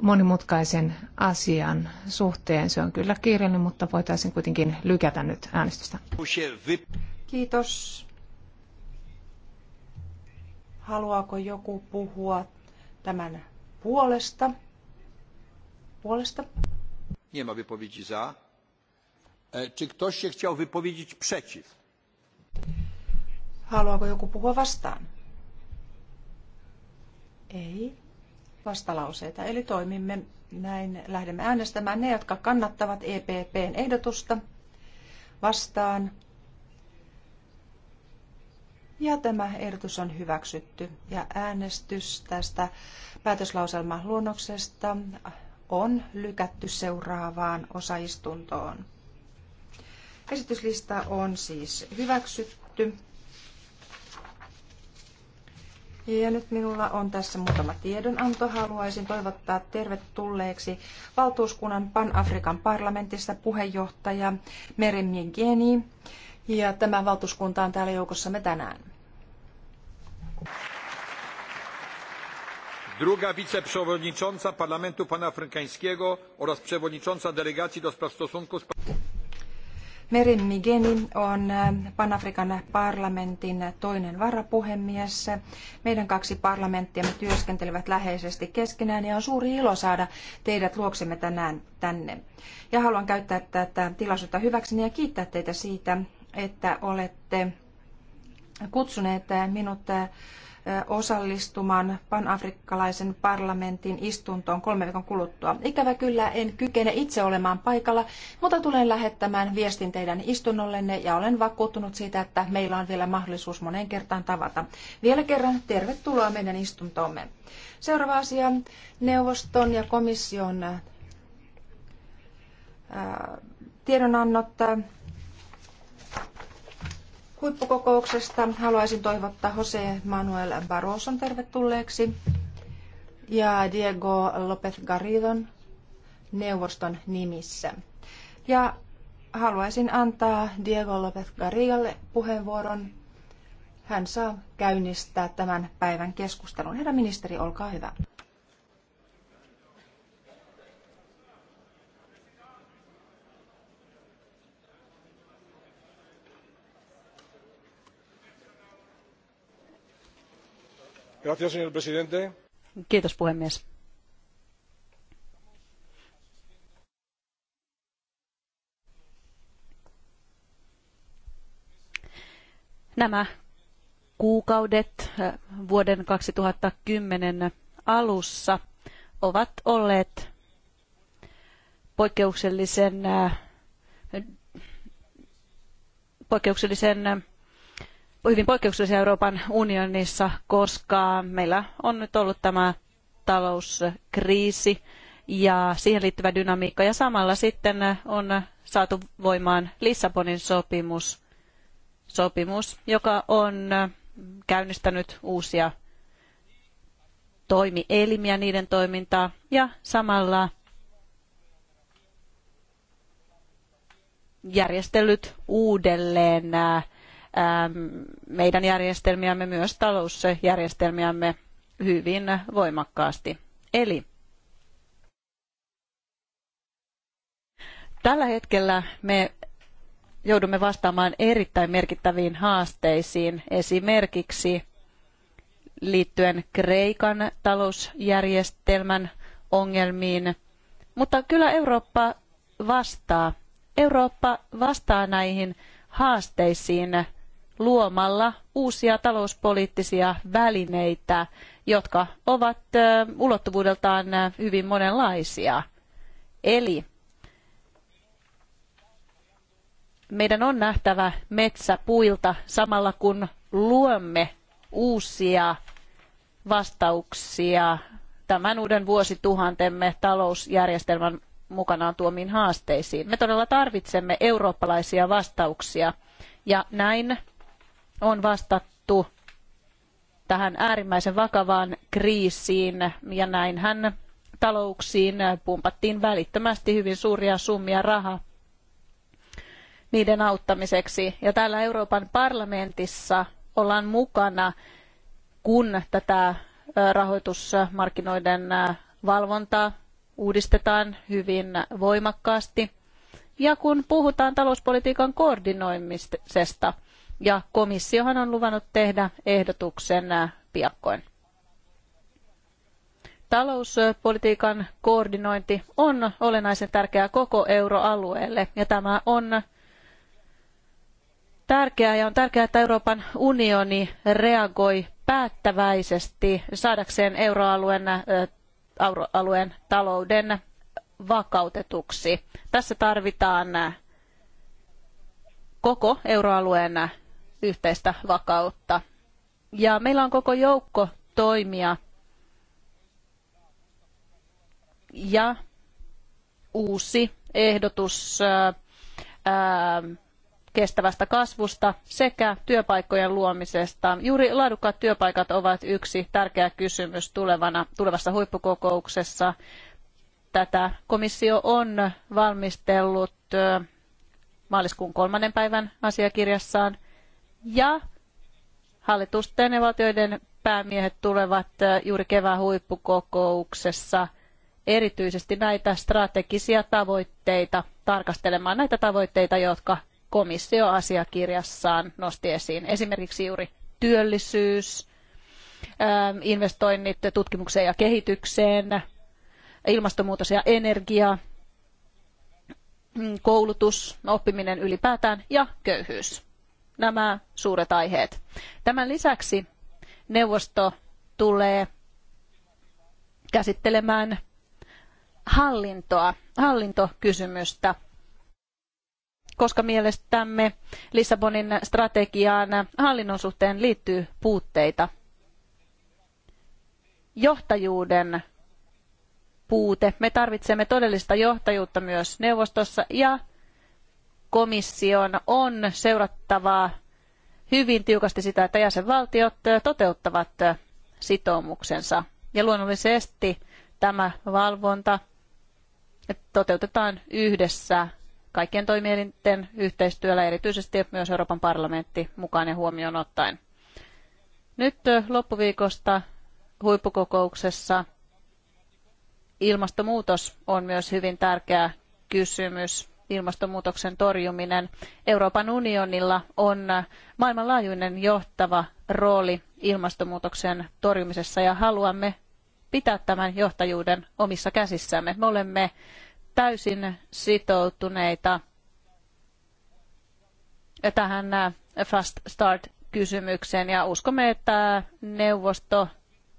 monimutkaisen asian suhteen. Se on kyllä kiireellinen, mutta voitaisiin kuitenkin lykätä nyt äänestystä. Kiitos. Haluaako joku puhua tämän puolesta? Puolesta? Nie ma wypowiedzi za. E, czy ktoś się chciał wypowiedzieć przeciw? Haluaako joku puhua vastaan? Ei vastalauseita. Eli toimimme näin. Lähdemme äänestämään ne, jotka kannattavat EPPn ehdotusta vastaan. Ja tämä ehdotus on hyväksytty. Ja äänestys tästä päätöslauselmaluonnoksesta on lykätty seuraavaan osaistuntoon. Esityslista on siis hyväksytty. Ja nyt minulla on tässä muutama tiedonanto. Haluaisin toivottaa tervetulleeksi valtuuskunnan Pan-Afrikan parlamentista puheenjohtaja Merim Geni. Ja tämä valtuuskunta on täällä joukossamme tänään. druga wiceprzewodnicząca parlamentu panafrykańskiego oraz przewodnicząca delegacji do spraw stosunków z Meri Migeni on äh, pan parlamentin toinen varapuhemies. Meidän kaksi parlamenttiamme työskentelevät läheisesti keskenään ja on suuri ilo saada teidät luoksemme tänään tänne. Ja haluan käyttää tätä tilaisuutta hyväkseni ja kiittää teitä siitä, että olette kutsuneet minut äh, osallistumaan panafrikkalaisen parlamentin istuntoon kolme viikon kuluttua. Ikävä kyllä en kykene itse olemaan paikalla, mutta tulen lähettämään viestin teidän istunnollenne ja olen vakuuttunut siitä, että meillä on vielä mahdollisuus moneen kertaan tavata. Vielä kerran tervetuloa meidän istuntoomme. Seuraava asia, neuvoston ja komission tiedonannot huippukokouksesta. Haluaisin toivottaa Jose Manuel Barroson tervetulleeksi ja Diego López Garridon neuvoston nimissä. Ja haluaisin antaa Diego López Garrigalle puheenvuoron. Hän saa käynnistää tämän päivän keskustelun. Herra ministeri, olkaa hyvä. señor presidente. Kiitos puhemies. Nämä kuukaudet vuoden 2010 alussa ovat olleet poikkeuksellisen, poikkeuksellisen hyvin poikkeuksellisia Euroopan unionissa, koska meillä on nyt ollut tämä talouskriisi ja siihen liittyvä dynamiikka. Ja samalla sitten on saatu voimaan Lissabonin sopimus, sopimus joka on käynnistänyt uusia toimielimiä, niiden toimintaa ja samalla järjestellyt uudelleen äh, Ähm, meidän järjestelmiämme, myös talousjärjestelmiämme hyvin voimakkaasti. Eli tällä hetkellä me joudumme vastaamaan erittäin merkittäviin haasteisiin, esimerkiksi liittyen Kreikan talousjärjestelmän ongelmiin. Mutta kyllä Eurooppa vastaa. Eurooppa vastaa näihin haasteisiin luomalla uusia talouspoliittisia välineitä, jotka ovat ulottuvuudeltaan hyvin monenlaisia. Eli meidän on nähtävä metsä puilta samalla kun luomme uusia vastauksia tämän uuden vuosituhantemme talousjärjestelmän mukanaan tuomiin haasteisiin. Me todella tarvitsemme eurooppalaisia vastauksia ja näin on vastattu tähän äärimmäisen vakavaan kriisiin ja näinhän talouksiin pumpattiin välittömästi hyvin suuria summia rahaa niiden auttamiseksi. Ja täällä Euroopan parlamentissa ollaan mukana, kun tätä rahoitusmarkkinoiden valvontaa uudistetaan hyvin voimakkaasti. Ja kun puhutaan talouspolitiikan koordinoimisesta – ja komissiohan on luvannut tehdä ehdotuksen äh, piakkoin. Talouspolitiikan koordinointi on olennaisen tärkeää koko euroalueelle ja tämä on tärkeää ja on tärkeää, että Euroopan unioni reagoi päättäväisesti saadakseen euroalueen, äh, euroalueen talouden vakautetuksi. Tässä tarvitaan äh, koko euroalueen yhteistä vakautta. Ja meillä on koko joukko toimia ja uusi ehdotus ää, kestävästä kasvusta sekä työpaikkojen luomisesta. Juuri laadukkaat työpaikat ovat yksi tärkeä kysymys tulevana, tulevassa huippukokouksessa. Tätä komissio on valmistellut maaliskuun kolmannen päivän asiakirjassaan – ja hallitusten ja valtioiden päämiehet tulevat juuri kevään huippukokouksessa erityisesti näitä strategisia tavoitteita tarkastelemaan näitä tavoitteita, jotka komissio asiakirjassaan nosti esiin. Esimerkiksi juuri työllisyys, investoinnit tutkimukseen ja kehitykseen, ilmastonmuutos ja energia, mm, koulutus, oppiminen ylipäätään ja köyhyys nämä suuret aiheet. Tämän lisäksi neuvosto tulee käsittelemään hallintoa, hallintokysymystä, koska mielestämme Lissabonin strategiaan hallinnon suhteen liittyy puutteita. Johtajuuden puute. Me tarvitsemme todellista johtajuutta myös neuvostossa ja komission on seurattava hyvin tiukasti sitä, että jäsenvaltiot toteuttavat sitoumuksensa. Ja luonnollisesti tämä valvonta toteutetaan yhdessä kaikkien toimielinten yhteistyöllä, erityisesti myös Euroopan parlamentti mukaan ja huomioon ottaen. Nyt loppuviikosta huippukokouksessa ilmastonmuutos on myös hyvin tärkeä kysymys ilmastonmuutoksen torjuminen. Euroopan unionilla on maailmanlaajuinen johtava rooli ilmastonmuutoksen torjumisessa ja haluamme pitää tämän johtajuuden omissa käsissämme. Me olemme täysin sitoutuneita tähän äh, Fast Start-kysymykseen ja uskomme, että neuvosto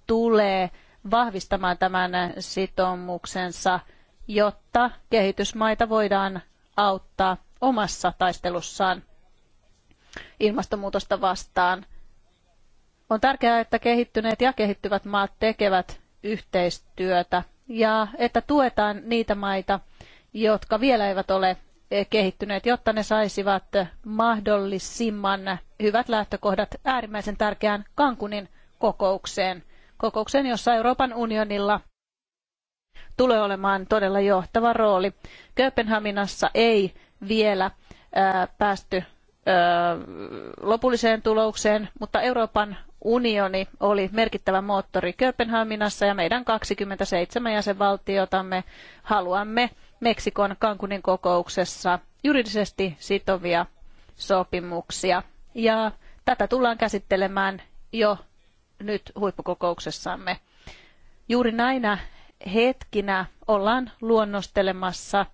tulee vahvistamaan tämän sitoumuksensa, jotta kehitysmaita voidaan auttaa omassa taistelussaan ilmastonmuutosta vastaan. On tärkeää, että kehittyneet ja kehittyvät maat tekevät yhteistyötä ja että tuetaan niitä maita, jotka vielä eivät ole kehittyneet, jotta ne saisivat mahdollisimman hyvät lähtökohdat äärimmäisen tärkeään Kankunin kokoukseen. Kokoukseen, jossa Euroopan unionilla tulee olemaan todella johtava rooli. Kööpenhaminassa ei vielä päästy lopulliseen tulokseen, mutta Euroopan unioni oli merkittävä moottori Kööpenhaminassa ja meidän 27 jäsenvaltiotamme haluamme Meksikon Cancunin kokouksessa juridisesti sitovia sopimuksia. Ja tätä tullaan käsittelemään jo nyt huippukokouksessamme. Juuri näinä hetkinä ollaan luonnostelemassa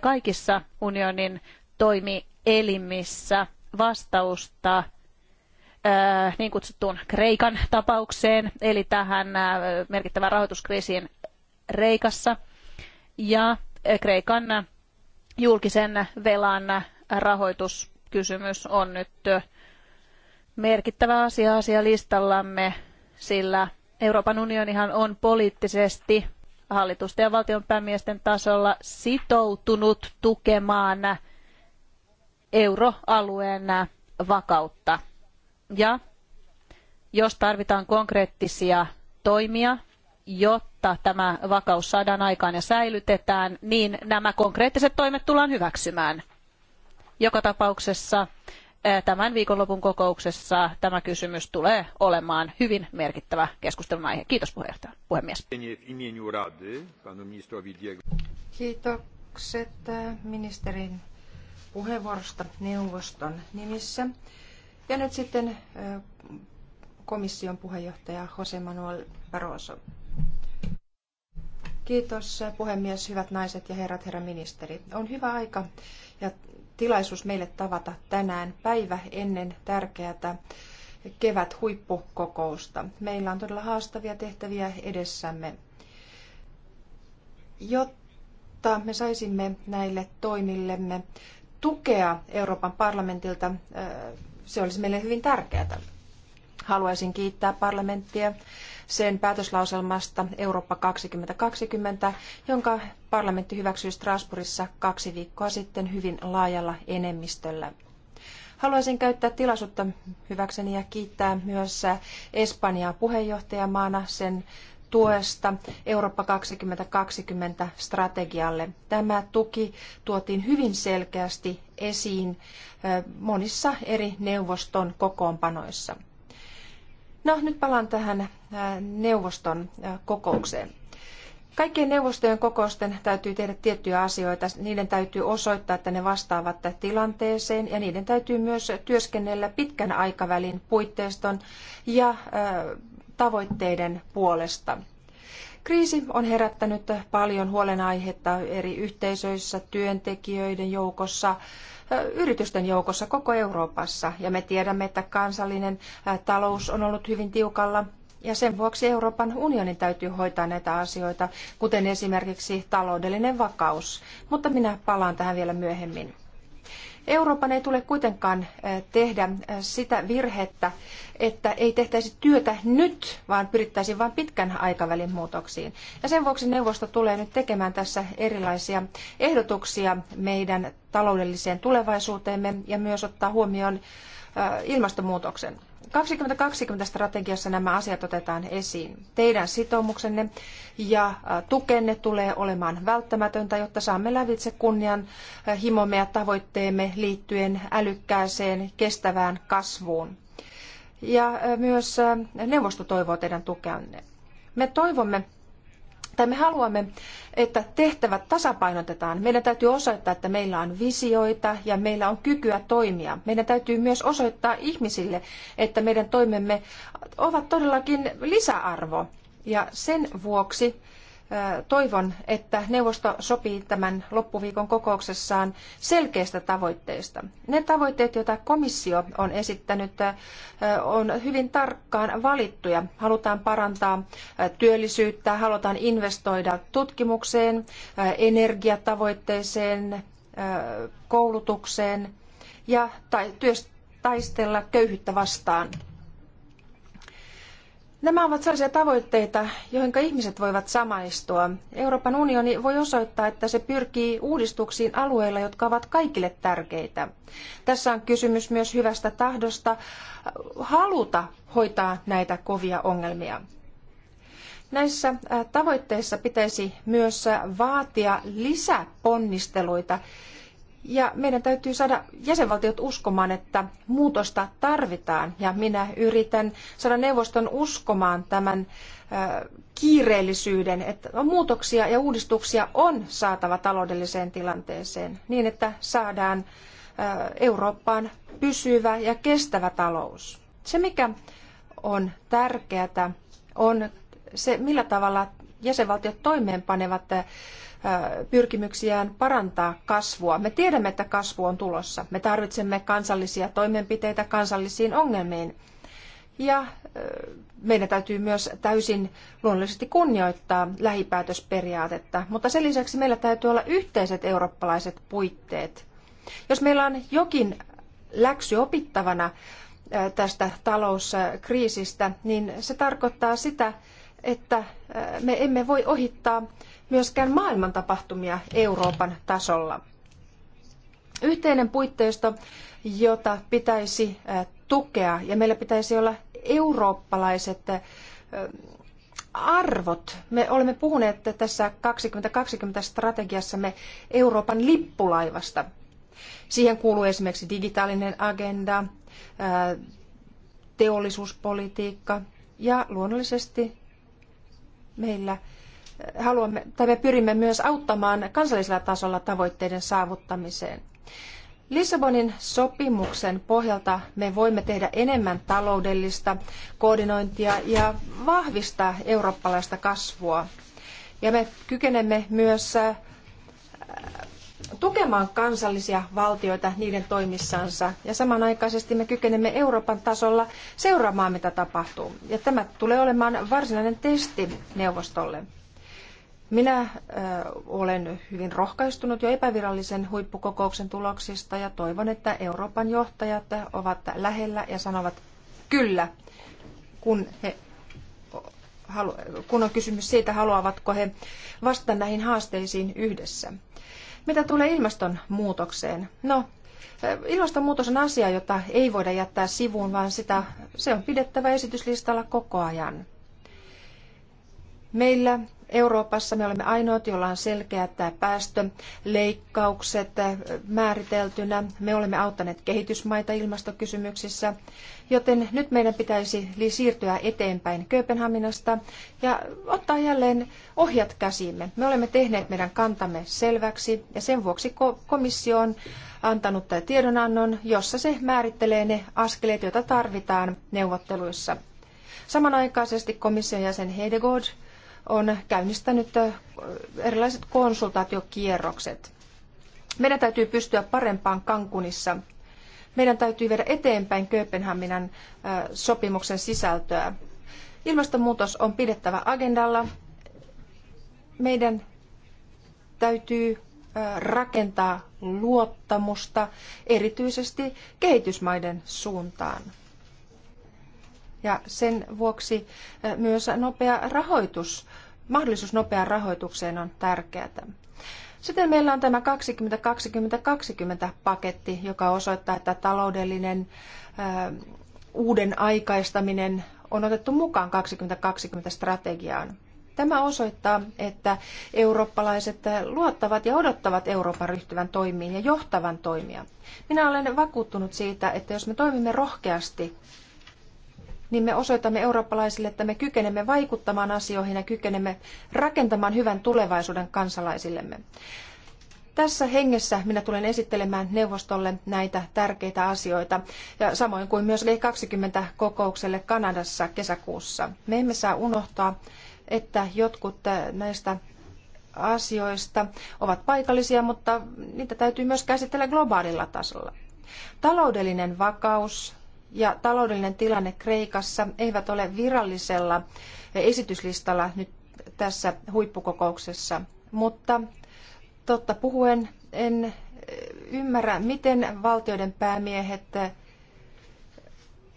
kaikissa unionin toimielimissä vastausta äh, niin kutsuttuun Kreikan tapaukseen, eli tähän äh, merkittävään rahoituskriisiin Kreikassa ja äh, Kreikan julkisen velan rahoituskysymys on nyt merkittävä asia asialistallamme, sillä Euroopan unionihan on poliittisesti hallitusten ja valtionpäämiesten tasolla sitoutunut tukemaan euroalueen vakautta. Ja jos tarvitaan konkreettisia toimia, jotta tämä vakaus saadaan aikaan ja säilytetään, niin nämä konkreettiset toimet tullaan hyväksymään. Joka tapauksessa tämän viikonlopun kokouksessa tämä kysymys tulee olemaan hyvin merkittävä keskustelun aihe. Kiitos puheenjohtaja, puhemies. Kiitokset ministerin puheenvuorosta neuvoston nimissä. Ja nyt sitten komission puheenjohtaja Jose Manuel Barroso. Kiitos puhemies, hyvät naiset ja herrat, herra ministeri. On hyvä aika ja tilaisuus meille tavata tänään päivä ennen tärkeää kevät huippukokousta. Meillä on todella haastavia tehtäviä edessämme. Jotta me saisimme näille toimillemme tukea Euroopan parlamentilta, äh, se olisi meille hyvin tärkeää. Haluaisin kiittää parlamenttia sen päätöslauselmasta Eurooppa 2020, jonka parlamentti hyväksyi Strasbourgissa kaksi viikkoa sitten hyvin laajalla enemmistöllä. Haluaisin käyttää tilaisuutta hyväkseni ja kiittää myös Espanjaa puheenjohtajamaana sen tuesta Eurooppa 2020 strategialle. Tämä tuki tuotiin hyvin selkeästi esiin eh, monissa eri neuvoston kokoonpanoissa. No, nyt palaan tähän äh, neuvoston äh, kokoukseen. Kaikkien neuvostojen kokousten täytyy tehdä tiettyjä asioita. Niiden täytyy osoittaa, että ne vastaavat tilanteeseen ja niiden täytyy myös työskennellä pitkän aikavälin puitteiston ja äh, tavoitteiden puolesta. Kriisi on herättänyt paljon huolenaihetta eri yhteisöissä, työntekijöiden joukossa, yritysten joukossa koko Euroopassa. Ja me tiedämme, että kansallinen talous on ollut hyvin tiukalla ja sen vuoksi Euroopan unionin täytyy hoitaa näitä asioita, kuten esimerkiksi taloudellinen vakaus. Mutta minä palaan tähän vielä myöhemmin. Euroopan ei tule kuitenkaan tehdä sitä virhettä, että ei tehtäisi työtä nyt, vaan pyrittäisiin vain pitkän aikavälin muutoksiin. Ja sen vuoksi neuvosto tulee nyt tekemään tässä erilaisia ehdotuksia meidän taloudelliseen tulevaisuuteemme ja myös ottaa huomioon ilmastonmuutoksen. 2020 strategiassa nämä asiat otetaan esiin. Teidän sitoumuksenne ja tukenne tulee olemaan välttämätöntä, jotta saamme lävitse kunnianhimomme ja tavoitteemme liittyen älykkääseen kestävään kasvuun. Ja myös neuvosto toivoo teidän tukeanne. Me toivomme, tai me haluamme, että tehtävät tasapainotetaan. Meidän täytyy osoittaa, että meillä on visioita ja meillä on kykyä toimia. Meidän täytyy myös osoittaa ihmisille, että meidän toimemme ovat todellakin lisäarvo. Ja sen vuoksi toivon, että neuvosto sopii tämän loppuviikon kokouksessaan selkeistä tavoitteista. Ne tavoitteet, joita komissio on esittänyt, on hyvin tarkkaan valittuja. Halutaan parantaa työllisyyttä, halutaan investoida tutkimukseen, energiatavoitteeseen, koulutukseen ja taistella köyhyyttä vastaan. Nämä ovat sellaisia tavoitteita, joihin ihmiset voivat samaistua. Euroopan unioni voi osoittaa, että se pyrkii uudistuksiin alueilla, jotka ovat kaikille tärkeitä. Tässä on kysymys myös hyvästä tahdosta haluta hoitaa näitä kovia ongelmia. Näissä tavoitteissa pitäisi myös vaatia lisäponnisteluita ja meidän täytyy saada jäsenvaltiot uskomaan, että muutosta tarvitaan. Ja minä yritän saada neuvoston uskomaan tämän kiireellisyyden, että muutoksia ja uudistuksia on saatava taloudelliseen tilanteeseen niin, että saadaan Eurooppaan pysyvä ja kestävä talous. Se, mikä on tärkeää, on se, millä tavalla jäsenvaltiot toimeenpanevat pyrkimyksiään parantaa kasvua. Me tiedämme, että kasvu on tulossa. Me tarvitsemme kansallisia toimenpiteitä kansallisiin ongelmiin. Ja meidän täytyy myös täysin luonnollisesti kunnioittaa lähipäätösperiaatetta, mutta sen lisäksi meillä täytyy olla yhteiset eurooppalaiset puitteet. Jos meillä on jokin läksy opittavana tästä talouskriisistä, niin se tarkoittaa sitä, että me emme voi ohittaa myöskään maailman tapahtumia Euroopan tasolla. Yhteinen puitteisto, jota pitäisi tukea ja meillä pitäisi olla eurooppalaiset arvot. Me olemme puhuneet tässä 2020 strategiassamme Euroopan lippulaivasta. Siihen kuuluu esimerkiksi digitaalinen agenda, teollisuuspolitiikka ja luonnollisesti meillä haluamme, tai me pyrimme myös auttamaan kansallisella tasolla tavoitteiden saavuttamiseen. Lissabonin sopimuksen pohjalta me voimme tehdä enemmän taloudellista koordinointia ja vahvistaa eurooppalaista kasvua. Ja me kykenemme myös äh, tukemaan kansallisia valtioita niiden toimissansa ja samanaikaisesti me kykenemme Euroopan tasolla seuraamaan, mitä tapahtuu. Ja tämä tulee olemaan varsinainen testi neuvostolle. Minä olen hyvin rohkaistunut jo epävirallisen huippukokouksen tuloksista ja toivon, että Euroopan johtajat ovat lähellä ja sanovat kyllä, kun, he, kun on kysymys siitä, haluavatko he vastata näihin haasteisiin yhdessä. Mitä tulee ilmastonmuutokseen? No, ilmastonmuutos on asia, jota ei voida jättää sivuun, vaan sitä, se on pidettävä esityslistalla koko ajan. Meillä Euroopassa me olemme ainoat, joilla on selkeät päästöleikkaukset määriteltynä. Me olemme auttaneet kehitysmaita ilmastokysymyksissä, joten nyt meidän pitäisi siirtyä eteenpäin Kööpenhaminasta ja ottaa jälleen ohjat käsiimme. Me olemme tehneet meidän kantamme selväksi ja sen vuoksi komissio on antanut tiedonannon, jossa se määrittelee ne askeleet, joita tarvitaan neuvotteluissa. Samanaikaisesti komission jäsen Hedegaard on käynnistänyt erilaiset konsultaatiokierrokset. Meidän täytyy pystyä parempaan Kankunissa. Meidän täytyy viedä eteenpäin Kööpenhaminan sopimuksen sisältöä. Ilmastonmuutos on pidettävä agendalla. Meidän täytyy rakentaa luottamusta erityisesti kehitysmaiden suuntaan ja sen vuoksi myös nopea rahoitus, mahdollisuus nopeaan rahoitukseen on tärkeää. Sitten meillä on tämä 2020-2020 paketti, joka osoittaa, että taloudellinen uuden aikaistaminen on otettu mukaan 2020 strategiaan. Tämä osoittaa, että eurooppalaiset luottavat ja odottavat Euroopan ryhtyvän toimiin ja johtavan toimia. Minä olen vakuuttunut siitä, että jos me toimimme rohkeasti niin me osoitamme eurooppalaisille, että me kykenemme vaikuttamaan asioihin ja kykenemme rakentamaan hyvän tulevaisuuden kansalaisillemme. Tässä hengessä minä tulen esittelemään neuvostolle näitä tärkeitä asioita, ja samoin kuin myös G20-kokoukselle Kanadassa kesäkuussa. Me emme saa unohtaa, että jotkut näistä asioista ovat paikallisia, mutta niitä täytyy myös käsitellä globaalilla tasolla. Taloudellinen vakaus, ja taloudellinen tilanne Kreikassa eivät ole virallisella esityslistalla nyt tässä huippukokouksessa, mutta totta puhuen en eh, ymmärrä, miten valtioiden päämiehet, eh,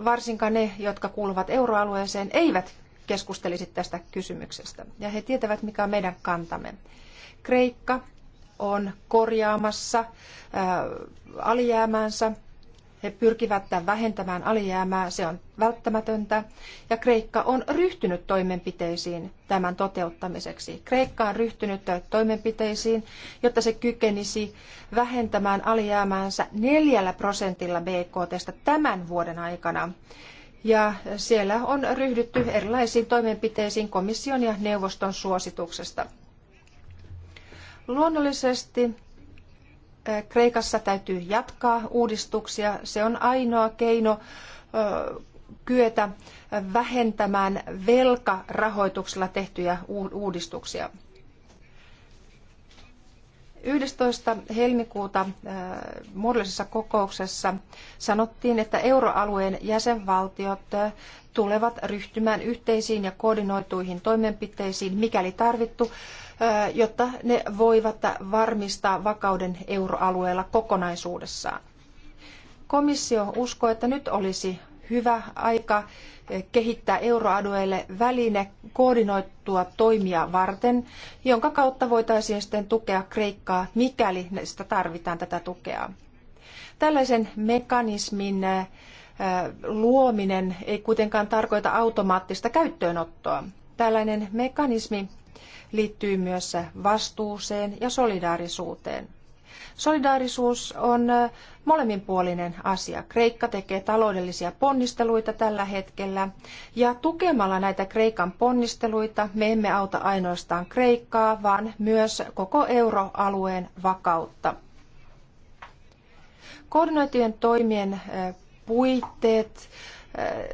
varsinkaan ne, jotka kuuluvat euroalueeseen, eivät keskustelisi tästä kysymyksestä. Ja he tietävät, mikä on meidän kantamme. Kreikka on korjaamassa ää, eh, alijäämäänsä he pyrkivät vähentämään alijäämää, se on välttämätöntä, ja Kreikka on ryhtynyt toimenpiteisiin tämän toteuttamiseksi. Kreikka on ryhtynyt toimenpiteisiin, jotta se kykenisi vähentämään alijäämäänsä neljällä prosentilla BKTstä tämän vuoden aikana. Ja siellä on ryhdytty erilaisiin toimenpiteisiin komission ja neuvoston suosituksesta. Luonnollisesti Äh, Kreikassa täytyy jatkaa uudistuksia. Se on ainoa keino äh, kyetä vähentämään velkarahoituksella tehtyjä uudistuksia. 11. helmikuuta äh, muodollisessa kokouksessa sanottiin, että euroalueen jäsenvaltiot tulevat ryhtymään yhteisiin ja koordinoituihin toimenpiteisiin, mikäli tarvittu, jotta ne voivat varmistaa vakauden euroalueella kokonaisuudessaan. Komissio uskoo, että nyt olisi hyvä aika kehittää euroalueelle väline koordinoittua toimia varten, jonka kautta voitaisiin sitten tukea Kreikkaa, mikäli sitä tarvitaan tätä tukea. Tällaisen mekanismin luominen ei kuitenkaan tarkoita automaattista käyttöönottoa. Tällainen mekanismi liittyy myös vastuuseen ja solidaarisuuteen. Solidaarisuus on molemminpuolinen asia. Kreikka tekee taloudellisia ponnisteluita tällä hetkellä ja tukemalla näitä Kreikan ponnisteluita me emme auta ainoastaan Kreikkaa, vaan myös koko euroalueen vakautta. Koordinoitujen toimien puitteet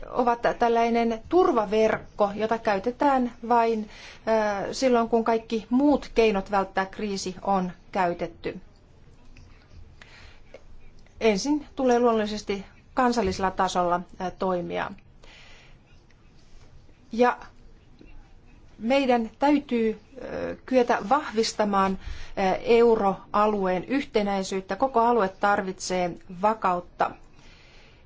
ovat tällainen turvaverkko, jota käytetään vain silloin, kun kaikki muut keinot välttää kriisi on käytetty. Ensin tulee luonnollisesti kansallisella tasolla toimia. Ja meidän täytyy kyetä vahvistamaan euroalueen yhtenäisyyttä. Koko alue tarvitsee vakautta.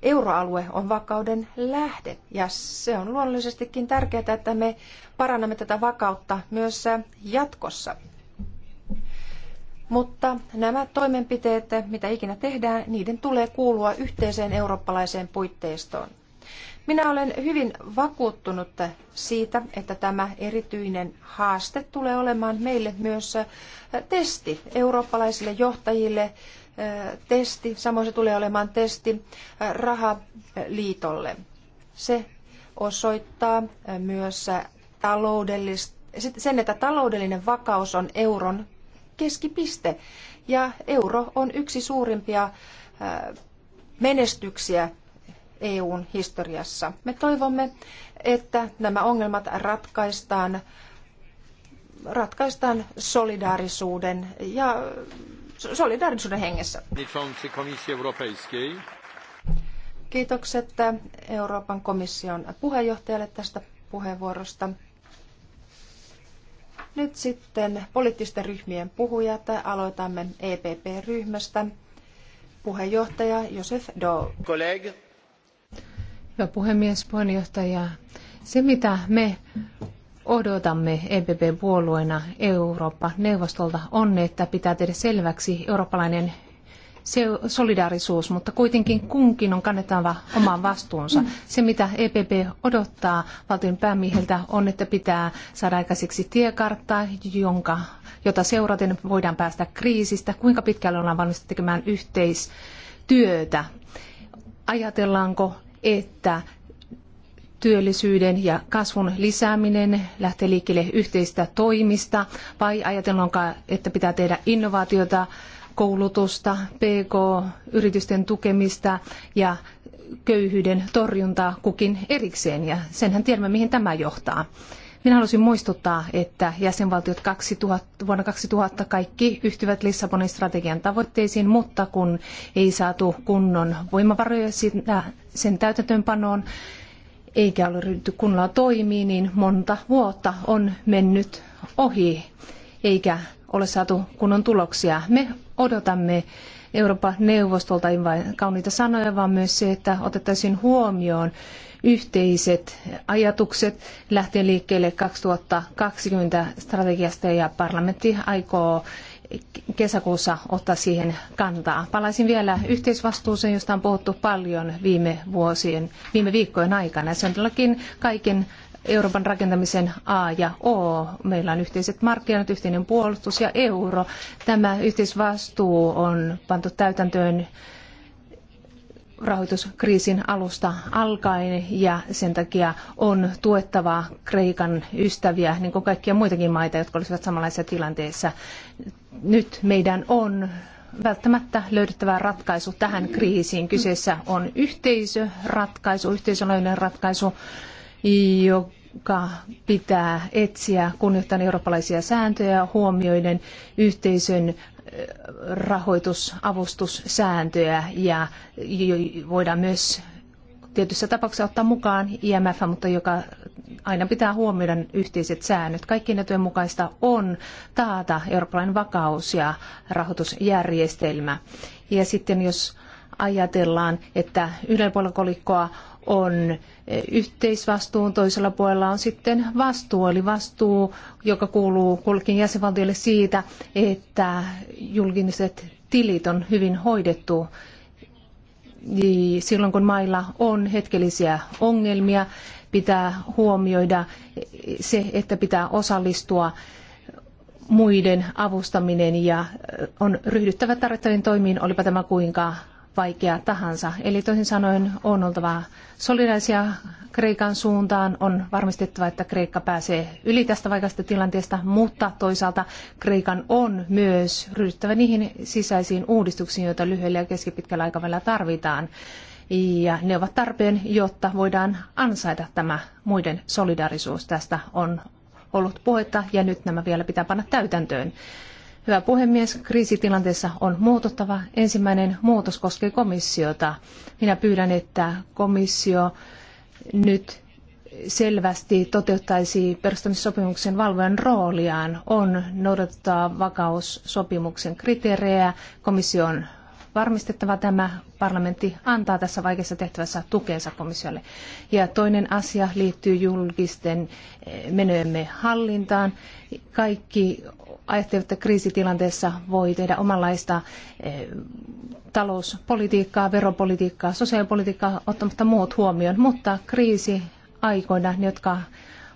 Euroalue on vakauden lähde ja se on luonnollisestikin tärkeää, että me parannamme tätä vakautta myös jatkossa. Mutta nämä toimenpiteet, mitä ikinä tehdään, niiden tulee kuulua yhteiseen eurooppalaiseen puitteistoon. Minä olen hyvin vakuuttunut siitä, että tämä erityinen haaste tulee olemaan meille myös testi eurooppalaisille johtajille testi, samoin se tulee olemaan testi äh, rahaliitolle. Se osoittaa äh, myös äh, taloudellista, sen, että taloudellinen vakaus on euron keskipiste. Ja euro on yksi suurimpia menestyksiä EUn historiassa. Me toivomme, että nämä ongelmat ratkaistaan, ratkaistaan solidaarisuuden ja solidaarisuuden hengessä. Kiitokset Euroopan komission puheenjohtajalle tästä puheenvuorosta. Nyt sitten poliittisten ryhmien puhujat. Aloitamme EPP-ryhmästä. Puheenjohtaja Josef Do. Kollega. Hyvä puhemies, puheenjohtaja. Se, mitä me odotamme EPP-puolueena Eurooppa-neuvostolta on, että pitää tehdä selväksi eurooppalainen solidaarisuus, mutta kuitenkin kunkin on kannettava oman vastuunsa. Se, mitä EPP odottaa valtion päämieheltä, on, että pitää saada aikaiseksi tiekartta, jonka, jota seuraten voidaan päästä kriisistä. Kuinka pitkälle ollaan valmis tekemään yhteistyötä? Ajatellaanko että työllisyyden ja kasvun lisääminen lähtee liikkeelle yhteistä toimista vai ajatellaanko, että pitää tehdä innovaatiota, koulutusta, PK-yritysten tukemista ja köyhyyden torjuntaa kukin erikseen ja senhän tiedämme mihin tämä johtaa. Minä haluaisin muistuttaa, että jäsenvaltiot 2000, vuonna 2000 kaikki yhtyvät Lissabonin strategian tavoitteisiin, mutta kun ei saatu kunnon voimavaroja sen täytäntöönpanoon, eikä ole ryhdytty kunnolla toimiin, niin monta vuotta on mennyt ohi, eikä ole saatu kunnon tuloksia. Me odotamme Euroopan neuvostolta ei vain kauniita sanoja, vaan myös se, että otettaisiin huomioon yhteiset ajatukset lähtien liikkeelle 2020 strategiasta ja parlamentti aikoo kesäkuussa ottaa siihen kantaa. Palaisin vielä yhteisvastuuseen, josta on puhuttu paljon viime vuosien, viime viikkojen aikana. Se on todellakin kaiken Euroopan rakentamisen A ja O. Meillä on yhteiset markkinat, yhteinen puolustus ja euro. Tämä yhteisvastuu on pantu täytäntöön rahoituskriisin alusta alkaen ja sen takia on tuettava Kreikan ystäviä, niin kuin kaikkia muitakin maita, jotka olisivat samanlaisessa tilanteessa. Nyt meidän on välttämättä löydettävä ratkaisu tähän kriisiin. Kyseessä on yhteisöratkaisu, yhteisöllinen ratkaisu, joka pitää etsiä kunnioittain eurooppalaisia sääntöjä huomioiden yhteisön rahoitusavustussääntöjä ja voidaan myös tietyissä tapauksissa ottaa mukaan IMF, mutta joka aina pitää huomioida yhteiset säännöt. Kaikkien etujen mukaista on taata eurooppalainen vakaus ja rahoitusjärjestelmä. Ja sitten jos ajatellaan, että yhden puolen kolikkoa on yhteisvastuun, toisella puolella on sitten vastuu, eli vastuu, joka kuuluu kullekin jäsenvaltiolle siitä, että julkiset tilit on hyvin hoidettu niin silloin, kun mailla on hetkellisiä ongelmia, pitää huomioida se, että pitää osallistua muiden avustaminen ja on ryhdyttävä tarvittaviin toimiin, olipa tämä kuinka vaikea tahansa. Eli toisin sanoen on oltava solidaisia Kreikan suuntaan, on varmistettava, että Kreikka pääsee yli tästä vaikeasta tilanteesta, mutta toisaalta Kreikan on myös ryhdyttävä niihin sisäisiin uudistuksiin, joita lyhyellä ja keskipitkällä aikavälillä tarvitaan. Ja ne ovat tarpeen, jotta voidaan ansaita tämä muiden solidaarisuus. Tästä on ollut puhetta ja nyt nämä vielä pitää panna täytäntöön. Hyvä puhemies, kriisitilanteessa on muututtava. Ensimmäinen muutos koskee komissiota. Minä pyydän, että komissio nyt selvästi toteuttaisi perustamissopimuksen valvojan rooliaan, on noudattaa vakaussopimuksen kriteerejä, komission varmistettava tämä parlamentti antaa tässä vaikeassa tehtävässä tukensa komissiolle. Ja toinen asia liittyy julkisten eh, menojemme hallintaan. Kaikki ajattelivat, että kriisitilanteessa voi tehdä omanlaista eh, talouspolitiikkaa, veropolitiikkaa, sosiaalipolitiikkaa ottamatta muut huomioon, mutta kriisiaikoina, jotka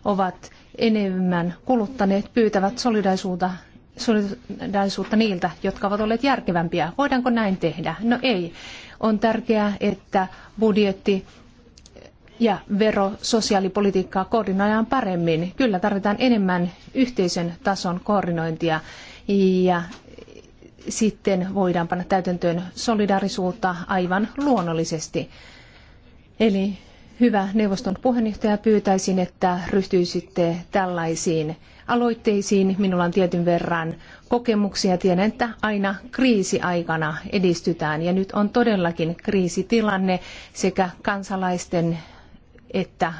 ovat enemmän kuluttaneet, pyytävät solidaisuutta, solidaisuutta niiltä, jotka ovat olleet järkevämpiä. Voidaanko näin tehdä? No ei. On tärkeää, että budjetti ja vero sosiaalipolitiikkaa koordinoidaan paremmin. Kyllä tarvitaan enemmän yhteisen tason koordinointia ja sitten voidaan panna täytäntöön solidaarisuutta aivan luonnollisesti. Eli hyvä neuvoston puheenjohtaja, pyytäisin, että ryhtyisitte tällaisiin aloitteisiin. Minulla on tietyn verran kokemuksia. Tiedän, että aina kriisiaikana edistytään ja nyt on todellakin kriisitilanne sekä kansalaisten että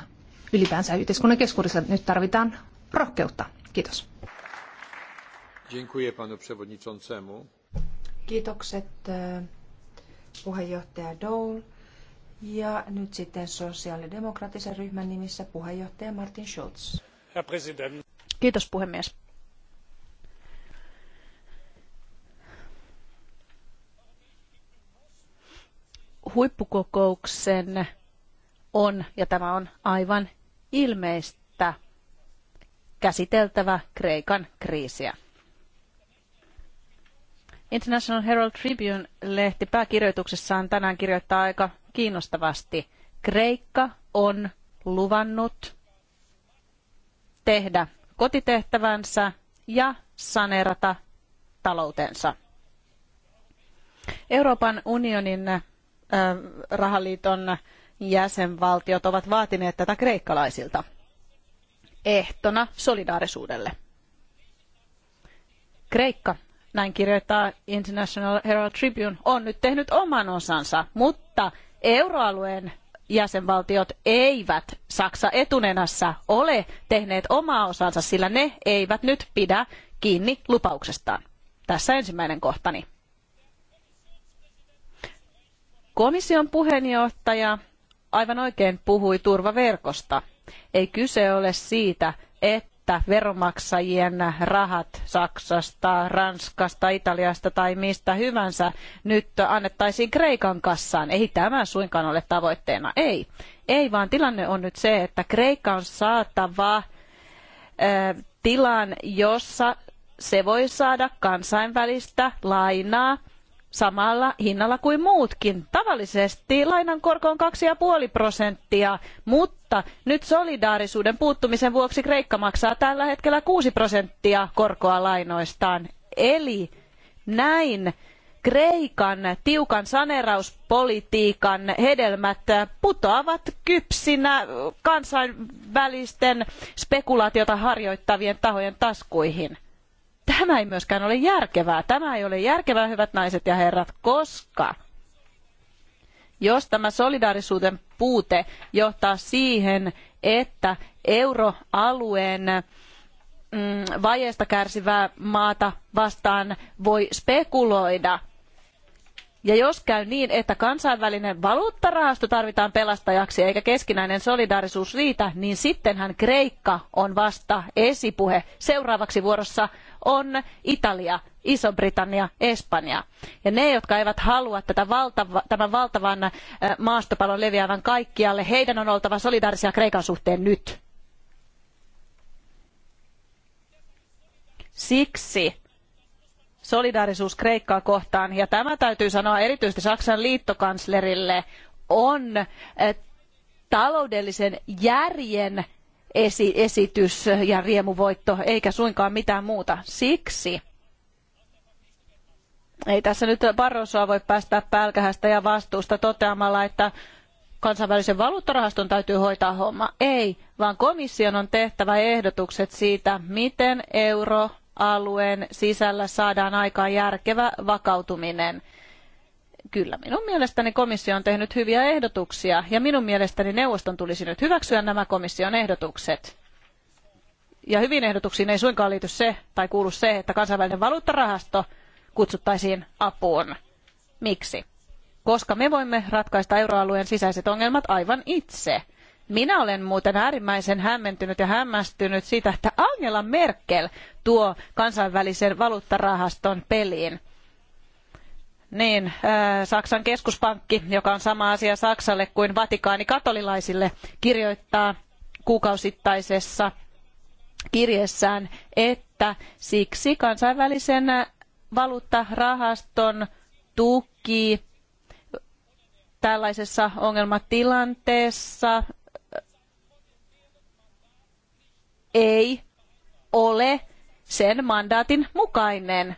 ylipäänsä yhteiskunnan keskuudessa nyt tarvitaan rohkeutta. Kiitos. Kiitokset e, puheenjohtaja Dole. Ja nyt sitten sosiaalidemokraattisen ryhmän nimissä puheenjohtaja Martin Schulz. Kiitos puhemies. Huippukokouksen on, ja tämä on aivan ilmeistä, käsiteltävä Kreikan kriisiä. International Herald Tribune-lehti pääkirjoituksessaan tänään kirjoittaa aika kiinnostavasti. Kreikka on luvannut tehdä kotitehtävänsä ja saneerata taloutensa. Euroopan unionin rahaliiton jäsenvaltiot ovat vaatineet tätä kreikkalaisilta ehtona solidaarisuudelle. Kreikka, näin kirjoittaa International Herald Tribune, on nyt tehnyt oman osansa, mutta euroalueen jäsenvaltiot eivät Saksa etunenässä ole tehneet omaa osansa, sillä ne eivät nyt pidä kiinni lupauksestaan. Tässä ensimmäinen kohtani. Komission puheenjohtaja aivan oikein puhui turvaverkosta. Ei kyse ole siitä, että veronmaksajien rahat Saksasta, Ranskasta, Italiasta tai mistä hyvänsä nyt annettaisiin Kreikan kassaan. Ei tämä suinkaan ole tavoitteena, ei. Ei, vaan tilanne on nyt se, että Kreikka on saatava tilan, jossa se voi saada kansainvälistä lainaa samalla hinnalla kuin muutkin. Tavallisesti lainan korko on 2,5 prosenttia, mutta nyt solidaarisuuden puuttumisen vuoksi Kreikka maksaa tällä hetkellä 6 prosenttia korkoa lainoistaan. Eli näin Kreikan tiukan saneerauspolitiikan hedelmät putoavat kypsinä kansainvälisten spekulaatiota harjoittavien tahojen taskuihin. Tämä ei myöskään ole järkevää. Tämä ei ole järkevää, hyvät naiset ja herrat, koska jos tämä solidaarisuuden puute johtaa siihen, että euroalueen mm, vajeesta kärsivää maata vastaan voi spekuloida – ja jos käy niin, että kansainvälinen valuuttarahasto tarvitaan pelastajaksi eikä keskinäinen solidaarisuus riitä, niin sittenhän Kreikka on vasta esipuhe. Seuraavaksi vuorossa on Italia, Iso-Britannia, Espanja. Ja ne, jotka eivät halua tätä valtava, tämän valtavan äh, maastopalon leviävän kaikkialle, heidän on oltava solidaarisia Kreikan suhteen nyt. Siksi solidaarisuus Kreikkaa kohtaan, ja tämä täytyy sanoa erityisesti Saksan liittokanslerille, on eh, taloudellisen järjen esi- esitys ja riemuvoitto, eikä suinkaan mitään muuta. Siksi ei tässä nyt Barrosoa voi päästä pälkähästä ja vastuusta toteamalla, että kansainvälisen valuuttarahaston täytyy hoitaa homma. Ei, vaan komission on tehtävä ehdotukset siitä, miten euro alueen sisällä saadaan aikaan järkevä vakautuminen. Kyllä, minun mielestäni komissio on tehnyt hyviä ehdotuksia ja minun mielestäni neuvoston tulisi nyt hyväksyä nämä komission ehdotukset. Ja hyvin ehdotuksiin ei suinkaan liity se tai kuulu se, että kansainvälinen valuuttarahasto kutsuttaisiin apuun. Miksi? Koska me voimme ratkaista euroalueen sisäiset ongelmat aivan itse minä olen muuten äärimmäisen hämmentynyt ja hämmästynyt siitä, että Angela Merkel tuo kansainvälisen valuuttarahaston peliin. Niin, äh, Saksan keskuspankki, joka on sama asia Saksalle kuin Vatikaani katolilaisille, kirjoittaa kuukausittaisessa kirjessään, että siksi kansainvälisen valuuttarahaston tuki tällaisessa ongelmatilanteessa ei ole sen mandaatin mukainen.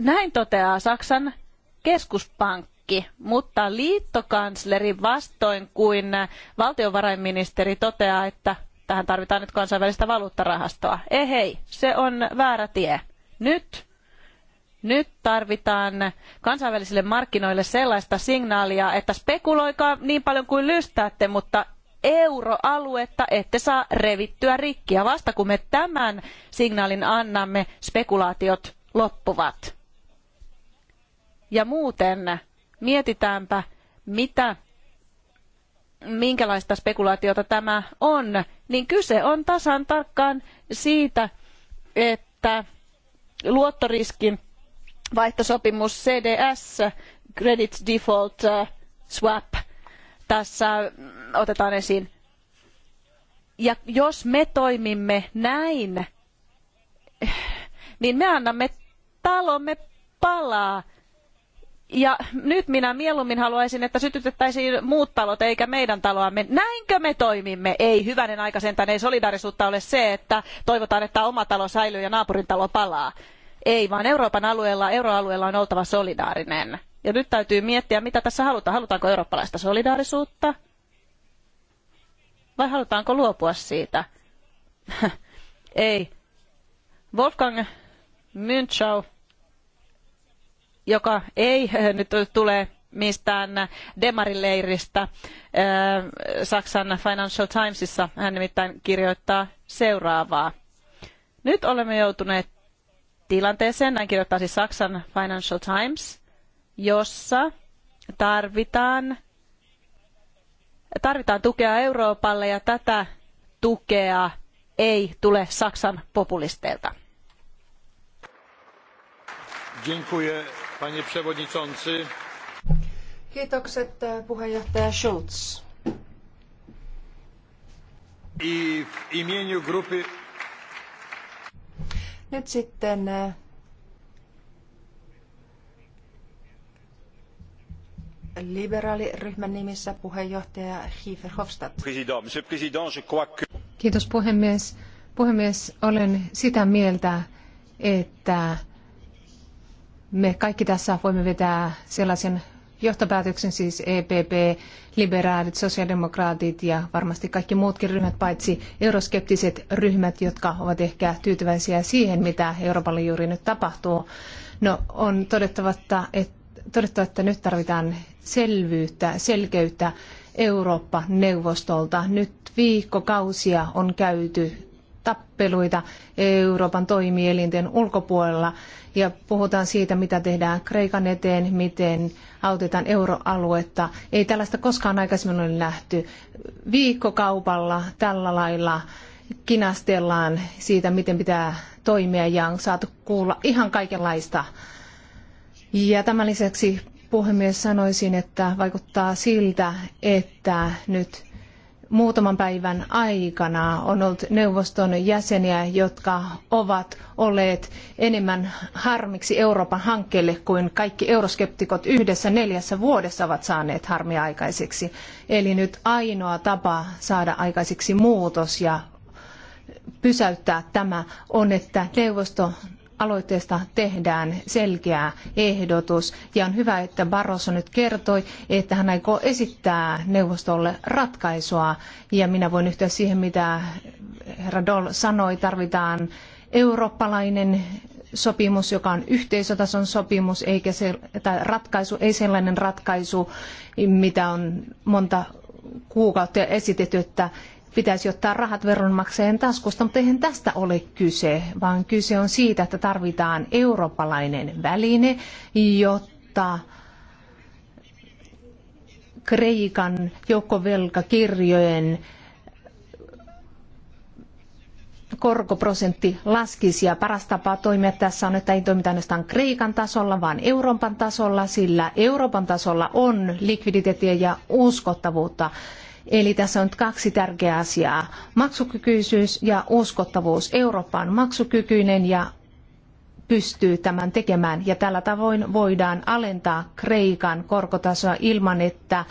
Näin toteaa Saksan keskuspankki, mutta liittokansleri vastoin kuin valtiovarainministeri toteaa, että tähän tarvitaan nyt kansainvälistä valuuttarahastoa. Ehei, eh se on väärä tie. Nyt nyt tarvitaan kansainvälisille markkinoille sellaista signaalia, että spekuloikaa niin paljon kuin lystäätte, mutta euroaluetta ette saa revittyä rikki. Ja vasta kun me tämän signaalin annamme, spekulaatiot loppuvat. Ja muuten mietitäänpä, mitä minkälaista spekulaatiota tämä on, niin kyse on tasan tarkkaan siitä, että luottoriskin vaihtosopimus CDS, Credit Default uh, Swap, tässä otetaan esiin. Ja jos me toimimme näin, niin me annamme talomme palaa. Ja nyt minä mieluummin haluaisin, että sytytettäisiin muut talot eikä meidän taloamme. Näinkö me toimimme? Ei hyvänen aika sentään, ei solidaarisuutta ole se, että toivotaan, että oma talo säilyy ja naapurin talo palaa. Ei, vaan Euroopan alueella, euroalueella on oltava solidaarinen. Ja nyt täytyy miettiä, mitä tässä halutaan. Halutaanko eurooppalaista solidaarisuutta? Vai halutaanko luopua siitä? Ei. Wolfgang Münchau, joka ei nyt tule mistään demarileiristä äh, Saksan Financial Timesissa. Hän nimittäin kirjoittaa seuraavaa. Nyt olemme joutuneet tilanteeseen, näin kirjoittaa siis Saksan Financial Times – jossa tarvitaan, tarvitaan tukea Euroopalle ja tätä tukea ei tule Saksan populisteilta. Dziękuję, panie przewodniczący. Kiitokset eh, puheenjohtaja Schulz. I w imieniu grupy... Nyt sitten eh, liberaaliryhmän nimissä puheenjohtaja Hiefer Hofstadt. Kiitos puhemies. Puhemies, olen sitä mieltä, että me kaikki tässä voimme vetää sellaisen johtopäätöksen, siis EPP, liberaalit, sosiaalidemokraatit ja varmasti kaikki muutkin ryhmät, paitsi euroskeptiset ryhmät, jotka ovat ehkä tyytyväisiä siihen, mitä Euroopalla juuri nyt tapahtuu. No, on todettava, että todettu, että nyt tarvitaan selvyyttä, selkeyttä Eurooppa-neuvostolta. Nyt viikkokausia on käyty tappeluita Euroopan toimielinten ulkopuolella ja puhutaan siitä, mitä tehdään Kreikan eteen, miten autetaan euroaluetta. Ei tällaista koskaan aikaisemmin ole nähty. Viikkokaupalla tällä lailla kinastellaan siitä, miten pitää toimia ja on saatu kuulla ihan kaikenlaista ja tämän lisäksi puhemies sanoisin, että vaikuttaa siltä, että nyt muutaman päivän aikana on ollut neuvoston jäseniä, jotka ovat olleet enemmän harmiksi Euroopan hankkeelle kuin kaikki euroskeptikot yhdessä neljässä vuodessa ovat saaneet harmia aikaiseksi. Eli nyt ainoa tapa saada aikaiseksi muutos ja pysäyttää tämä on, että neuvosto aloitteesta tehdään selkeä ehdotus. Ja on hyvä, että Barroso nyt kertoi, että hän aikoo esittää neuvostolle ratkaisua. Ja minä voin yhtyä siihen, mitä herra Doll sanoi, tarvitaan eurooppalainen sopimus, joka on yhteisötason sopimus, eikä se, tai ratkaisu, ei sellainen ratkaisu, mitä on monta kuukautta esitetty, että pitäisi ottaa rahat veronmaksajien taskusta, mutta eihän tästä ole kyse, vaan kyse on siitä, että tarvitaan eurooppalainen väline, jotta Kreikan joukkovelkakirjojen korkoprosentti laskisi ja paras tapa toimia tässä on, että ei toimita ainoastaan Kreikan tasolla, vaan Euroopan tasolla, sillä Euroopan tasolla on likviditeettiä ja uskottavuutta. Eli tässä on kaksi tärkeää asiaa. Maksukykyisyys ja uskottavuus. Eurooppa on maksukykyinen ja pystyy tämän tekemään. Ja tällä tavoin voidaan alentaa Kreikan korkotasoa ilman, että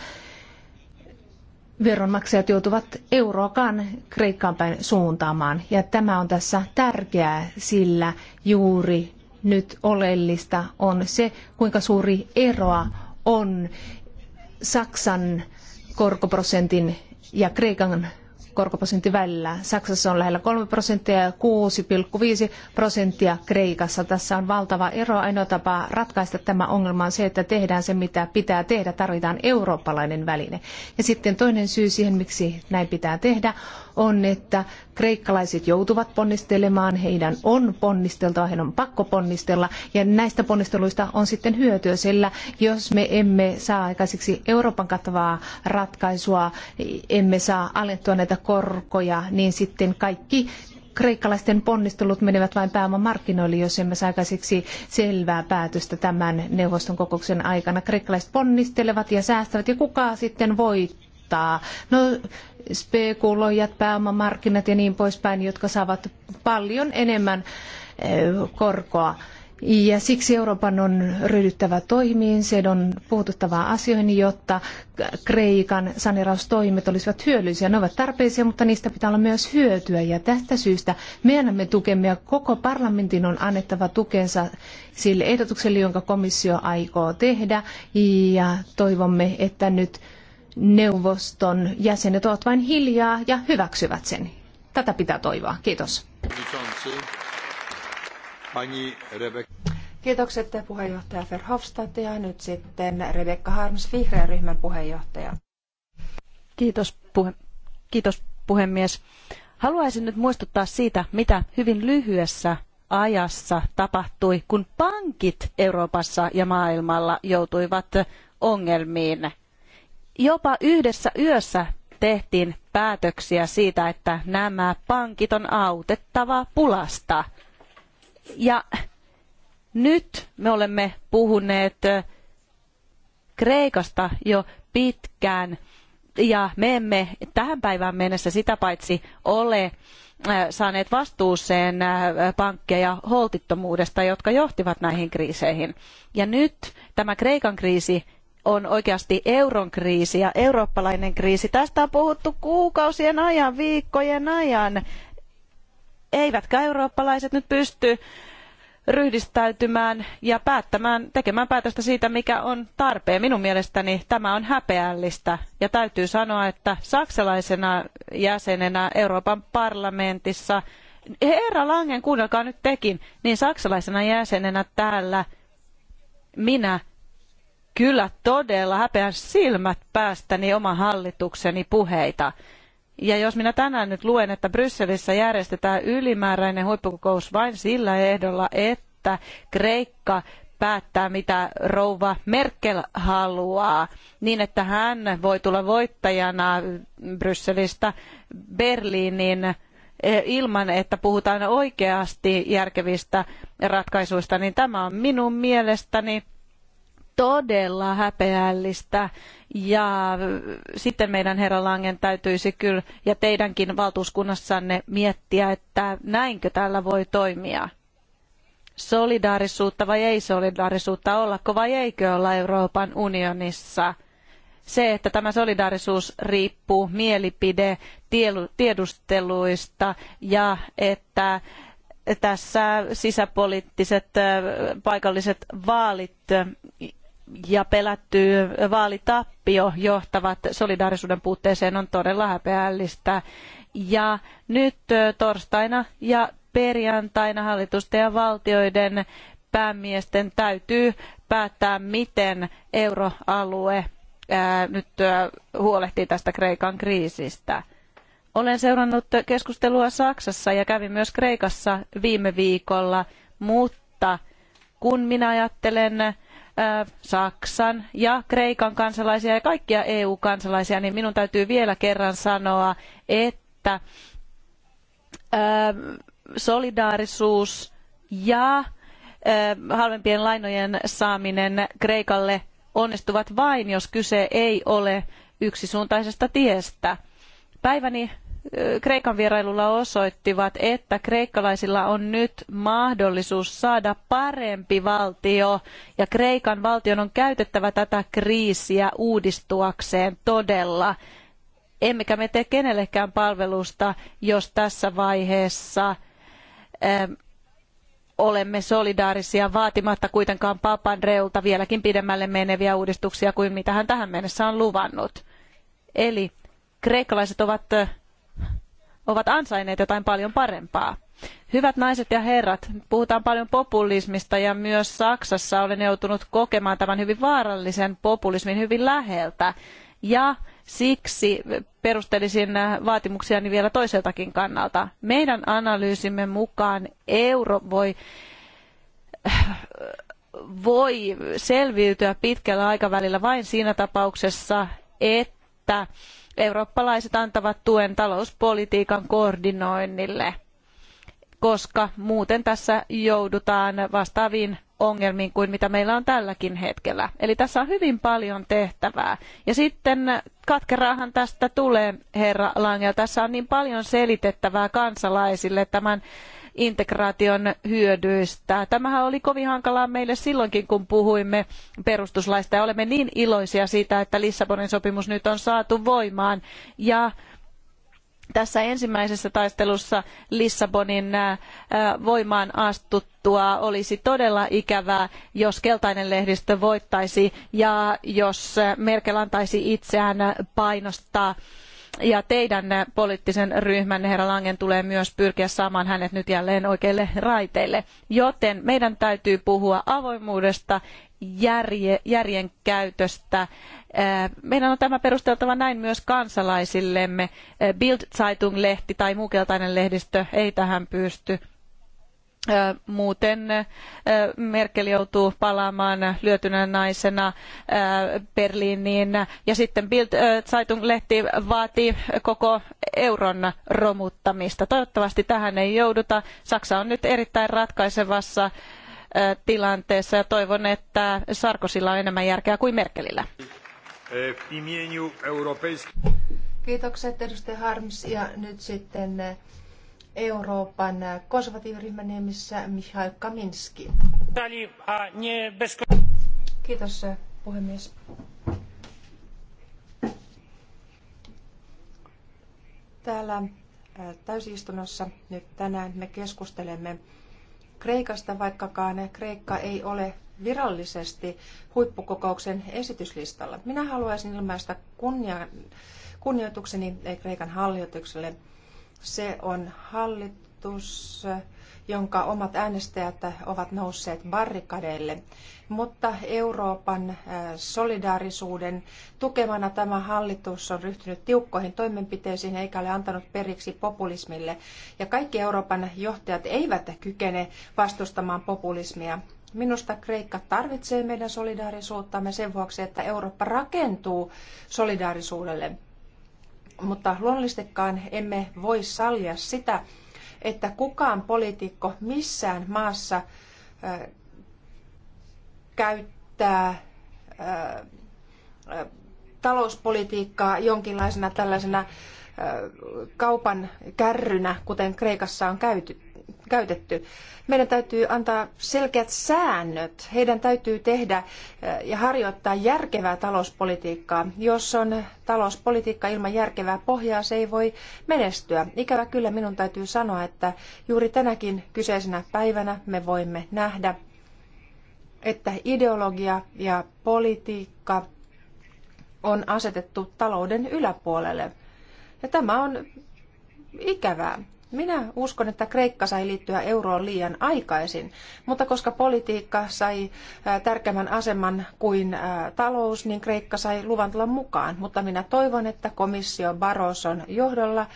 veronmaksajat joutuvat euroakaan Kreikkaan päin suuntaamaan. Ja tämä on tässä tärkeää, sillä juuri nyt oleellista on se, kuinka suuri eroa on Saksan korkoprosentin ja Kreikan korkoprosentin välillä. Saksassa on lähellä 3 prosenttia ja 6,5 prosenttia Kreikassa. Tässä on valtava ero. Ainoa tapa ratkaista tämä ongelma on se, että tehdään se, mitä pitää tehdä. Tarvitaan eurooppalainen väline. Ja sitten toinen syy siihen, miksi näin pitää tehdä, on, että kreikkalaiset joutuvat ponnistelemaan, heidän on ponnisteltava, heidän on pakko ponnistella ja näistä ponnisteluista on sitten hyötyä, sillä jos me emme saa aikaiseksi Euroopan kattavaa ratkaisua, emme saa alentua näitä korkoja, niin sitten kaikki kreikkalaisten ponnistelut menevät vain pääomamarkkinoille, jos emme saa aikaiseksi selvää päätöstä tämän neuvoston kokouksen aikana. Kreikkalaiset ponnistelevat ja säästävät ja kuka sitten voittaa? No, spekuloijat, pääomamarkkinat ja niin poispäin, jotka saavat paljon enemmän eh, korkoa. Ja siksi Euroopan on ryhdyttävä toimiin, sen on puututtava asioihin, jotta Kreikan saneeraustoimet olisivat hyödyllisiä. Ne ovat tarpeisia, mutta niistä pitää olla myös hyötyä. Ja tästä syystä me annamme tukemme ja koko parlamentin on annettava tukensa sille ehdotukselle, jonka komissio aikoo tehdä. Ja toivomme, että nyt neuvoston jäsenet ovat vain hiljaa ja hyväksyvät sen. Tätä pitää toivoa. Kiitos. Kiitokset puheenjohtaja Verhofstadt ja nyt sitten Rebekka Harms, vihreän ryhmän puheenjohtaja. Kiitos, puhe, kiitos puhemies. Haluaisin nyt muistuttaa siitä, mitä hyvin lyhyessä ajassa tapahtui, kun pankit Euroopassa ja maailmalla joutuivat ongelmiin Jopa yhdessä yössä tehtiin päätöksiä siitä, että nämä pankit on autettava pulasta. Ja nyt me olemme puhuneet Kreikasta jo pitkään ja me emme tähän päivään mennessä sitä paitsi ole saaneet vastuuseen pankkeja holtittomuudesta, jotka johtivat näihin kriiseihin. Ja nyt tämä Kreikan kriisi on oikeasti euron kriisi ja eurooppalainen kriisi. Tästä on puhuttu kuukausien ajan, viikkojen ajan. Eivätkä eurooppalaiset nyt pysty ryhdistäytymään ja päättämään, tekemään päätöstä siitä, mikä on tarpeen. Minun mielestäni tämä on häpeällistä ja täytyy sanoa, että saksalaisena jäsenenä Euroopan parlamentissa, herra Langen, kuunnelkaa nyt tekin, niin saksalaisena jäsenenä täällä minä kyllä todella häpeän silmät päästäni oman hallitukseni puheita. Ja jos minä tänään nyt luen, että Brysselissä järjestetään ylimääräinen huippukokous vain sillä ehdolla, että Kreikka päättää, mitä rouva Merkel haluaa, niin että hän voi tulla voittajana Brysselistä Berliinin e, ilman, että puhutaan oikeasti järkevistä ratkaisuista, niin tämä on minun mielestäni todella häpeällistä ja sitten meidän herra Langen täytyisi kyllä ja teidänkin valtuuskunnassanne miettiä, että näinkö tällä voi toimia. Solidaarisuutta vai ei solidaarisuutta, ollako vai eikö olla Euroopan unionissa. Se, että tämä solidaarisuus riippuu mielipide tiedusteluista ja että tässä sisäpoliittiset äh, paikalliset vaalit ja pelätty vaalitappio johtavat solidaarisuuden puutteeseen on todella häpeällistä. Ja nyt torstaina ja perjantaina hallitusten ja valtioiden päämiesten täytyy päättää, miten euroalue nyt huolehtii tästä Kreikan kriisistä. Olen seurannut keskustelua Saksassa ja kävin myös Kreikassa viime viikolla, mutta kun minä ajattelen Saksan ja Kreikan kansalaisia ja kaikkia EU-kansalaisia, niin minun täytyy vielä kerran sanoa, että solidaarisuus ja halvempien lainojen saaminen Kreikalle onnistuvat vain, jos kyse ei ole yksisuuntaisesta tiestä. Päiväni Kreikan vierailulla osoittivat, että kreikkalaisilla on nyt mahdollisuus saada parempi valtio ja Kreikan valtion on käytettävä tätä kriisiä uudistuakseen todella. Emmekä me tee kenellekään palvelusta, jos tässä vaiheessa ähm, olemme solidaarisia vaatimatta kuitenkaan Papanreulta vieläkin pidemmälle meneviä uudistuksia kuin mitä hän tähän mennessä on luvannut. Eli kreikkalaiset ovat äh, ovat ansainneet jotain paljon parempaa. Hyvät naiset ja herrat, puhutaan paljon populismista ja myös Saksassa olen joutunut kokemaan tämän hyvin vaarallisen populismin hyvin läheltä. Ja siksi perustelisin vaatimuksiani vielä toiseltakin kannalta. Meidän analyysimme mukaan euro voi voi selviytyä pitkällä aikavälillä vain siinä tapauksessa, että eurooppalaiset antavat tuen talouspolitiikan koordinoinnille, koska muuten tässä joudutaan vastaaviin ongelmiin kuin mitä meillä on tälläkin hetkellä. Eli tässä on hyvin paljon tehtävää. Ja sitten katkeraahan tästä tulee, herra Langel. Tässä on niin paljon selitettävää kansalaisille tämän integraation hyödyistä. Tämähän oli kovin hankalaa meille silloinkin, kun puhuimme perustuslaista ja olemme niin iloisia siitä, että Lissabonin sopimus nyt on saatu voimaan ja tässä ensimmäisessä taistelussa Lissabonin äh, äh, voimaan astuttua olisi todella ikävää, jos keltainen lehdistö voittaisi ja jos Merkel antaisi itseään painostaa ja teidän poliittisen ryhmän herra Langen tulee myös pyrkiä saamaan hänet nyt jälleen oikeille raiteille. Joten meidän täytyy puhua avoimuudesta, järje, järjen käytöstä. Meidän on tämä perusteltava näin myös kansalaisillemme. Bild Zeitung-lehti tai muu keltainen lehdistö ei tähän pysty. Muuten Merkel joutuu palaamaan lyötynä naisena Berliiniin ja sitten Bild Zeitung-lehti vaatii koko euron romuttamista. Toivottavasti tähän ei jouduta. Saksa on nyt erittäin ratkaisevassa tilanteessa ja toivon, että Sarkosilla on enemmän järkeä kuin Merkelillä. E, Kiitokset edustaja Harms ja nyt sitten Euroopan konservatiiviryhmän nimissä Mihail Kaminski. Kiitos puhemies. Täällä täysistunnossa nyt tänään me keskustelemme Kreikasta, vaikkakaan Kreikka ei ole virallisesti huippukokouksen esityslistalla. Minä haluaisin ilmaista kunnia, kunnioitukseni Kreikan hallitukselle se on hallitus, jonka omat äänestäjät ovat nousseet barrikadeille. Mutta Euroopan äh, solidaarisuuden tukemana tämä hallitus on ryhtynyt tiukkoihin toimenpiteisiin eikä ole antanut periksi populismille. Ja kaikki Euroopan johtajat eivät kykene vastustamaan populismia. Minusta Kreikka tarvitsee meidän solidaarisuuttamme sen vuoksi, että Eurooppa rakentuu solidaarisuudelle. Mutta luonnollisestikaan emme voi sallia sitä, että kukaan poliitikko missään maassa käyttää talouspolitiikkaa jonkinlaisena tällaisena kaupan kärrynä, kuten Kreikassa on käyty käytetty. Meidän täytyy antaa selkeät säännöt. Heidän täytyy tehdä eh, ja harjoittaa järkevää talouspolitiikkaa. Jos on talouspolitiikka ilman järkevää pohjaa, se ei voi menestyä. Ikävä kyllä minun täytyy sanoa, että juuri tänäkin kyseisenä päivänä me voimme nähdä, että ideologia ja politiikka on asetettu talouden yläpuolelle. Ja tämä on ikävää. Minä uskon, että Kreikka sai liittyä euroon liian aikaisin, mutta koska politiikka sai tärkeämmän aseman kuin talous, niin Kreikka sai luvan tulla mukaan. Mutta minä toivon, että komissio Barroson johdolla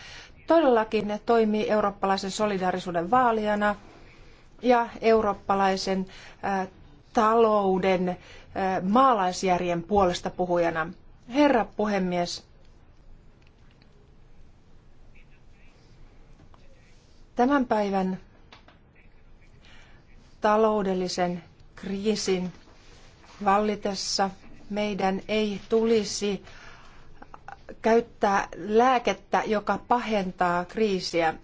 todellakin toimii eurooppalaisen solidaarisuuden vaalijana ja eurooppalaisen talouden maalaisjärjen puolesta puhujana. Herra puhemies, Tämän päivän taloudellisen kriisin vallitessa meidän ei tulisi käyttää lääkettä, joka pahentaa kriisiä.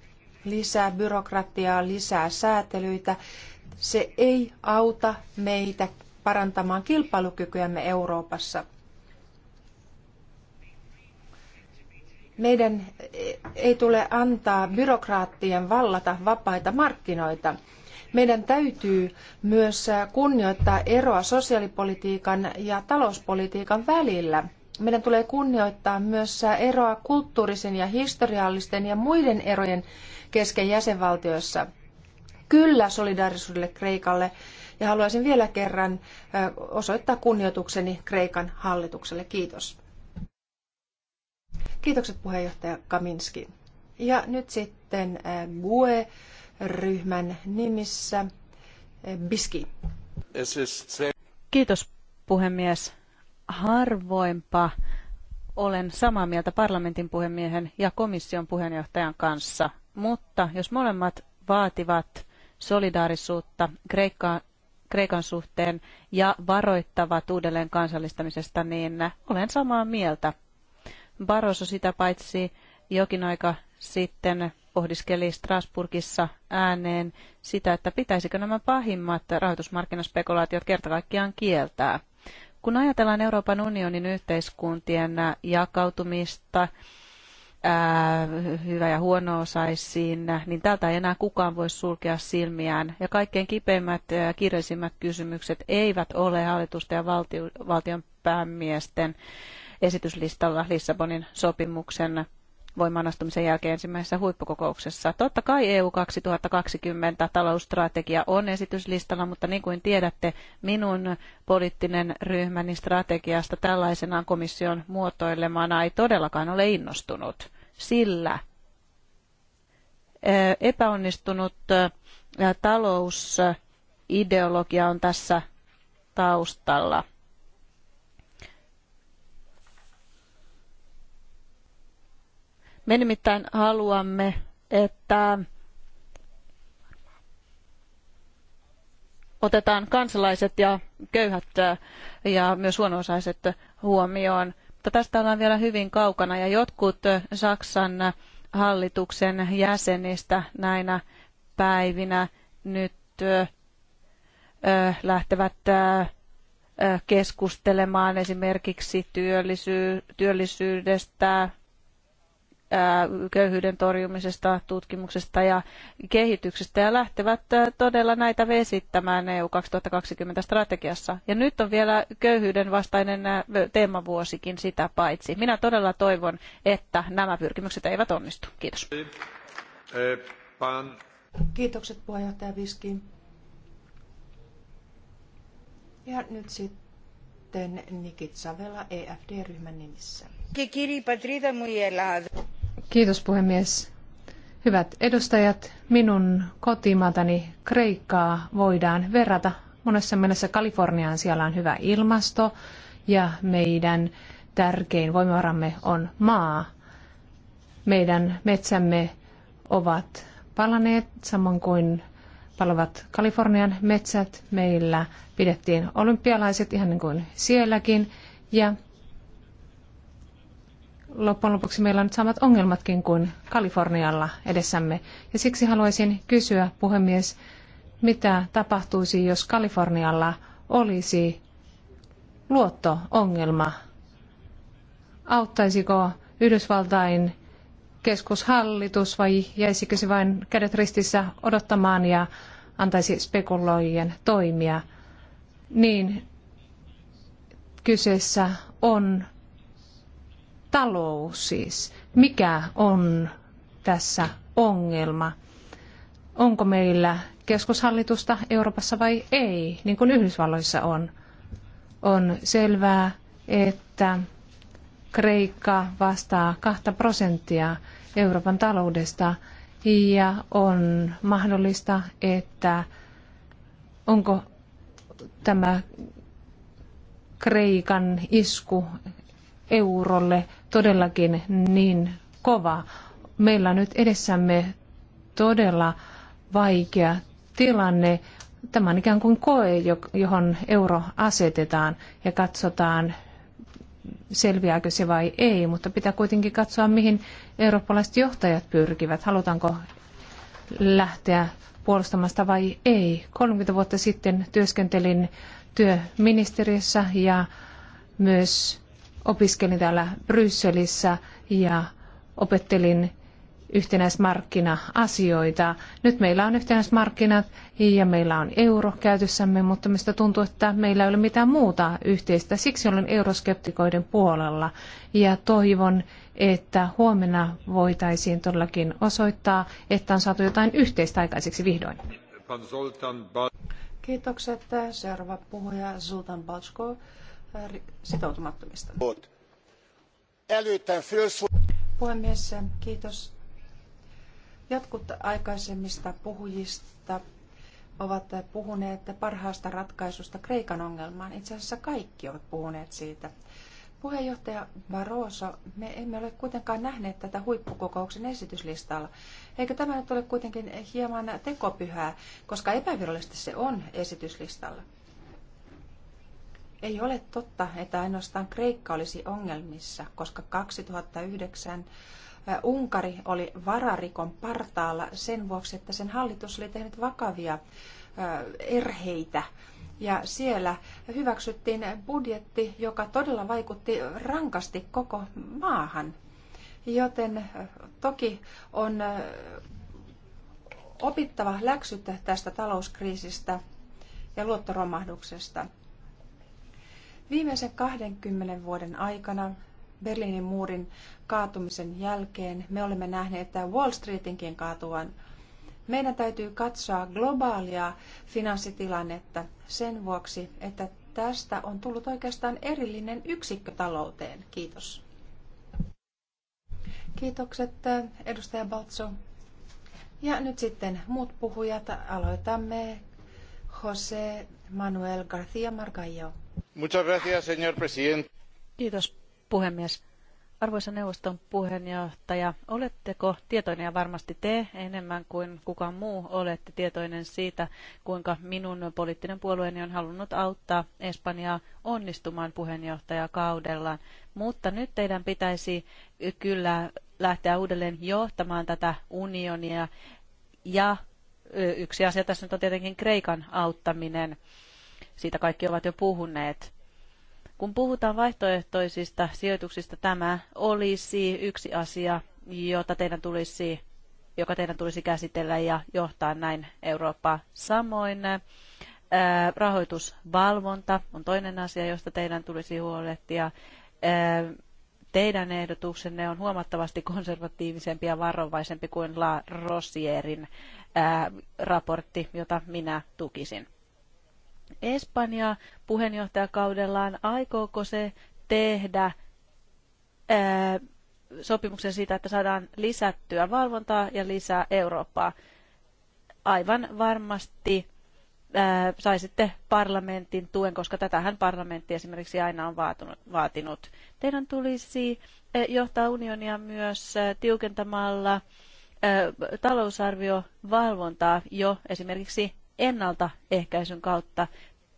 Lisää byrokratiaa, lisää säätelyitä. Se ei auta meitä parantamaan kilpailukykyämme Euroopassa. Meidän ei tule antaa byrokraattien vallata vapaita markkinoita. Meidän täytyy myös kunnioittaa eroa sosiaalipolitiikan ja talouspolitiikan välillä. Meidän tulee kunnioittaa myös eroa kulttuurisen ja historiallisten ja muiden erojen kesken jäsenvaltioissa. Kyllä solidaarisuudelle Kreikalle ja haluaisin vielä kerran osoittaa kunnioitukseni Kreikan hallitukselle. Kiitos. Kiitokset puheenjohtaja Kaminski. Ja nyt sitten eh, GUE-ryhmän nimissä eh, Biski. Kiitos puhemies. Harvoinpa olen samaa mieltä parlamentin puhemiehen ja komission puheenjohtajan kanssa, mutta jos molemmat vaativat solidaarisuutta Kreikka, Kreikan suhteen ja varoittavat uudelleen kansallistamisesta, niin olen samaa mieltä. Barroso sitä paitsi jokin aika sitten pohdiskeli Strasburgissa ääneen sitä, että pitäisikö nämä pahimmat rahoitusmarkkinaspekulaatiot kerta kaikkiaan kieltää. Kun ajatellaan Euroopan unionin yhteiskuntien jakautumista, ää, äh, hyvä- ja huono-osaisiin, niin tältä ei enää kukaan voi sulkea silmiään. Ja kaikkein kipeimmät ja kirjallisimmat kysymykset eivät ole hallitusten ja valtio, valtion päämiesten esityslistalla Lissabonin sopimuksen voimaanastumisen jälkeen ensimmäisessä huippukokouksessa. Totta kai EU 2020 talousstrategia on esityslistalla, mutta niin kuin tiedätte, minun poliittinen ryhmäni strategiasta tällaisenaan komission muotoilemana ei todellakaan ole innostunut, sillä epäonnistunut talousideologia on tässä taustalla – Me nimittäin haluamme, että otetaan kansalaiset ja köyhät ja myös huono huomioon. Mutta tästä ollaan vielä hyvin kaukana ja jotkut Saksan hallituksen jäsenistä näinä päivinä nyt lähtevät keskustelemaan esimerkiksi työllisyydestä, köyhyyden torjumisesta, tutkimuksesta ja kehityksestä ja lähtevät todella näitä vesittämään EU 2020 strategiassa. Ja nyt on vielä köyhyyden vastainen teemavuosikin sitä paitsi. Minä todella toivon, että nämä pyrkimykset eivät onnistu. Kiitos. Kiitokset puheenjohtaja Viski. Ja nyt sitten Nikit Savela EFD-ryhmän nimissä. Kiitos puhemies. Hyvät edustajat, minun kotimaatani Kreikkaa voidaan verrata monessa mielessä Kaliforniaan. Siellä on hyvä ilmasto ja meidän tärkein voimavaramme on maa. Meidän metsämme ovat palaneet samoin kuin palovat Kalifornian metsät. Meillä pidettiin olympialaiset ihan niin kuin sielläkin ja loppujen lopuksi meillä on nyt samat ongelmatkin kuin Kalifornialla edessämme. Ja siksi haluaisin kysyä, puhemies, mitä tapahtuisi, jos Kalifornialla olisi luotto-ongelma? Auttaisiko Yhdysvaltain keskushallitus vai jäisikö se vain kädet ristissä odottamaan ja antaisi spekuloijien toimia? Niin kyseessä on talous siis? Mikä on tässä ongelma? Onko meillä keskushallitusta Euroopassa vai ei, niin kuin Yhdysvalloissa on? On selvää, että Kreikka vastaa kahta prosenttia Euroopan taloudesta ja on mahdollista, että onko tämä Kreikan isku eurolle todellakin niin kova. Meillä on nyt edessämme todella vaikea tilanne. Tämä on ikään kuin koe, johon euro asetetaan ja katsotaan, selviääkö se vai ei, mutta pitää kuitenkin katsoa, mihin eurooppalaiset johtajat pyrkivät. Halutaanko lähteä puolustamasta vai ei. 30 vuotta sitten työskentelin työministeriössä ja myös opiskelin täällä Brysselissä ja opettelin yhtenäismarkkina-asioita. Nyt meillä on yhtenäismarkkinat ja meillä on euro käytössämme, mutta mistä tuntuu, että meillä ei ole mitään muuta yhteistä. Siksi olen euroskeptikoiden puolella ja toivon, että huomenna voitaisiin todellakin osoittaa, että on saatu jotain yhteistä aikaiseksi vihdoin. Kiitokset. Seuraava puhuja Zoltan Balsko sitoutumattomista. Puhemies, kiitos. Jotkut aikaisemmista puhujista ovat puhuneet parhaasta ratkaisusta Kreikan ongelmaan. Itse asiassa kaikki ovat puhuneet siitä. Puheenjohtaja Barroso, me emme ole kuitenkaan nähneet tätä huippukokouksen esityslistalla. Eikö tämä nyt ole kuitenkin hieman tekopyhää, koska epävirallisesti se on esityslistalla? Ei ole totta, että ainoastaan Kreikka olisi ongelmissa, koska 2009 Unkari oli vararikon partaalla sen vuoksi, että sen hallitus oli tehnyt vakavia erheitä. Ja siellä hyväksyttiin budjetti, joka todella vaikutti rankasti koko maahan. Joten toki on opittava läksyt tästä talouskriisistä ja luottoromahduksesta. Viimeisen 20 vuoden aikana Berliinin muurin kaatumisen jälkeen me olemme nähneet että Wall Streetinkin kaatuvan. Meidän täytyy katsoa globaalia finanssitilannetta sen vuoksi, että tästä on tullut oikeastaan erillinen yksikkö talouteen. Kiitos. Kiitokset edustaja Baltso. Ja nyt sitten muut puhujat. Aloitamme Jose Manuel García Margallo arvoisa Kiitos, puhemies. Arvoisa neuvoston puheenjohtaja, oletteko tietoinen ja varmasti te enemmän kuin kukaan muu olette tietoinen siitä, kuinka minun poliittinen puolueeni on halunnut auttaa Espanjaa onnistumaan puheenjohtajakaudellaan. Mutta nyt teidän pitäisi kyllä lähteä uudelleen johtamaan tätä unionia ja yksi asia tässä nyt on tietenkin Kreikan auttaminen. Siitä kaikki ovat jo puhuneet. Kun puhutaan vaihtoehtoisista sijoituksista, tämä olisi yksi asia, jota teidän tulisi, joka teidän tulisi käsitellä ja johtaa näin Eurooppaa. Samoin rahoitusvalvonta on toinen asia, josta teidän tulisi huolehtia. Teidän ehdotuksenne on huomattavasti konservatiivisempi ja varovaisempi kuin La Rosierin raportti, jota minä tukisin. Espanja puheenjohtajakaudellaan, aikooko se tehdä ää, sopimuksen siitä, että saadaan lisättyä valvontaa ja lisää Eurooppaa? Aivan varmasti ää, saisitte parlamentin tuen, koska tätähän parlamentti esimerkiksi aina on vaatunut, vaatinut. Teidän tulisi johtaa unionia myös tiukentamalla talousarviovalvontaa jo esimerkiksi ennaltaehkäisyn kautta.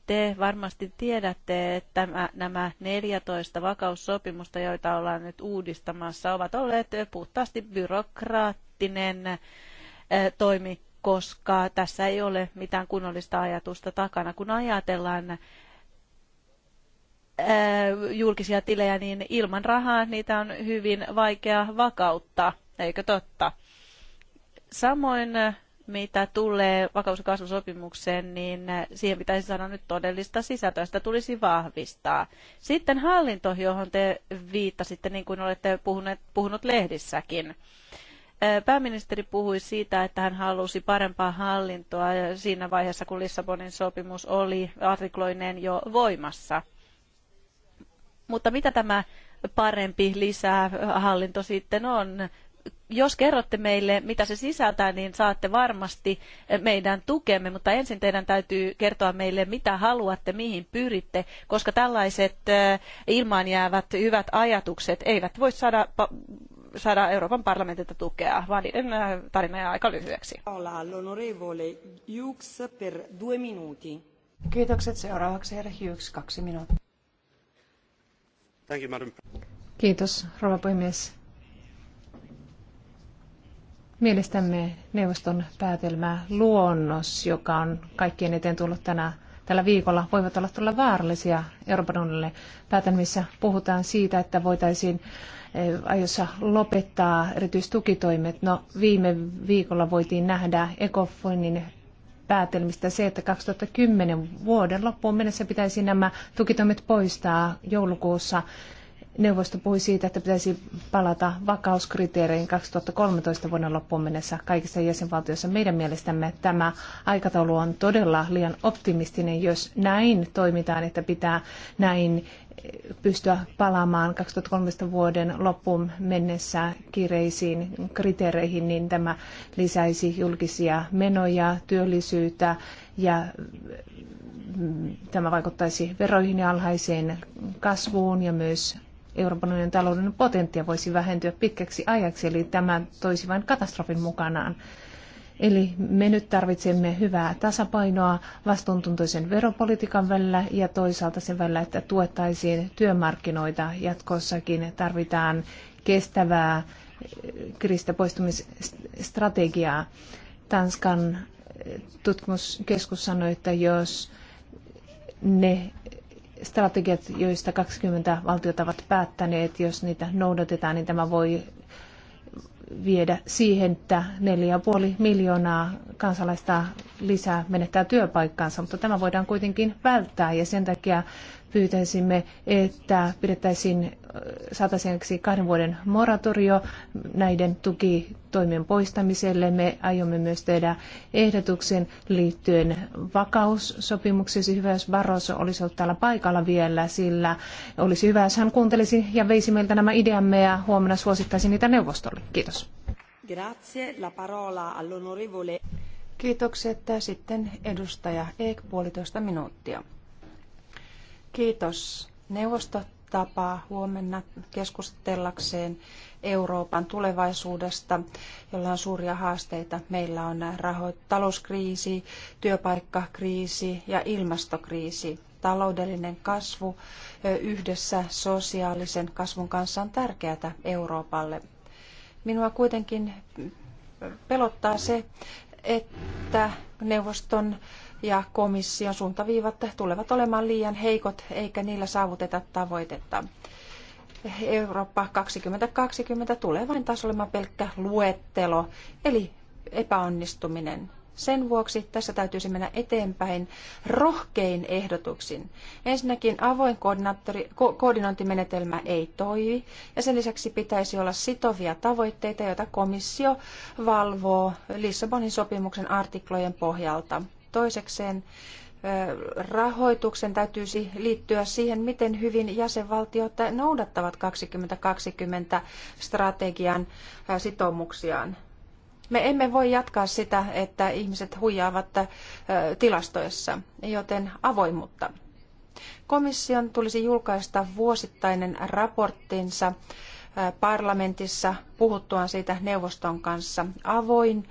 Te varmasti tiedätte, että nämä 14 vakaussopimusta, joita ollaan nyt uudistamassa, ovat olleet puhtaasti byrokraattinen eh, toimi, koska tässä ei ole mitään kunnollista ajatusta takana. Kun ajatellaan eh, julkisia tilejä, niin ilman rahaa niitä on hyvin vaikea vakauttaa, eikö totta? Samoin eh, mitä tulee vakaus- ja kasvusopimukseen, niin siihen pitäisi saada nyt todellista sisältöä, sitä tulisi vahvistaa. Sitten hallinto, johon te viittasitte, niin kuin olette puhuneet, puhunut lehdissäkin. Pääministeri puhui siitä, että hän halusi parempaa hallintoa siinä vaiheessa, kun Lissabonin sopimus oli artikloineen jo voimassa. Mutta mitä tämä parempi lisää hallinto sitten on? jos kerrotte meille, mitä se sisältää, niin saatte varmasti eh, meidän tukemme, mutta ensin teidän täytyy kertoa meille, mitä haluatte, mihin pyritte, koska tällaiset eh, ilmaan jäävät hyvät ajatukset eivät voi saada, saada Euroopan parlamentilta tukea, vaan niiden eh, tarina jää aika lyhyeksi. Kiitokset. Seuraavaksi herra Hughes, kaksi minuuttia. Kiitos, rouva puhemies. Mielestämme neuvoston päätelmä luonnos, joka on kaikkien eteen tullut tänä, tällä viikolla, voivat olla tulla vaarallisia Euroopan unionille. Päätelmissä puhutaan siitä, että voitaisiin eh, aiossa lopettaa erityistukitoimet. No, viime viikolla voitiin nähdä Ecofinin päätelmistä se, että 2010 vuoden loppuun mennessä pitäisi nämä tukitoimet poistaa joulukuussa Neuvosto puhui siitä, että pitäisi palata vakauskriteereihin 2013 vuoden loppuun mennessä kaikissa jäsenvaltioissa. Meidän mielestämme tämä aikataulu on todella liian optimistinen, jos näin toimitaan, että pitää näin pystyä palaamaan 2013 vuoden loppuun mennessä kiireisiin kriteereihin, niin tämä lisäisi julkisia menoja, työllisyyttä ja mm, tämä vaikuttaisi veroihin ja alhaiseen kasvuun ja myös Euroopan unionin talouden potentia voisi vähentyä pitkäksi ajaksi, eli tämä toisi vain katastrofin mukanaan. Eli me nyt tarvitsemme hyvää tasapainoa vastuuntuntoisen veropolitiikan välillä ja toisaalta sen välillä, että tuettaisiin työmarkkinoita jatkossakin. Tarvitaan kestävää eh, kriisistä poistumisstrategiaa. Tanskan eh, tutkimuskeskus sanoi, että jos ne strategiat, joista 20 valtiota ovat päättäneet, jos niitä noudatetaan, niin tämä voi viedä siihen, että 4,5 miljoonaa kansalaista lisää menettää työpaikkaansa, mutta tämä voidaan kuitenkin välttää ja sen takia pyytäisimme, että pidettäisiin saataisiin kahden vuoden moratorio näiden tukitoimien poistamiselle. Me aiomme myös tehdä ehdotuksen liittyen vakaussopimuksesi. Hyvä, jos Barroso olisi ollut täällä paikalla vielä, sillä olisi hyvä, jos hän kuuntelisi ja veisi meiltä nämä ideamme ja huomenna suosittaisi niitä neuvostolle. Kiitos. Grazie. La parola all'onorevole. Kiitokset. Sitten edustaja Eek, puolitoista minuuttia. Kiitos. Neuvosto tapaa huomenna keskustellakseen Euroopan tulevaisuudesta, jolla on suuria haasteita. Meillä on raho- talouskriisi, työpaikkakriisi ja ilmastokriisi. Taloudellinen kasvu yhdessä sosiaalisen kasvun kanssa on tärkeää Euroopalle. Minua kuitenkin pelottaa se, että neuvoston ja komission suuntaviivat tulevat olemaan liian heikot eikä niillä saavuteta tavoitetta. Eurooppa 2020 tulee vain taas olemaan pelkkä luettelo, eli epäonnistuminen. Sen vuoksi tässä täytyisi mennä eteenpäin rohkein ehdotuksin. Ensinnäkin avoin ko- koordinointimenetelmä ei toimi ja sen lisäksi pitäisi olla sitovia tavoitteita, joita komissio valvoo Lissabonin sopimuksen artiklojen pohjalta. Toisekseen rahoituksen täytyisi liittyä siihen, miten hyvin jäsenvaltiot noudattavat 2020 strategian sitoumuksiaan. Me emme voi jatkaa sitä, että ihmiset huijaavat tilastoissa, joten avoimuutta. Komission tulisi julkaista vuosittainen raporttinsa parlamentissa puhuttuaan siitä neuvoston kanssa. Avoin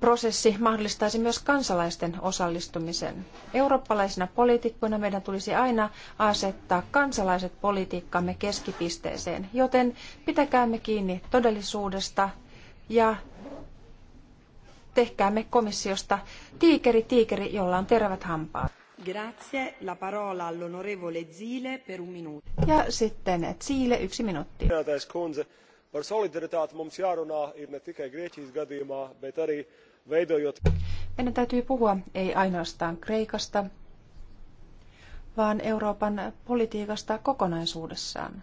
prosessi mahdollistaisi myös kansalaisten osallistumisen. Eurooppalaisina poliitikkoina meidän tulisi aina asettaa kansalaiset politiikkamme keskipisteeseen, joten pitäkäämme kiinni todellisuudesta ja tehkäämme komissiosta tiikeri tiikeri, jolla on terävät hampaat. Grazie, la parola all'onorevole Zile per un minuto. Ja sitten Zile, yksi minuutti. Par solidaritāti mums jārunā ir ne tikai Grieķijas gadījumā, bet arī veidojot. Meidän täytyy puhua ei ainoastaan Kreikasta, vaan Euroopan politiikasta kokonaisuudessaan.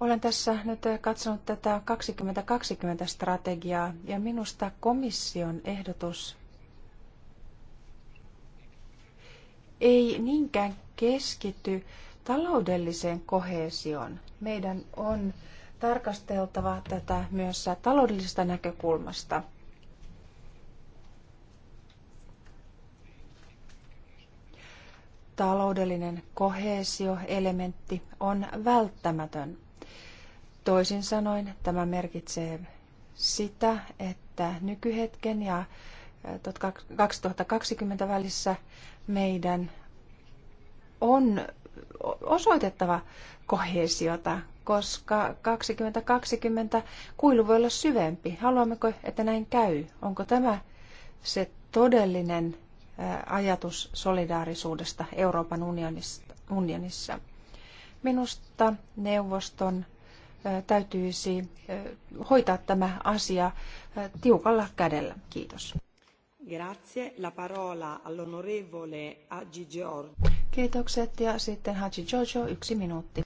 Olen tässä nyt katsonut tätä 2020 strategiaa ja minusta komission ehdotus ei niinkään keskity taloudelliseen kohesioon. Meidän on tarkasteltava tätä myös taloudellisesta näkökulmasta. Taloudellinen kohesioelementti on välttämätön. Toisin sanoen tämä merkitsee sitä, että nykyhetken ja 2020 välissä meidän on osoitettava kohesiota, koska 2020 kuilu voi olla syvempi. Haluammeko, että näin käy? Onko tämä se todellinen ajatus solidaarisuudesta Euroopan unionissa? Minusta neuvoston täytyisi hoitaa tämä asia tiukalla kädellä. Kiitos. Grazie. La parola all'onorevole Haji George. Kiitokset ja sitten Haji Giorgio, yksi minuutti.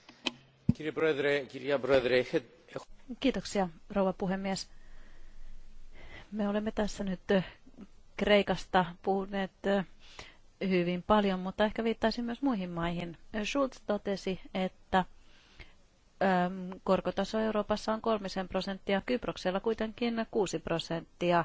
Kiitoksia, rouva puhemies. Me olemme tässä nyt Kreikasta puhuneet hyvin paljon, mutta ehkä viittaisin myös muihin maihin. Schulz totesi, että korkotaso Euroopassa on kolmisen prosenttia, Kyproksella kuitenkin kuusi prosenttia.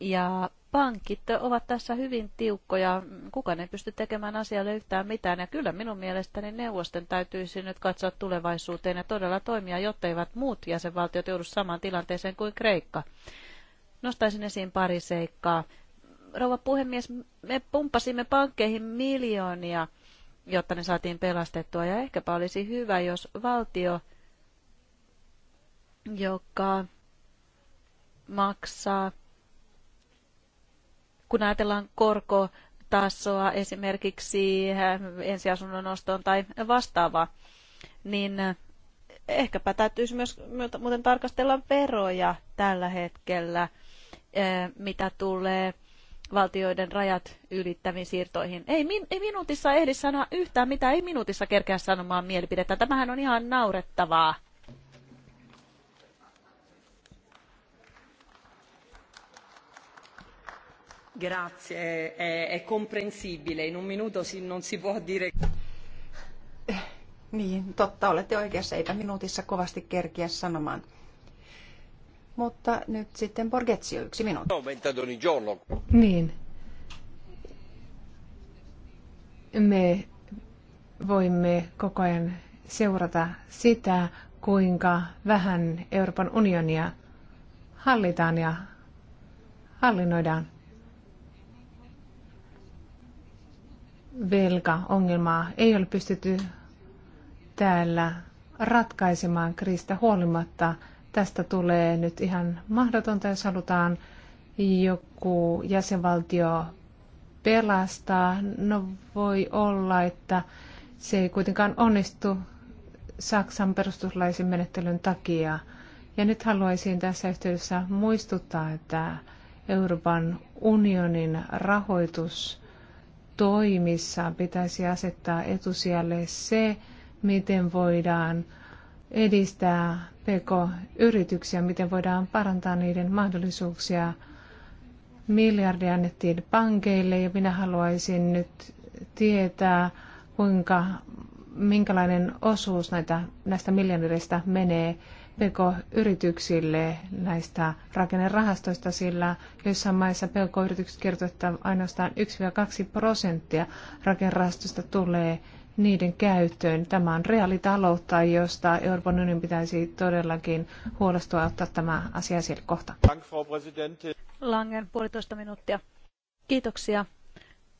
Ja pankit ovat tässä hyvin tiukkoja. Kukaan ei pysty tekemään asialle yhtään mitään. Ja kyllä minun mielestäni neuvosten täytyisi nyt katsoa tulevaisuuteen ja todella toimia, jotta eivät muut jäsenvaltiot joudu samaan tilanteeseen kuin Kreikka. Nostaisin esiin pari seikkaa. Rouva puhemies, me pumppasimme pankkeihin miljoonia, jotta ne saatiin pelastettua. Ja ehkäpä olisi hyvä, jos valtio, joka maksaa kun ajatellaan korkotasoa esimerkiksi eh, ensiasunnon ostoon tai vastaavaa, niin eh, ehkäpä täytyisi myös muuten tarkastella veroja tällä hetkellä, eh, mitä tulee valtioiden rajat ylittäviin siirtoihin. Ei, min, ei minuutissa ehdi sanoa yhtään mitä ei minuutissa kerkeä sanomaan mielipidettä. Tämähän on ihan naurettavaa. Grazie, è, è comprensibile. In un minuto si, non si può dire... Eh, niin, totta, olette oikeassa. Eipä minuutissa kovasti kerkiä sanomaan. Mutta nyt sitten Borgetsio, yksi minuutti. Niin. Me voimme koko ajan seurata sitä, kuinka vähän Euroopan unionia hallitaan ja hallinnoidaan. velkaongelmaa ei ole pystytty täällä ratkaisemaan kriisistä huolimatta. Tästä tulee nyt ihan mahdotonta, jos halutaan joku jäsenvaltio pelastaa. No voi olla, että se ei kuitenkaan onnistu Saksan perustuslaisen menettelyn takia. Ja nyt haluaisin tässä yhteydessä muistuttaa, että Euroopan unionin rahoitus toimissa pitäisi asettaa etusijalle se, miten voidaan edistää PK-yrityksiä, miten voidaan parantaa niiden mahdollisuuksia. Miljardi annettiin pankeille ja minä haluaisin nyt tietää, kuinka, minkälainen osuus näitä, näistä miljardeista menee PK-yrityksille näistä rakennerahastoista, sillä joissain maissa PK-yritykset kertovat, että ainoastaan 1-2 prosenttia rakennerahastosta tulee niiden käyttöön. Tämä on reaalitaloutta, josta Euroopan unionin pitäisi todellakin huolestua ottaa tämä asia esille kohta. Langen puolitoista minuuttia. Kiitoksia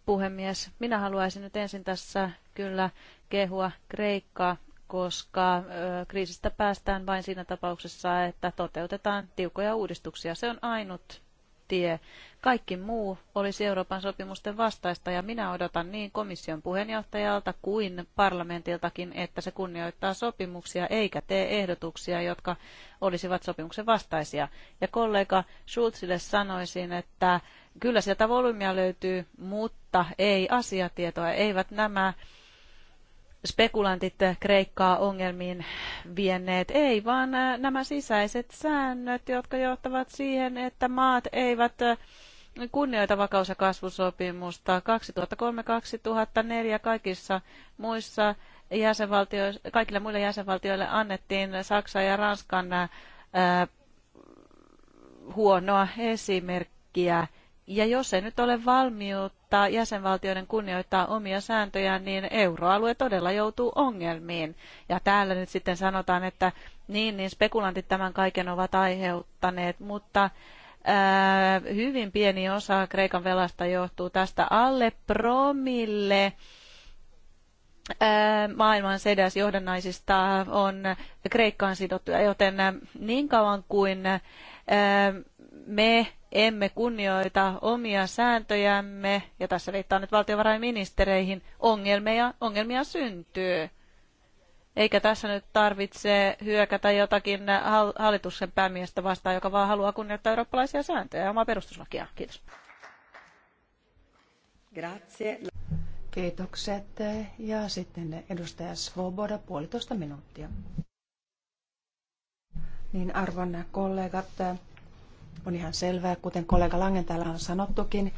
puhemies. Minä haluaisin nyt ensin tässä kyllä kehua Kreikkaa koska kriisistä päästään vain siinä tapauksessa, että toteutetaan tiukkoja uudistuksia. Se on ainut tie. Kaikki muu olisi Euroopan sopimusten vastaista ja minä odotan niin komission puheenjohtajalta kuin parlamentiltakin, että se kunnioittaa sopimuksia eikä tee ehdotuksia, jotka olisivat sopimuksen vastaisia. Ja kollega Schulzille sanoisin, että kyllä sieltä volyymia löytyy, mutta ei asiatietoa, eivät nämä spekulantit Kreikkaa ongelmiin vienneet. Ei, vaan äh, nämä sisäiset säännöt, jotka johtavat siihen, että maat eivät äh, kunnioita vakaus- ja kasvusopimusta 2003-2004 kaikissa muissa jäsenvaltioissa, kaikille muille jäsenvaltioille annettiin Saksa ja Ranskan ää, äh, huonoa esimerkkiä ja jos ei nyt ole valmiutta jäsenvaltioiden kunnioittaa omia sääntöjään, niin euroalue todella joutuu ongelmiin. Ja täällä nyt sitten sanotaan, että niin, niin spekulantit tämän kaiken ovat aiheuttaneet, mutta ää, äh, hyvin pieni osa Kreikan velasta johtuu tästä alle promille äh, maailman sedäs johdannaisista on Kreikkaan sidottuja, joten äh, niin kauan kuin me emme kunnioita omia sääntöjämme, ja tässä viittaa nyt valtiovarainministereihin, ongelmia, ongelmia syntyy. Eikä tässä nyt tarvitse hyökätä jotakin hallituksen päämiestä vastaan, joka vaan haluaa kunnioittaa eurooppalaisia sääntöjä ja omaa perustuslakia. Kiitos. Grazie. Kiitokset. Ja sitten edustaja Svoboda, puolitoista minuuttia. Niin arvon kollegat, on ihan selvää, kuten kollega Langen täällä on sanottukin,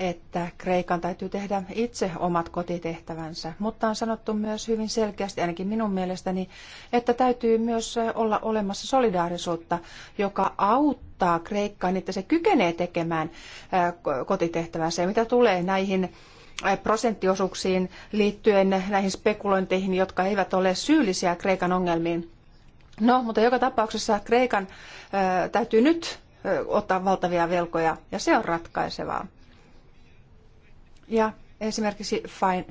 että Kreikan täytyy tehdä itse omat kotitehtävänsä, mutta on sanottu myös hyvin selkeästi, ainakin minun mielestäni, että täytyy myös olla olemassa solidaarisuutta, joka auttaa Kreikkaa, niin että se kykenee tekemään kotitehtävänsä. Ja mitä tulee näihin prosenttiosuuksiin liittyen näihin spekulointeihin, jotka eivät ole syyllisiä Kreikan ongelmiin. No, mutta joka tapauksessa Kreikan täytyy nyt ottaa valtavia velkoja ja se on ratkaisevaa. Ja esimerkiksi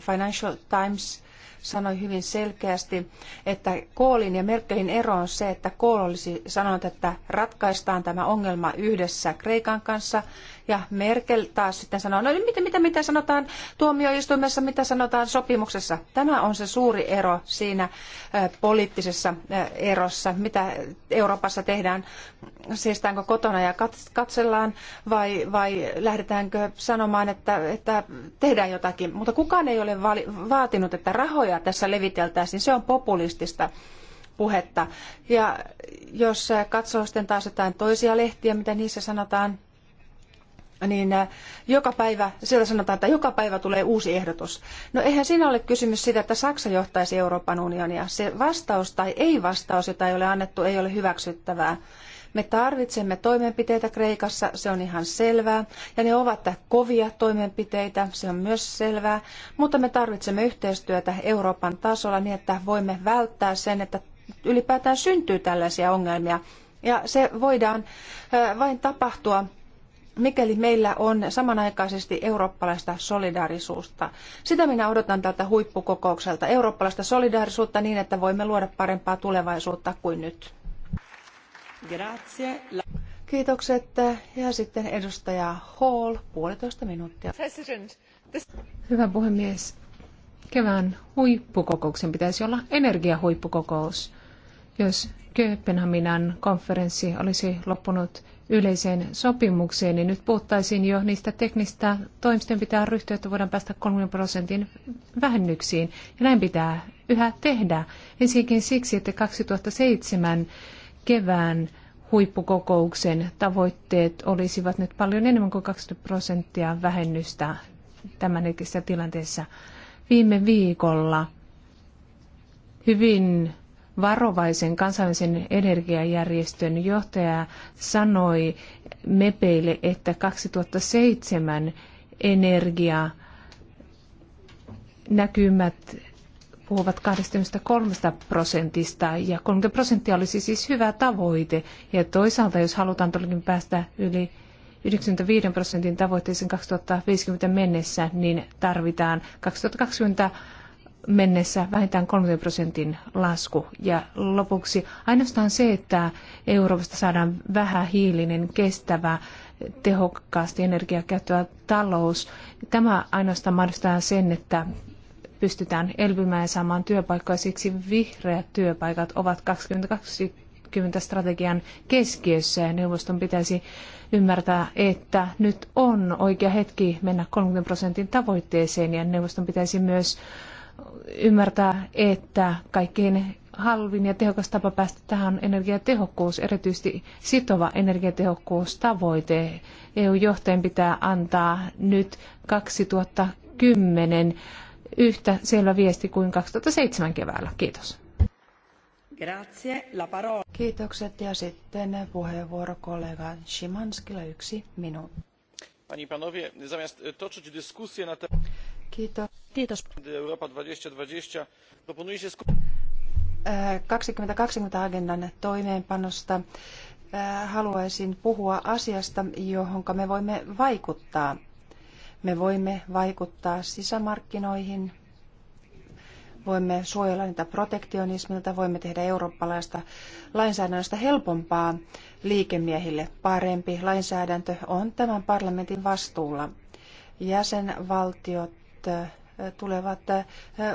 Financial Times sanoi hyvin selkeästi, että Koolin ja Merkelin ero on se, että Kool olisi sanonut, että ratkaistaan tämä ongelma yhdessä Kreikan kanssa ja Merkel taas sitten sanoo, no niin, mitä, mitä, mitä sanotaan tuomioistuimessa, mitä sanotaan sopimuksessa. Tämä on se suuri ero siinä poliittisessa erossa, mitä Euroopassa tehdään. Siistäänkö kotona ja katsellaan vai, vai lähdetäänkö sanomaan, että, että tehdään jotakin. Mutta kukaan ei ole vaatinut, että rahoja tässä leviteltäisiin. Se on populistista puhetta. Ja jos katsoo sitten taas jotain toisia lehtiä, mitä niissä sanotaan, niin äh, joka päivä, siellä sanotaan, että joka päivä tulee uusi ehdotus. No eihän siinä ole kysymys siitä, että Saksa johtaisi Euroopan unionia. Se vastaus tai ei-vastaus, jota ei ole annettu, ei ole hyväksyttävää. Me tarvitsemme toimenpiteitä Kreikassa, se on ihan selvää, ja ne ovat kovia toimenpiteitä, se on myös selvää, mutta me tarvitsemme yhteistyötä Euroopan tasolla niin, että voimme välttää sen, että ylipäätään syntyy tällaisia ongelmia. Ja se voidaan äh, vain tapahtua mikäli meillä on samanaikaisesti eurooppalaista solidaarisuutta. Sitä minä odotan tältä huippukokoukselta, eurooppalaista solidaarisuutta niin, että voimme luoda parempaa tulevaisuutta kuin nyt. Grazie. Kiitokset. Ja sitten edustaja Hall, puolitoista minuuttia. Hyvä puhemies. Kevään huippukokouksen pitäisi olla energiahuippukokous. Jos Kööpenhaminan konferenssi olisi loppunut yleiseen sopimukseen, niin nyt puhuttaisiin jo niistä teknistä toimista, pitää ryhtyä, että voidaan päästä 30 prosentin vähennyksiin. Ja näin pitää yhä tehdä. Ensinnäkin siksi, että 2007 kevään huippukokouksen tavoitteet olisivat nyt paljon enemmän kuin 20 prosenttia vähennystä tämänhetkisessä tilanteessa. Viime viikolla hyvin varovaisen kansainvälisen energiajärjestön johtaja sanoi mepeille, että 2007 energia näkymät puhuvat 23 prosentista ja 30 prosenttia olisi siis hyvä tavoite. Ja toisaalta, jos halutaan todellakin päästä yli 95 prosentin tavoitteeseen 2050 mennessä, niin tarvitaan 2020 mennessä vähintään 30 prosentin lasku. Ja lopuksi ainoastaan se, että Euroopasta saadaan vähähiilinen, kestävä, tehokkaasti energiaa käyttävä talous, tämä ainoastaan mahdollistaa sen, että pystytään elpymään ja saamaan työpaikkoja. Siksi vihreät työpaikat ovat 2020 strategian keskiössä ja neuvoston pitäisi ymmärtää, että nyt on oikea hetki mennä 30 prosentin tavoitteeseen ja neuvoston pitäisi myös ymmärtää, että kaikkein halvin ja tehokas tapa päästä tähän on energiatehokkuus, erityisesti sitova energiatehokkuustavoite. EU-johtajan pitää antaa nyt 2010 yhtä selvä viesti kuin 2007 keväällä. Kiitos. Grazie, la parola. Kiitokset ja sitten puheenvuoro kollega Szymanskilla yksi minuutti. Pani panowie, zamiast toczyć dyskusję na temat... Kiitos Kiitos. agendan toimeenpanosta haluaisin puhua asiasta, johon me voimme vaikuttaa. Me voimme vaikuttaa sisämarkkinoihin, voimme suojella niitä protektionismilta, voimme tehdä eurooppalaista lainsäädännöstä helpompaa liikemiehille. Parempi lainsäädäntö on tämän parlamentin vastuulla. Jäsenvaltiot tulevat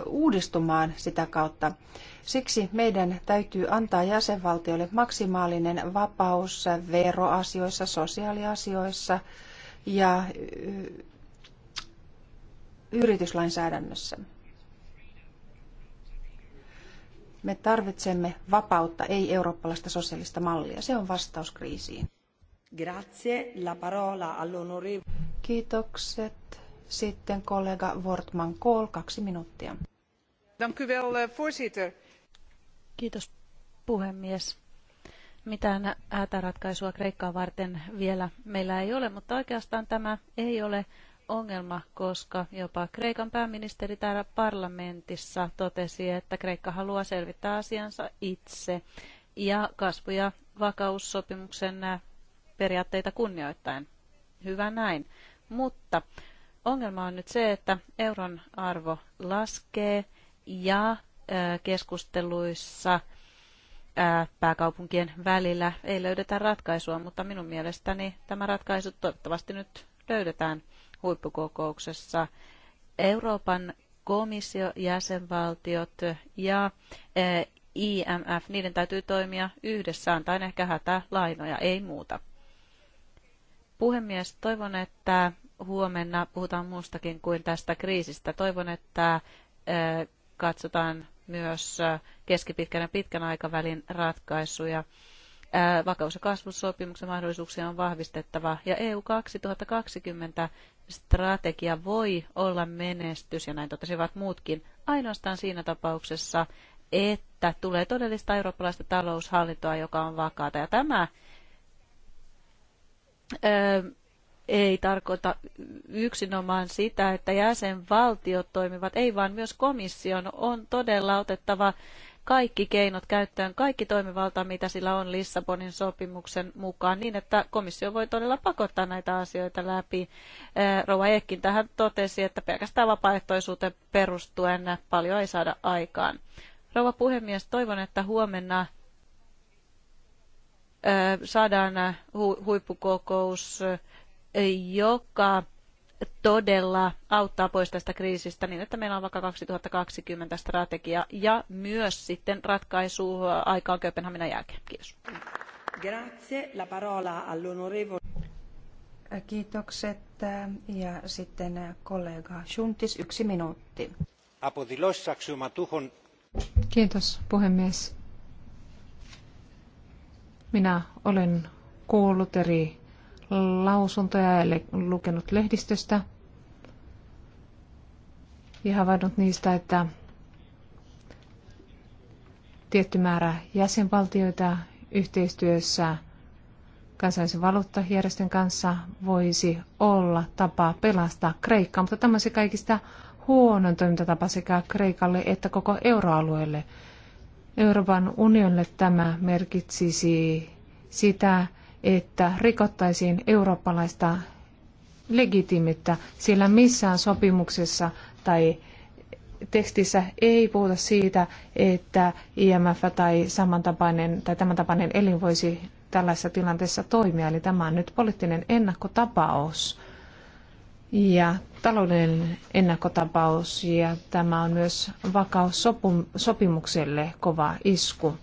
uudistumaan sitä kautta. Siksi meidän täytyy antaa jäsenvaltioille maksimaalinen vapaus veroasioissa, sosiaaliasioissa ja yrityslainsäädännössä. Me tarvitsemme vapautta, ei eurooppalaista sosiaalista mallia. Se on vastaus kriisiin. Grazie. La parola all'onorevole. Kiitokset. Sitten kollega Wortman Kool, kaksi minuuttia. Eh, Kiitos puhemies. Mitään hätäratkaisua Kreikkaa varten vielä meillä ei ole, mutta oikeastaan tämä ei ole ongelma, koska jopa Kreikan pääministeri täällä parlamentissa totesi, että Kreikka haluaa selvittää asiansa itse ja kasvu- ja vakaussopimuksen periaatteita kunnioittain. Hyvä näin. Mutta Ongelma on nyt se, että euron arvo laskee ja keskusteluissa pääkaupunkien välillä ei löydetä ratkaisua, mutta minun mielestäni tämä ratkaisu toivottavasti nyt löydetään huippukokouksessa. Euroopan komissio, jäsenvaltiot ja IMF, niiden täytyy toimia yhdessä, antaen ehkä hätää lainoja, ei muuta. Puhemies, toivon, että huomenna puhutaan muustakin kuin tästä kriisistä. Toivon, että katsotaan myös keskipitkän ja pitkän aikavälin ratkaisuja. Vakaus- ja kasvussopimuksen mahdollisuuksia on vahvistettava ja EU 2020 strategia voi olla menestys, ja näin totesivat muutkin, ainoastaan siinä tapauksessa, että tulee todellista eurooppalaista taloushallintoa, joka on vakaata. Ja tämä ei tarkoita yksinomaan sitä, että jäsenvaltiot toimivat, ei vaan myös komission on todella otettava kaikki keinot käyttöön, kaikki toimivalta, mitä sillä on Lissabonin sopimuksen mukaan, niin että komissio voi todella pakottaa näitä asioita läpi. Eh, Rouva Ekkin tähän totesi, että pelkästään vapaaehtoisuuteen perustuen paljon ei saada aikaan. Rouva puhemies, toivon, että huomenna eh, saadaan huippukokous joka todella auttaa pois tästä kriisistä niin, että meillä on vaikka 2020 strategia ja myös sitten ratkaisu aikaan Kööpenhaminan jälkeen. Kiitos. Grazie. La parola all'onorevole. Kiitokset. Ja sitten kollega Schuntis, yksi minuutti. Kiitos puhemies. Minä olen kuullut eri lausuntoja ja lukenut lehdistöstä ja havainnut niistä, että tietty määrä jäsenvaltioita yhteistyössä kansainvälisen valuuttajärjestön kanssa voisi olla tapa pelastaa Kreikkaa, mutta tämä se kaikista huonon toimintatapa sekä Kreikalle että koko euroalueelle. Euroopan unionille tämä merkitsisi sitä, että rikottaisiin eurooppalaista legitimittä sillä missään sopimuksessa tai tekstissä ei puhuta siitä, että IMF tai samantapainen tai tämän tapainen elin voisi tällaisessa tilanteessa toimia. Eli tämä on nyt poliittinen ennakkotapaus ja taloudellinen ennakkotapaus ja tämä on myös vakaussopimukselle kova isku.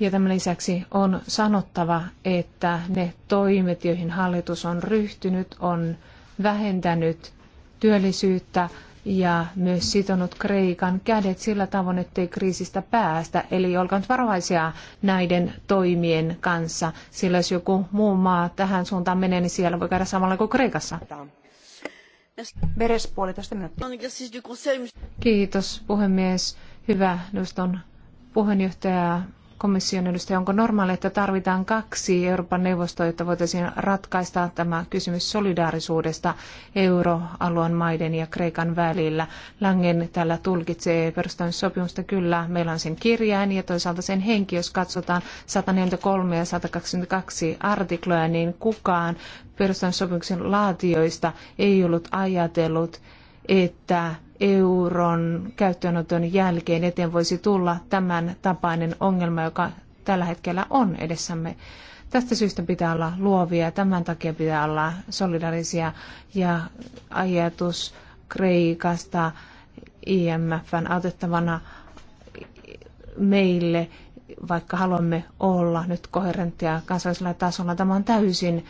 Ja tämän lisäksi on sanottava, että ne toimet, joihin hallitus on ryhtynyt, on vähentänyt työllisyyttä ja myös sitonut Kreikan kädet sillä tavoin, ettei kriisistä päästä. Eli olkaa nyt varovaisia näiden toimien kanssa, sillä jos joku muu maa tähän suuntaan menee, niin siellä voi käydä samalla kuin Kreikassa. Beres, puolitoista minuuttia. Kiitos puhemies. Hyvä neuvoston puheenjohtaja komission edustaja, onko normaali, että tarvitaan kaksi Euroopan neuvostoa, jotta voitaisiin ratkaista tämä kysymys solidaarisuudesta euroalueen maiden ja Kreikan välillä? Langen tällä tulkitsee perustamissopimusta kyllä, meillä on sen kirjain ja toisaalta sen henki, jos katsotaan 143 ja 122 artikloja, niin kukaan perustamissopimuksen laatioista ei ollut ajatellut, että euron käyttöönoton jälkeen eteen voisi tulla tämän tapainen ongelma, joka tällä hetkellä on edessämme. Tästä syystä pitää olla luovia, tämän takia pitää olla solidarisia ja ajatus Kreikasta IMFn autettavana meille vaikka haluamme olla nyt koherenttia kansallisella tasolla, tämä on täysin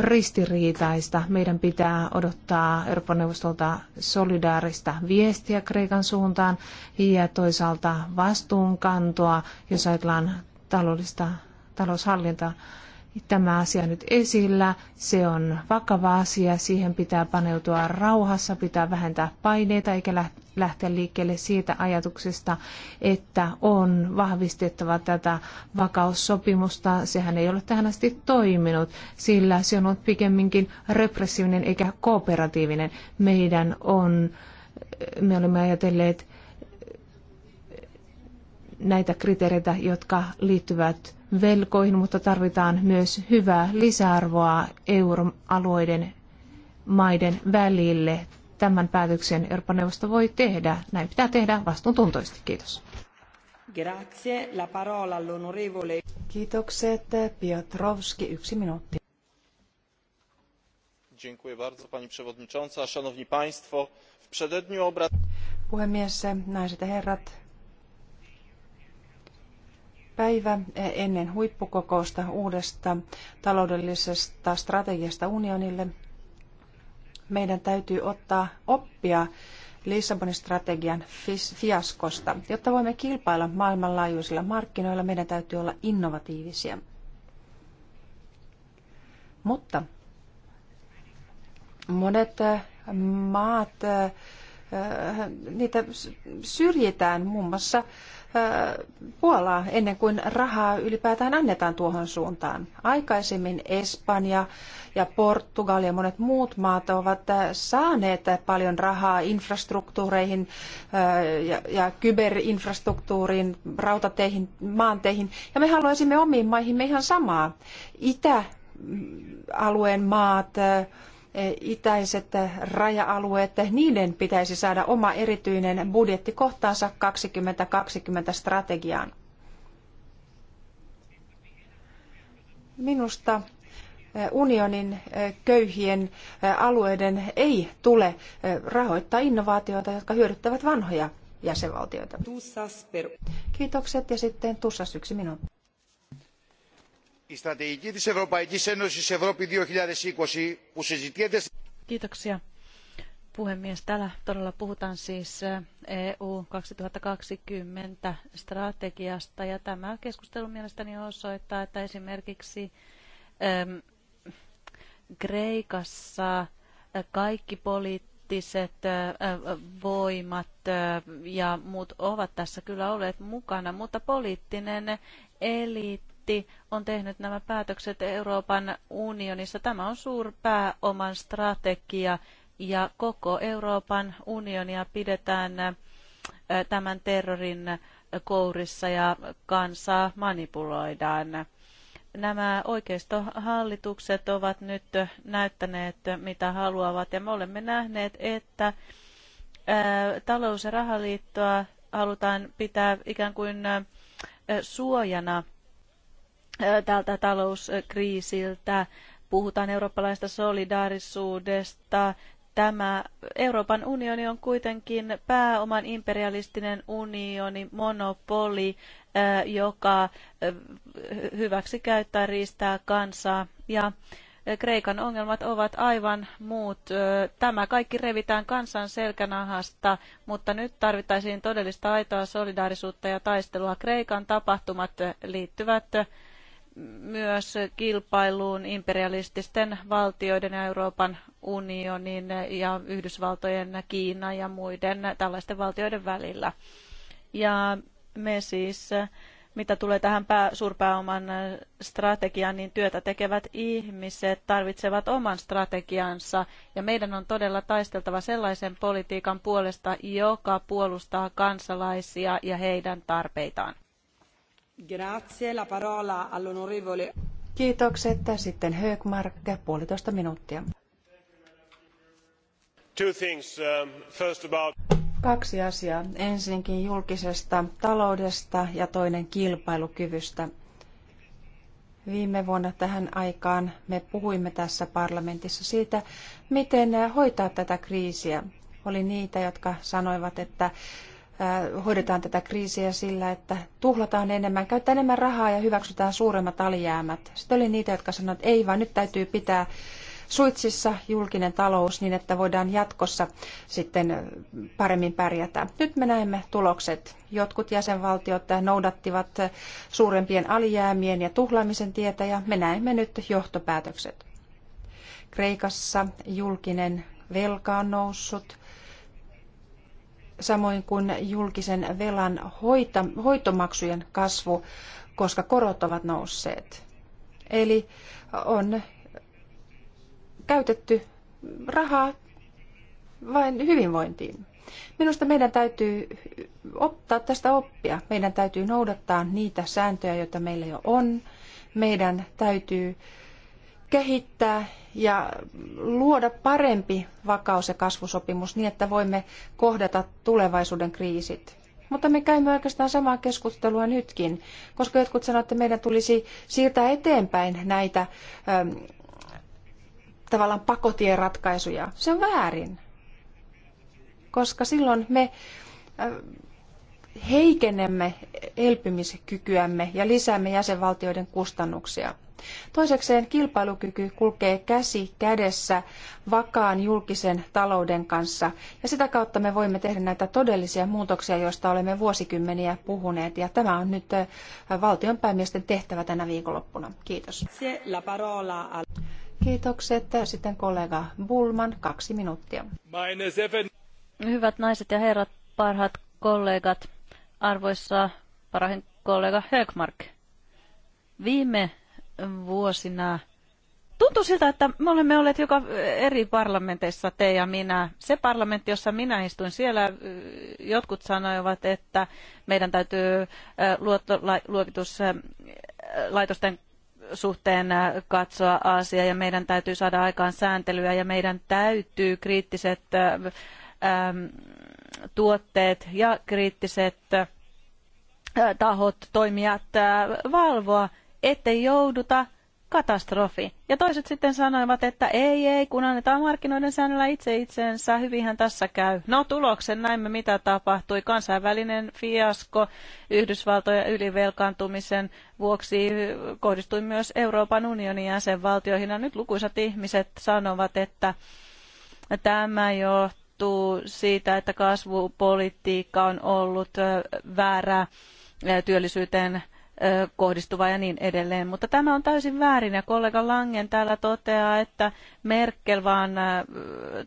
ristiriitaista. Meidän pitää odottaa Euroopan neuvostolta solidaarista viestiä Kreikan suuntaan ja toisaalta vastuunkantoa, jos ajatellaan taloudellista taloushallintaa tämä asia nyt esillä. Se on vakava asia, siihen pitää paneutua rauhassa, pitää vähentää paineita eikä lähteä liikkeelle siitä ajatuksesta, että on vahvistettava tätä vakaussopimusta. Sehän ei ole tähän asti toiminut, sillä se on ollut pikemminkin repressiivinen eikä kooperatiivinen. Meidän on, me olemme ajatelleet näitä kriteereitä, jotka liittyvät velkoihin, mutta tarvitaan myös hyvää lisäarvoa euroalueiden maiden välille. Tämän päätöksen Euroopan neuvosto voi tehdä. Näin pitää tehdä vastuuntuntoisesti. Kiitos. Grazie. La parola all'onorevole. Kiitokset. Piotrowski, yksi minuutti. Dziękuję bardzo, pani przewodnicząca. Szanowni państwo, w przededniu obrad... Puhemies, naiset ja herrat, päivä ennen huippukokousta uudesta taloudellisesta strategiasta unionille. Meidän täytyy ottaa oppia Lissabonin strategian fiaskosta. Jotta voimme kilpailla maailmanlaajuisilla markkinoilla, meidän täytyy olla innovatiivisia. Mutta monet äh, maat, äh, niitä syrjitään muun muassa Puolaa ennen kuin rahaa ylipäätään annetaan tuohon suuntaan. Aikaisemmin Espanja ja Portugal ja monet muut maat ovat saaneet paljon rahaa infrastruktuureihin ja kyberinfrastruktuuriin, rautateihin, maanteihin. Ja me haluaisimme omiin maihimme ihan samaa. Itä-alueen maat, itäiset raja-alueet, niiden pitäisi saada oma erityinen budjetti kohtaansa 2020 strategiaan. Minusta eh, unionin eh, köyhien eh, alueiden ei tule rahoittaa innovaatioita, jotka hyödyttävät vanhoja jäsenvaltioita. Kiitokset ja sitten Tussas yksi minuutti. Η στρατηγική της Ευρωπαϊκής Ένωσης Ευρώπη 2020 που συζητιέται... Kiitoksia puhemies. Täällä todella puhutaan siis EU 2020 strategiasta ja tämä keskustelu mielestäni osoittaa, että esimerkiksi äm, Kreikassa e, kaikki poliittiset e, e, voimat ja muut ovat tässä kyllä olleet mukana, mutta poliittinen elit britti on tehnyt nämä päätökset Euroopan unionissa. Tämä on suurpääoman strategia ja koko Euroopan unionia pidetään äh, tämän terrorin kourissa ja kansaa manipuloidaan. Nämä oikeistohallitukset ovat nyt näyttäneet, mitä haluavat, ja me olemme nähneet, että äh, talous- ja rahaliittoa halutaan pitää ikään kuin äh, suojana tältä talouskriisiltä. Puhutaan eurooppalaista solidaarisuudesta. Tämä Euroopan unioni on kuitenkin pääoman imperialistinen unioni, monopoli, joka hyväksi käyttää riistää kansaa. Ja Kreikan ongelmat ovat aivan muut. Tämä kaikki revitään kansan selkänahasta, mutta nyt tarvittaisiin todellista aitoa solidaarisuutta ja taistelua. Kreikan tapahtumat liittyvät myös kilpailuun imperialististen valtioiden ja Euroopan unionin ja Yhdysvaltojen, Kiinan ja muiden tällaisten valtioiden välillä. Ja me siis, mitä tulee tähän suurpääoman strategiaan, niin työtä tekevät ihmiset tarvitsevat oman strategiansa. Ja meidän on todella taisteltava sellaisen politiikan puolesta, joka puolustaa kansalaisia ja heidän tarpeitaan. Grazie, la parola all'onorevole. Kiitokset. Sitten Högmark, puolitoista minuuttia. Um, Kaksi asiaa. Ensinnäkin julkisesta taloudesta ja toinen kilpailukyvystä. Viime vuonna tähän aikaan me puhuimme tässä parlamentissa siitä, miten hoitaa tätä kriisiä. Oli niitä, jotka sanoivat, että hoidetaan tätä kriisiä sillä, että tuhlataan enemmän, käytetään enemmän rahaa ja hyväksytään suuremmat alijäämät. Sitten oli niitä, jotka sanoivat, että ei vaan nyt täytyy pitää suitsissa julkinen talous niin, että voidaan jatkossa sitten paremmin pärjätä. Nyt me näemme tulokset. Jotkut jäsenvaltiot noudattivat suurempien alijäämien ja tuhlaamisen tietä ja me näemme nyt johtopäätökset. Kreikassa julkinen velka on noussut samoin kuin julkisen velan hoita, hoitomaksujen kasvu, koska korot ovat nousseet. Eli on käytetty rahaa vain hyvinvointiin. Minusta meidän täytyy ottaa tästä oppia. Meidän täytyy noudattaa niitä sääntöjä, joita meillä jo on. Meidän täytyy äh, kehittää ja luoda parempi vakaus- ja kasvusopimus niin, että voimme kohdata tulevaisuuden kriisit. Mutta me käymme oikeastaan samaa keskustelua nytkin, koska jotkut sanovat, että meidän tulisi siirtää eteenpäin näitä ähm, tavallaan pakotieratkaisuja. Se on väärin, koska silloin me äh, heikennämme elpymiskykyämme ja lisäämme jäsenvaltioiden kustannuksia. Toisekseen kilpailukyky kulkee käsi kädessä vakaan julkisen talouden kanssa ja sitä kautta me voimme tehdä näitä todellisia muutoksia, joista olemme vuosikymmeniä puhuneet ja tämä on nyt valtionpäämiesten tehtävä tänä viikonloppuna. Kiitos. Kiitokset. Sitten kollega Bulman, kaksi minuuttia. Hyvät naiset ja herrat, parhaat kollegat. Arvoissa parahin kollega Högmark, viime vuosina tuntuu siltä, että me olemme olleet joka eri parlamenteissa, te ja minä. Se parlamentti, jossa minä istuin, siellä jotkut sanoivat, että meidän täytyy luovituslaitosten suhteen katsoa asiaa ja meidän täytyy saada aikaan sääntelyä ja meidän täytyy kriittiset tuotteet ja kriittiset tahot, toimijat valvoa, ettei jouduta katastrofi. Ja toiset sitten sanoivat, että ei, ei, kun annetaan markkinoiden säännöllä itse itsensä, hyvinhän tässä käy. No tuloksen näimme, mitä tapahtui. Kansainvälinen fiasko Yhdysvaltojen ylivelkaantumisen vuoksi kohdistui myös Euroopan unionin jäsenvaltioihin. Ja nyt lukuisat ihmiset sanovat, että tämä johtaa johtuu siitä, että kasvupolitiikka on ollut väärää työllisyyteen kohdistuva ja niin edelleen. Mutta tämä on täysin väärin ja kollega Langen täällä toteaa, että Merkel vaan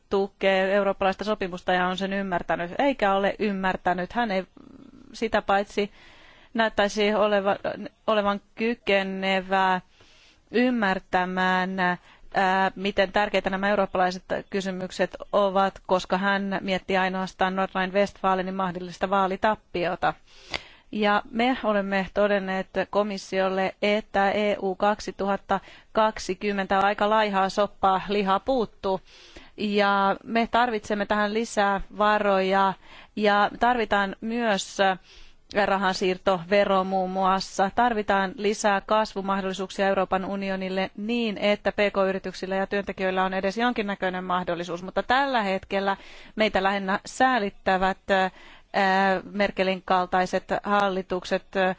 tukee eurooppalaista sopimusta ja on sen ymmärtänyt, eikä ole ymmärtänyt. Hän ei sitä paitsi näyttäisi olevan, olevan kykenevää ymmärtämään miten tärkeitä nämä eurooppalaiset kysymykset ovat, koska hän mietti ainoastaan Nordrhein-Westfalenin mahdollista vaalitappiota. Ja me olemme todenneet komissiolle, että EU 2020 on aika laihaa soppaa, liha puuttuu. Ja me tarvitsemme tähän lisää varoja ja tarvitaan myös vero muun muassa. Tarvitaan lisää kasvumahdollisuuksia Euroopan unionille niin, että pk-yrityksillä ja työntekijöillä on edes jonkinnäköinen mahdollisuus, mutta tällä hetkellä meitä lähinnä säälittävät äh, Merkelin kaltaiset hallitukset, äh,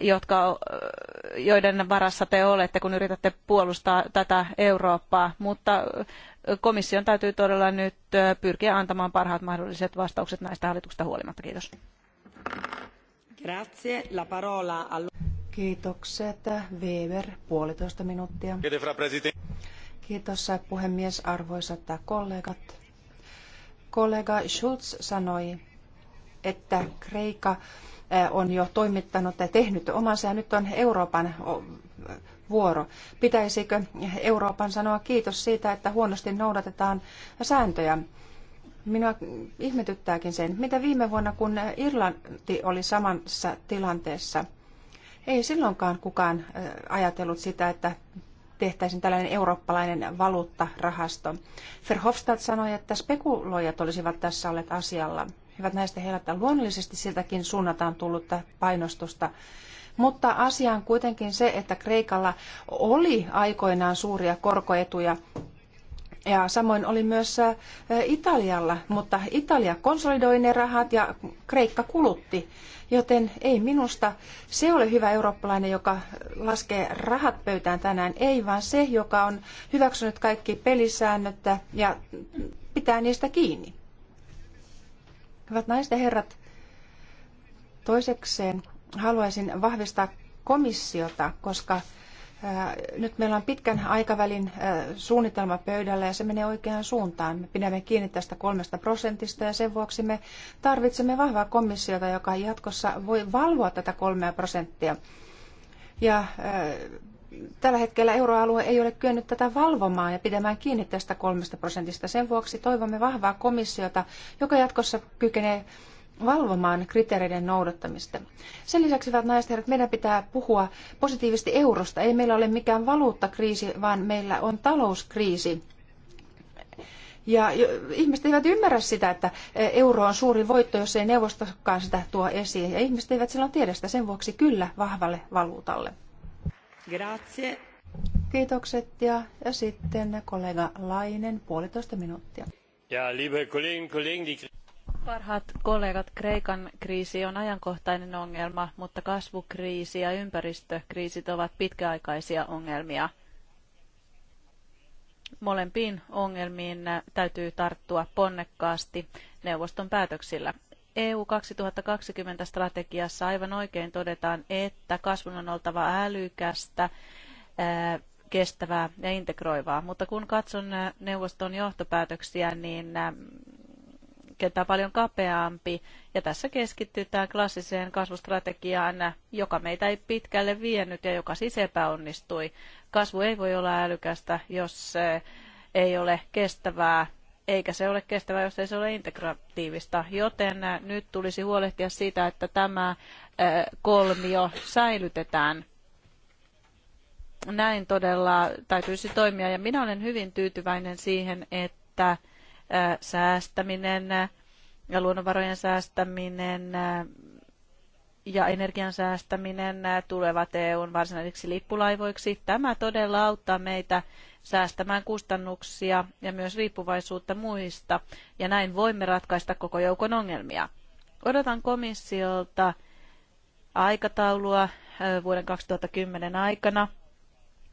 jotka, äh, joiden varassa te olette, kun yritätte puolustaa tätä Eurooppaa. Mutta komission täytyy todella nyt pyrkiä antamaan parhaat mahdolliset vastaukset näistä hallituksista huolimatta. Kiitos. Kiitokset. Weber, puolitoista minuuttia. Kiitos puhemies, arvoisat kollegat. Kollega Schulz sanoi, että Kreikka eh, on jo toimittanut ja tehnyt omansa ja nyt on Euroopan vuoro. Pitäisikö Euroopan sanoa kiitos siitä, että huonosti noudatetaan sääntöjä? Minua ihmetyttääkin sen, mitä viime vuonna, kun Irlanti oli samassa tilanteessa, ei silloinkaan kukaan ajatellut sitä, että tehtäisiin tällainen eurooppalainen valuuttarahasto. Verhofstadt sanoi, että spekuloijat olisivat tässä olleet asialla. Hyvät näistä herättää luonnollisesti siltäkin suunnataan tullutta painostusta. Mutta asia on kuitenkin se, että Kreikalla oli aikoinaan suuria korkoetuja ja samoin oli myös Italialla, mutta Italia konsolidoi ne rahat ja Kreikka kulutti. Joten ei minusta se ole hyvä eurooppalainen, joka laskee rahat pöytään tänään, ei vaan se, joka on hyväksynyt kaikki pelisäännöt ja pitää niistä kiinni. Hyvät naiset ja herrat, toisekseen haluaisin vahvistaa komissiota, koska nyt meillä on pitkän aikavälin suunnitelma pöydällä ja se menee oikeaan suuntaan. Me pidämme kiinni tästä kolmesta prosentista ja sen vuoksi me tarvitsemme vahvaa komissiota, joka jatkossa voi valvoa tätä kolmea prosenttia. Ja tällä hetkellä euroalue ei ole kyennyt tätä valvomaan ja pidämään kiinni tästä kolmesta prosentista. Sen vuoksi toivomme vahvaa komissiota, joka jatkossa kykenee valvomaan kriteereiden noudattamista. Sen lisäksi, hyvät naiset herrat, meidän pitää puhua positiivisesti eurosta. Ei meillä ole mikään valuuttakriisi, vaan meillä on talouskriisi. Ja ihmiset eivät ymmärrä sitä, että e, euro on suuri voitto, jos ei neuvostokaan sitä tuo esiin. Ja ihmiset eivät silloin tiedä sitä sen vuoksi kyllä vahvalle valuutalle. Grazie. Kiitokset ja, ja sitten kollega Lainen, puolitoista minuuttia. Ja, liebe Kollegen, Kollegen, die... Parhaat kollegat, Kreikan kriisi on ajankohtainen ongelma, mutta kasvukriisi ja ympäristökriisit ovat pitkäaikaisia ongelmia. Molempiin ongelmiin täytyy tarttua ponnekkaasti neuvoston päätöksillä. EU 2020 strategiassa aivan oikein todetaan, että kasvun on oltava älykästä, kestävää ja integroivaa. Mutta kun katson neuvoston johtopäätöksiä, niin kenttää paljon kapeampi. Ja tässä keskitytään klassiseen kasvustrategiaan, joka meitä ei pitkälle vienyt ja joka siis epäonnistui. Kasvu ei voi olla älykästä, jos se ei ole kestävää, eikä se ole kestävää, jos ei se ole integratiivista. Joten nyt tulisi huolehtia siitä, että tämä kolmio säilytetään näin todella täytyisi toimia ja minä olen hyvin tyytyväinen siihen, että säästäminen ja luonnonvarojen säästäminen ja energian säästäminen tulevat EUn varsinaisiksi lippulaivoiksi. Tämä todella auttaa meitä säästämään kustannuksia ja myös riippuvaisuutta muista, ja näin voimme ratkaista koko joukon ongelmia. Odotan komissiolta aikataulua vuoden 2010 aikana,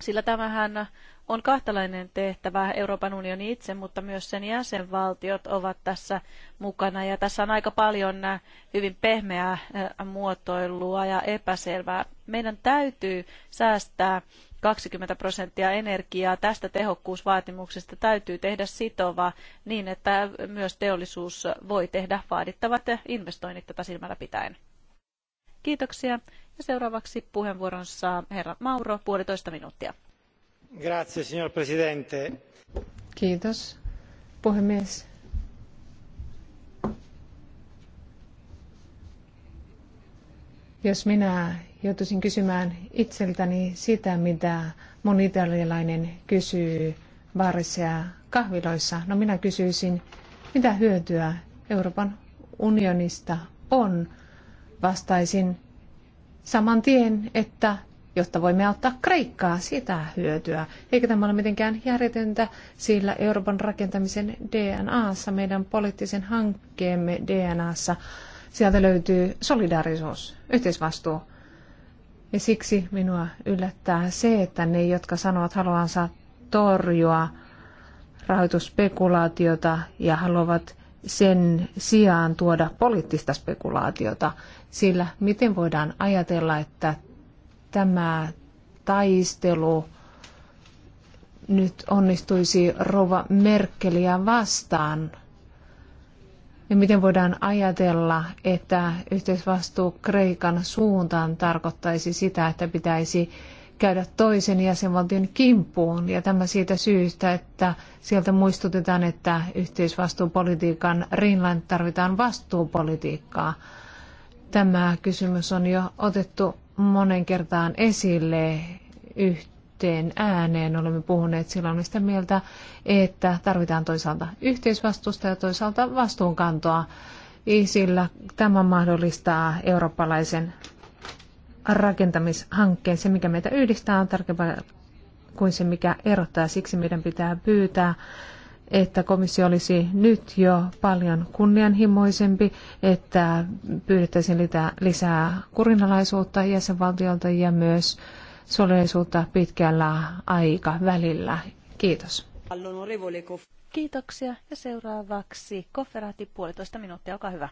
sillä tämähän on kahtalainen tehtävä Euroopan unioni itse, mutta myös sen jäsenvaltiot ovat tässä mukana. Ja tässä on aika paljon äh, hyvin pehmeää äh, muotoilua ja epäselvää. Meidän täytyy säästää 20 prosenttia energiaa tästä tehokkuusvaatimuksesta täytyy tehdä sitova niin, että myös teollisuus voi tehdä vaadittavat investoinnit tätä silmällä pitäen. Kiitoksia. Ja seuraavaksi puheenvuoron saa herra Mauro, puolitoista minuuttia. Kiitos, puhemies. Jos minä joutuisin kysymään itseltäni sitä, mitä moni italialainen kysyy baareissa ja kahviloissa, no minä kysyisin, mitä hyötyä Euroopan unionista on, vastaisin saman tien, että jotta voimme auttaa Kreikkaa sitä hyötyä. Eikä tämä ole mitenkään järjetöntä, sillä Euroopan rakentamisen DNAssa, meidän poliittisen hankkeemme DNAssa, sieltä löytyy solidaarisuus, yhteisvastuu. Ja siksi minua yllättää se, että ne, jotka sanovat haluansa torjua rahoitusspekulaatiota ja haluavat sen sijaan tuoda poliittista spekulaatiota, sillä miten voidaan ajatella, että tämä taistelu nyt onnistuisi rouva Merkeliä vastaan? Ja miten voidaan ajatella, että yhteisvastuu Kreikan suuntaan tarkoittaisi sitä, että pitäisi käydä toisen jäsenvaltion kimppuun. Ja tämä siitä syystä, että sieltä muistutetaan, että yhteisvastuupolitiikan rinnalla tarvitaan vastuupolitiikkaa. Tämä kysymys on jo otettu monen kertaan esille yhteen ääneen. Olemme puhuneet silloin sitä mieltä, että tarvitaan toisaalta yhteisvastuusta ja toisaalta vastuunkantoa, sillä tämä mahdollistaa eurooppalaisen rakentamishankkeen. Se, mikä meitä yhdistää, on tarkempaa kuin se, mikä erottaa. Siksi meidän pitää pyytää että komissio olisi nyt jo paljon kunnianhimoisempi, että pyydettäisiin lisää kurinalaisuutta jäsenvaltiolta ja myös solidaisuutta pitkällä aikavälillä. Kiitos. Kiitoksia ja seuraavaksi Kofferati puolitoista minuuttia, olkaa hyvä.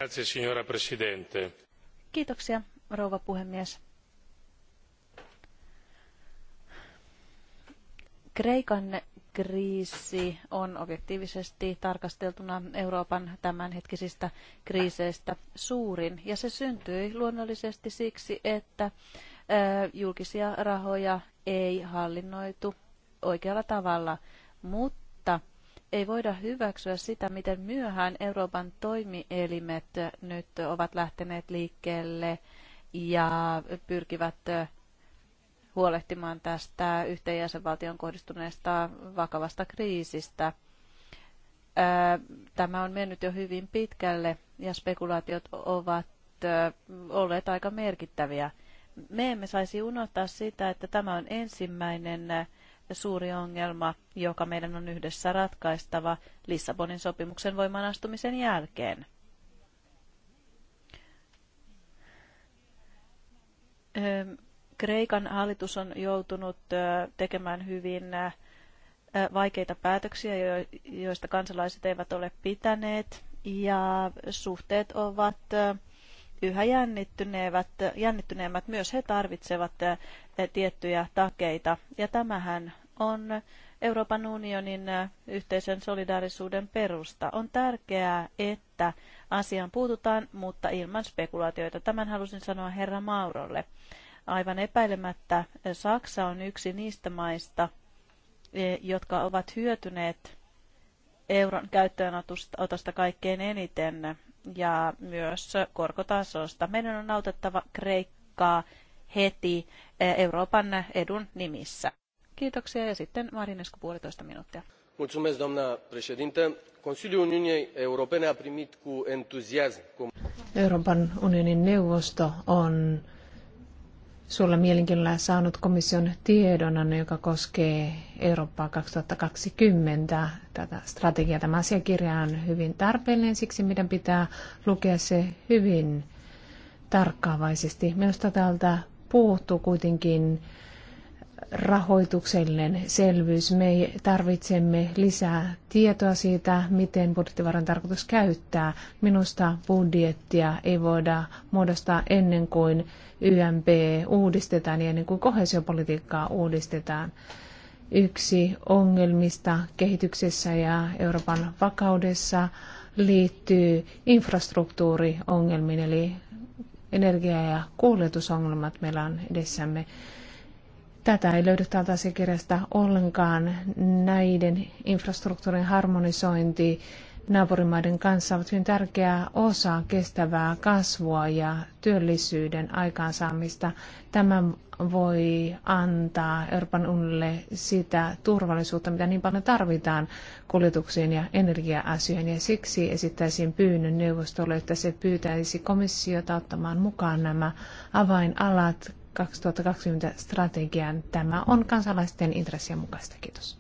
Kiitoksia, rouva puhemies. Kreikan kriisi on objektiivisesti tarkasteltuna Euroopan tämänhetkisistä kriiseistä suurin. Ja se syntyi luonnollisesti siksi, että julkisia rahoja ei hallinnoitu oikealla tavalla, mutta ei voida hyväksyä sitä, miten myöhään Euroopan toimielimet nyt ovat lähteneet liikkeelle ja pyrkivät huolehtimaan tästä yhteen jäsenvaltion kohdistuneesta vakavasta kriisistä. Tämä on mennyt jo hyvin pitkälle ja spekulaatiot ovat olleet aika merkittäviä. Me emme saisi unohtaa sitä, että tämä on ensimmäinen suuri ongelma, joka meidän on yhdessä ratkaistava Lissabonin sopimuksen voimaan astumisen jälkeen. Kreikan hallitus on joutunut tekemään hyvin vaikeita päätöksiä, joista kansalaiset eivät ole pitäneet, ja suhteet ovat yhä jännittyneemmät, jännittyneemmät. Myös he tarvitsevat tiettyjä takeita, ja tämähän on Euroopan unionin yhteisen solidaarisuuden perusta. On tärkeää, että asiaan puututaan, mutta ilman spekulaatioita. Tämän halusin sanoa herra Maurolle. Aivan epäilemättä eh, Saksa on yksi niistä maista, eh, jotka ovat hyötyneet euron käyttöönotosta kaikkein eniten ja myös korkotasosta. Meidän on autettava Kreikkaa heti eh, Euroopan edun nimissä. Kiitoksia ja sitten Marinesku puolitoista minuuttia. Mulțumesc, doamna președintă. Consiliul Uniunii Europene a primit cu entuziasm. Euroopan unionin neuvosto on sulla mielenkiinnolla saanut komission tiedonan, joka koskee Eurooppaa 2020. Tätä strategiaa, tämä asiakirja on hyvin tarpeellinen, siksi meidän pitää lukea se hyvin tarkkaavaisesti. Minusta täältä puuttuu kuitenkin rahoituksellinen selvyys. Me tarvitsemme lisää tietoa siitä, miten budjettivaran tarkoitus käyttää. Minusta budjettia ei voida muodostaa ennen kuin YMP uudistetaan ja ennen kuin kohesiopolitiikkaa uudistetaan. Yksi ongelmista kehityksessä ja Euroopan vakaudessa liittyy infrastruktuuriongelmiin, eli energia- ja kuljetusongelmat meillä on edessämme Tätä ei löydy täältä asiakirjasta ollenkaan. Näiden infrastruktuurin harmonisointi naapurimaiden kanssa ovat hyvin tärkeä osa kestävää kasvua ja työllisyyden aikaansaamista. Tämä voi antaa Euroopan unille sitä turvallisuutta, mitä niin paljon tarvitaan kuljetuksiin ja energiaasioihin. Ja siksi esittäisin pyynnön neuvostolle, että se pyytäisi komissiota ottamaan mukaan nämä avainalat 2020 strategian Tämä on kansalaisten intressien mukaista. Kiitos.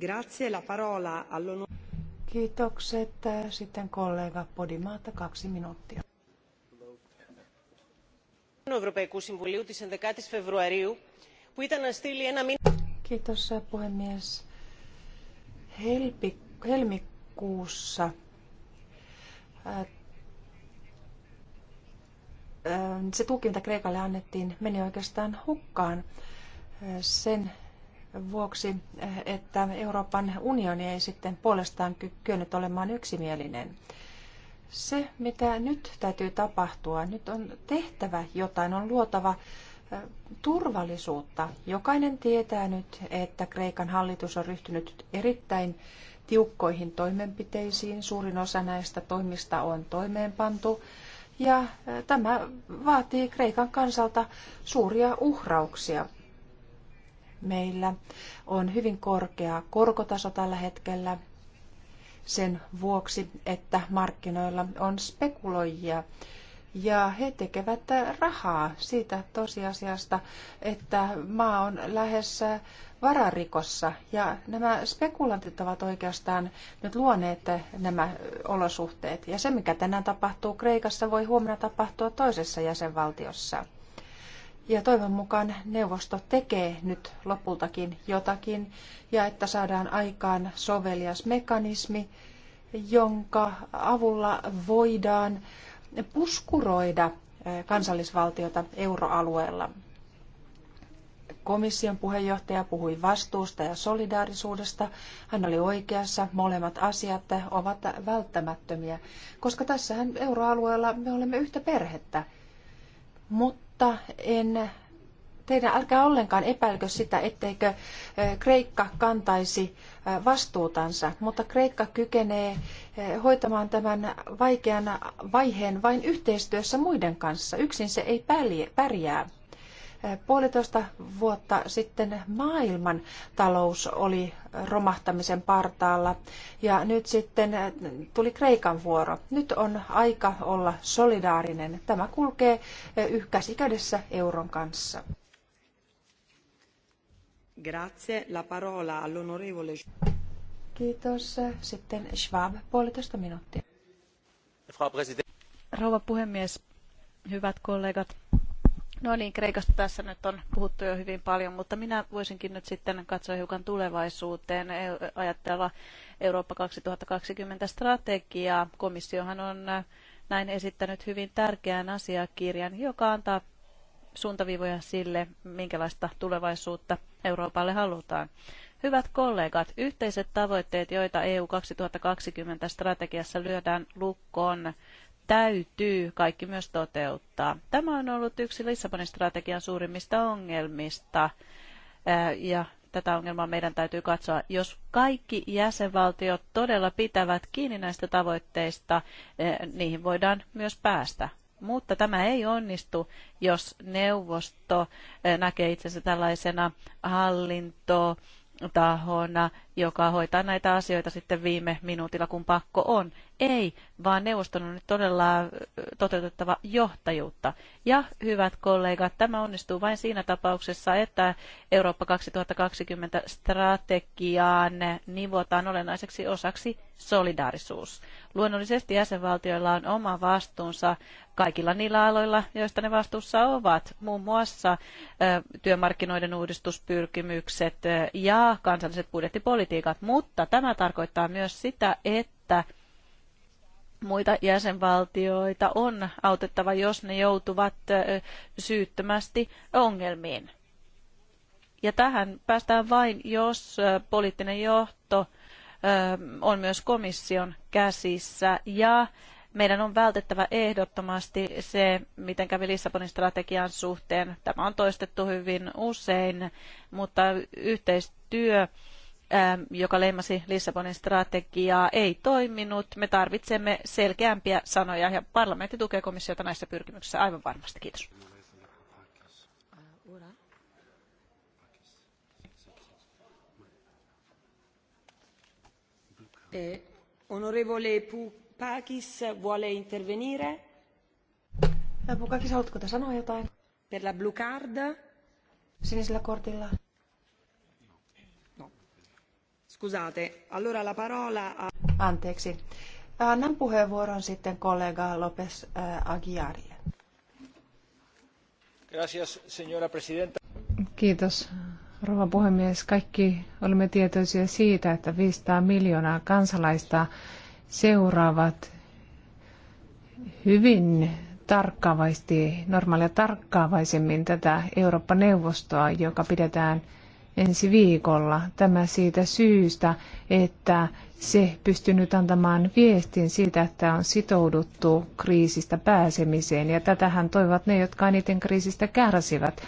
Grazie la parola Kiitokset. Sitten kollega Podimaata kaksi minuuttia. Kiitos puhemies. helmikuussa se tuki, mitä Kreikalle annettiin, meni oikeastaan hukkaan sen vuoksi, että Euroopan unioni ei sitten puolestaan kyennyt olemaan yksimielinen. Se, mitä nyt täytyy tapahtua, nyt on tehtävä jotain, on luotava turvallisuutta. Jokainen tietää nyt, että Kreikan hallitus on ryhtynyt erittäin tiukkoihin toimenpiteisiin. Suurin osa näistä toimista on toimeenpantu. Ja tämä vaatii Kreikan kansalta suuria uhrauksia. Meillä on hyvin korkea korkotaso tällä hetkellä sen vuoksi, että markkinoilla on spekuloijia ja he tekevät rahaa siitä tosiasiasta, että maa on lähes vararikossa. Ja nämä spekulantit ovat oikeastaan nyt luoneet nämä olosuhteet. Ja se, mikä tänään tapahtuu Kreikassa, voi huomenna tapahtua toisessa jäsenvaltiossa. Ja toivon mukaan neuvosto tekee nyt lopultakin jotakin ja että saadaan aikaan sovelias mekanismi, jonka avulla voidaan puskuroida eh, kansallisvaltiota euroalueella komission puheenjohtaja puhui vastuusta ja solidaarisuudesta. Hän oli oikeassa. Molemmat asiat ovat välttämättömiä, koska tässähän euroalueella me olemme yhtä perhettä. Mutta en teidän älkää ollenkaan epäilkö sitä, etteikö Kreikka kantaisi vastuutansa, mutta Kreikka kykenee hoitamaan tämän vaikean vaiheen vain yhteistyössä muiden kanssa. Yksin se ei pärjää. Puolitoista vuotta sitten maailman talous oli romahtamisen partaalla ja nyt sitten tuli Kreikan vuoro. Nyt on aika olla solidaarinen. Tämä kulkee eh, käsi kädessä euron kanssa. Grazie. La parola all'onorevole. Kiitos. Sitten Schwab, puolitoista minuuttia. Rouva puhemies, hyvät kollegat, No niin, Kreikasta tässä nyt on puhuttu jo hyvin paljon, mutta minä voisinkin nyt sitten katsoa hiukan tulevaisuuteen, e, ajatella Eurooppa 2020 strategiaa. Komissiohan on äh, näin esittänyt hyvin tärkeän asiakirjan, joka antaa suuntaviivoja sille, minkälaista tulevaisuutta Euroopalle halutaan. Hyvät kollegat, yhteiset tavoitteet, joita EU 2020 strategiassa lyödään lukkoon, täytyy kaikki myös toteuttaa. Tämä on ollut yksi Lissabonin strategian suurimmista ongelmista ja tätä ongelmaa meidän täytyy katsoa. Jos kaikki jäsenvaltiot todella pitävät kiinni näistä tavoitteista, niihin voidaan myös päästä. Mutta tämä ei onnistu, jos neuvosto näkee itsensä tällaisena hallintoa tahona, joka hoitaa näitä asioita sitten viime minuutilla, kun pakko on. Ei, vaan neuvoston on nyt todella toteutettava johtajuutta. Ja hyvät kollegat, tämä onnistuu vain siinä tapauksessa, että Eurooppa 2020 strategiaan nivotaan olennaiseksi osaksi solidaarisuus. Luonnollisesti jäsenvaltioilla on oma vastuunsa kaikilla niillä aloilla, joista ne vastuussa ovat, muun muassa työmarkkinoiden uudistuspyrkimykset ja kansalliset budjettipolitiikat, mutta tämä tarkoittaa myös sitä, että muita jäsenvaltioita on autettava, jos ne joutuvat syyttömästi ongelmiin. Ja tähän päästään vain, jos poliittinen johto on myös komission käsissä ja meidän on vältettävä ehdottomasti se, miten kävi Lissabonin strategian suhteen. Tämä on toistettu hyvin usein, mutta yhteistyö Ähm, joka leimasi Lissabonin strategiaa, ei toiminut. Me tarvitsemme selkeämpiä sanoja ja parlamentti tukee komissiota näissä pyrkimyksissä aivan varmasti. Kiitos. Eh, onorevole Pukakis, vuole intervenire? Pukakis, haluatko sanoa jotain? Per la blue card? Sinisellä kortilla. Scusate, allora la parola... A... Anteeksi. Annan puheenvuoron sitten kollega Lopes eh, Aguiarille. Gracias, señora presidenta. Kiitos, rouva puhemies. Kaikki olemme tietoisia siitä, että 500 miljoonaa kansalaista seuraavat hyvin tarkkaavasti, normaalia tarkkaavaisemmin tätä Eurooppa-neuvostoa, joka pidetään – ensi viikolla. Tämä siitä syystä, että se pystyy nyt antamaan viestin siitä, että on sitouduttu kriisistä pääsemiseen. Ja tätähän toivat ne, jotka eniten kriisistä kärsivät.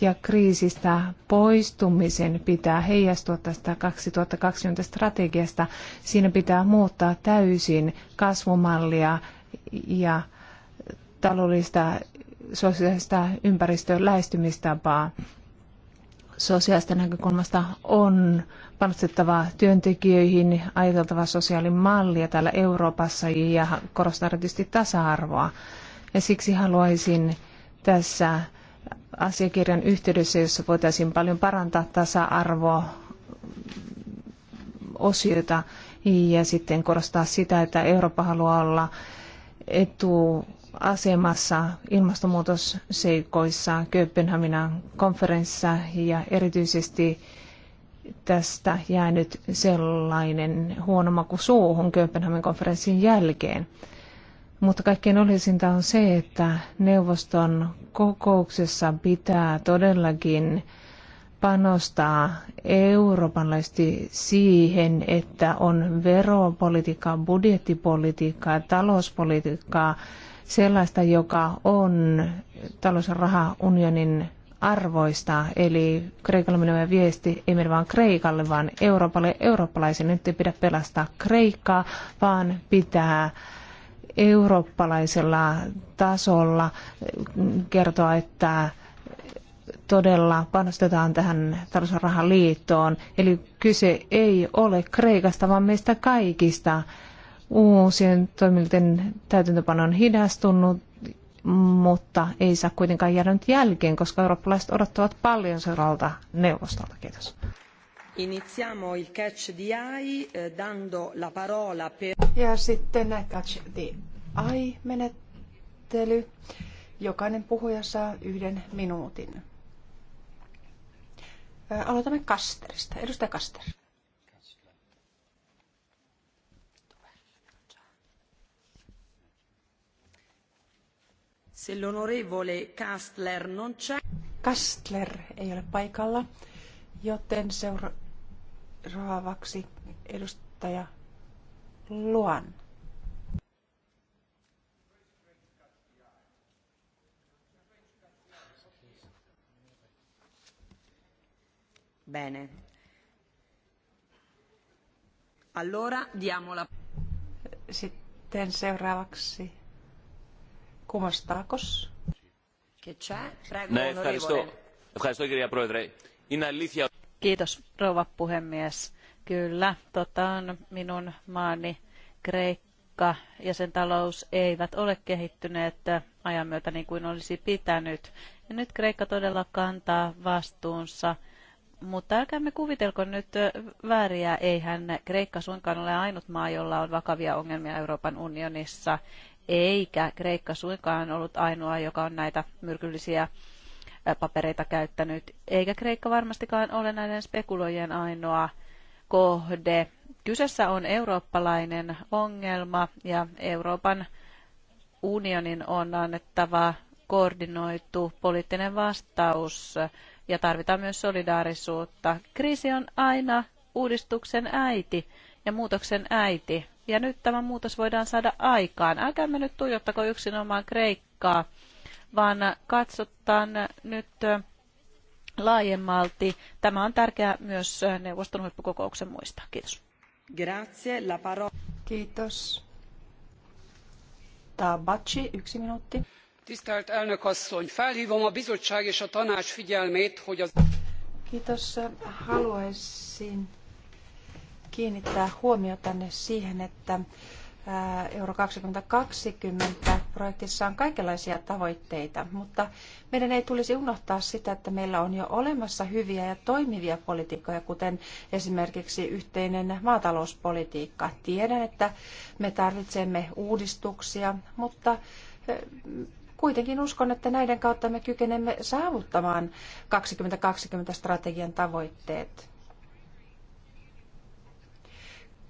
Ja kriisistä poistumisen pitää heijastua tästä 2020 strategiasta. Siinä pitää muuttaa täysin kasvumallia ja taloudellista sosiaalista ympäristön lähestymistapaa sosiaalista näkökulmasta on panostettava työntekijöihin, ajateltava sosiaalimallia täällä Euroopassa ja korostaa erityisesti tasa-arvoa. Ja siksi haluaisin tässä asiakirjan yhteydessä, jossa voitaisiin paljon parantaa tasa-arvoa osiota ja sitten korostaa sitä, että Eurooppa haluaa olla etu asemassa ilmastonmuutosseikoissa Kööpenhaminan konferenssissa ja erityisesti tästä jää nyt sellainen huono maku suuhun Kööpenhaminan konferenssin jälkeen. Mutta kaikkein olisinta on se, että neuvoston kokouksessa pitää todellakin panostaa eurooppalaisesti siihen, että on veropolitiikkaa, budjettipolitiikkaa, talouspolitiikkaa, sellaista, joka on talous- ja rahaunionin arvoista, eli Kreikalle menevä viesti ei mene vain Kreikalle, vaan Euroopalle eurooppalaisen. Nyt ei pidä pelastaa Kreikkaa, vaan pitää eurooppalaisella tasolla kertoa, että todella panostetaan tähän talous- ja rahaliittoon. Eli kyse ei ole Kreikasta, vaan meistä kaikista uusien toimintojen täytäntöpano on hidastunut, mutta ei saa kuitenkaan jäädä nyt jälkeen, koska eurooppalaiset odottavat paljon seuraalta neuvostolta. Kiitos. Iniziamo il catch di AI eh, dando la parola per... Ja sitten catch the AI-menettely. Jokainen puhuja saa yhden minuutin. Eh, aloitamme Kasterista. Edustaja Kaster. Se l'onorevole Kastler Kastler ei ole paikalla, joten seuraavaksi edustaja Luan. Bene. Allora diamo la... Sitten seuraavaksi Kumastakos. Kiitos rouva puhemies. Kyllä, totta on minun maani Kreikka ja sen talous eivät ole kehittyneet ajan myötä niin kuin olisi pitänyt. Ja nyt Kreikka todella kantaa vastuunsa mutta älkäämme kuvitelko nyt vääriä, eihän Kreikka suinkaan ole ainut maa, jolla on vakavia ongelmia Euroopan unionissa eikä Kreikka suinkaan ollut ainoa, joka on näitä myrkyllisiä papereita käyttänyt, eikä Kreikka varmastikaan ole näiden spekuloijien ainoa kohde. Kyseessä on eurooppalainen ongelma ja Euroopan unionin on annettava koordinoitu poliittinen vastaus ja tarvitaan myös solidaarisuutta. Kriisi on aina uudistuksen äiti ja muutoksen äiti. Ja nyt tämä muutos voidaan saada aikaan. Älkäämme nyt tuijottako yksinomaan Kreikkaa, vaan katsotaan nyt laajemmalti. Tämä on tärkeää myös neuvoston huippukokouksen muista. Kiitos. Grazie, la paro- Kiitos. Tabacci, yksi minuutti. Tisztelt elnök asszony, felhívom a bizottság és a tanács figyelmét, hogy az... Kiitos. Haluaisin kiinnittää huomiotanne siihen, että Euro 2020 projektissa on kaikenlaisia tavoitteita, mutta meidän ei tulisi unohtaa sitä, että meillä on jo olemassa hyviä ja toimivia politiikkoja, kuten esimerkiksi yhteinen maatalouspolitiikka. Tiedän, että me tarvitsemme uudistuksia, mutta kuitenkin uskon, että näiden kautta me kykenemme saavuttamaan 2020 strategian tavoitteet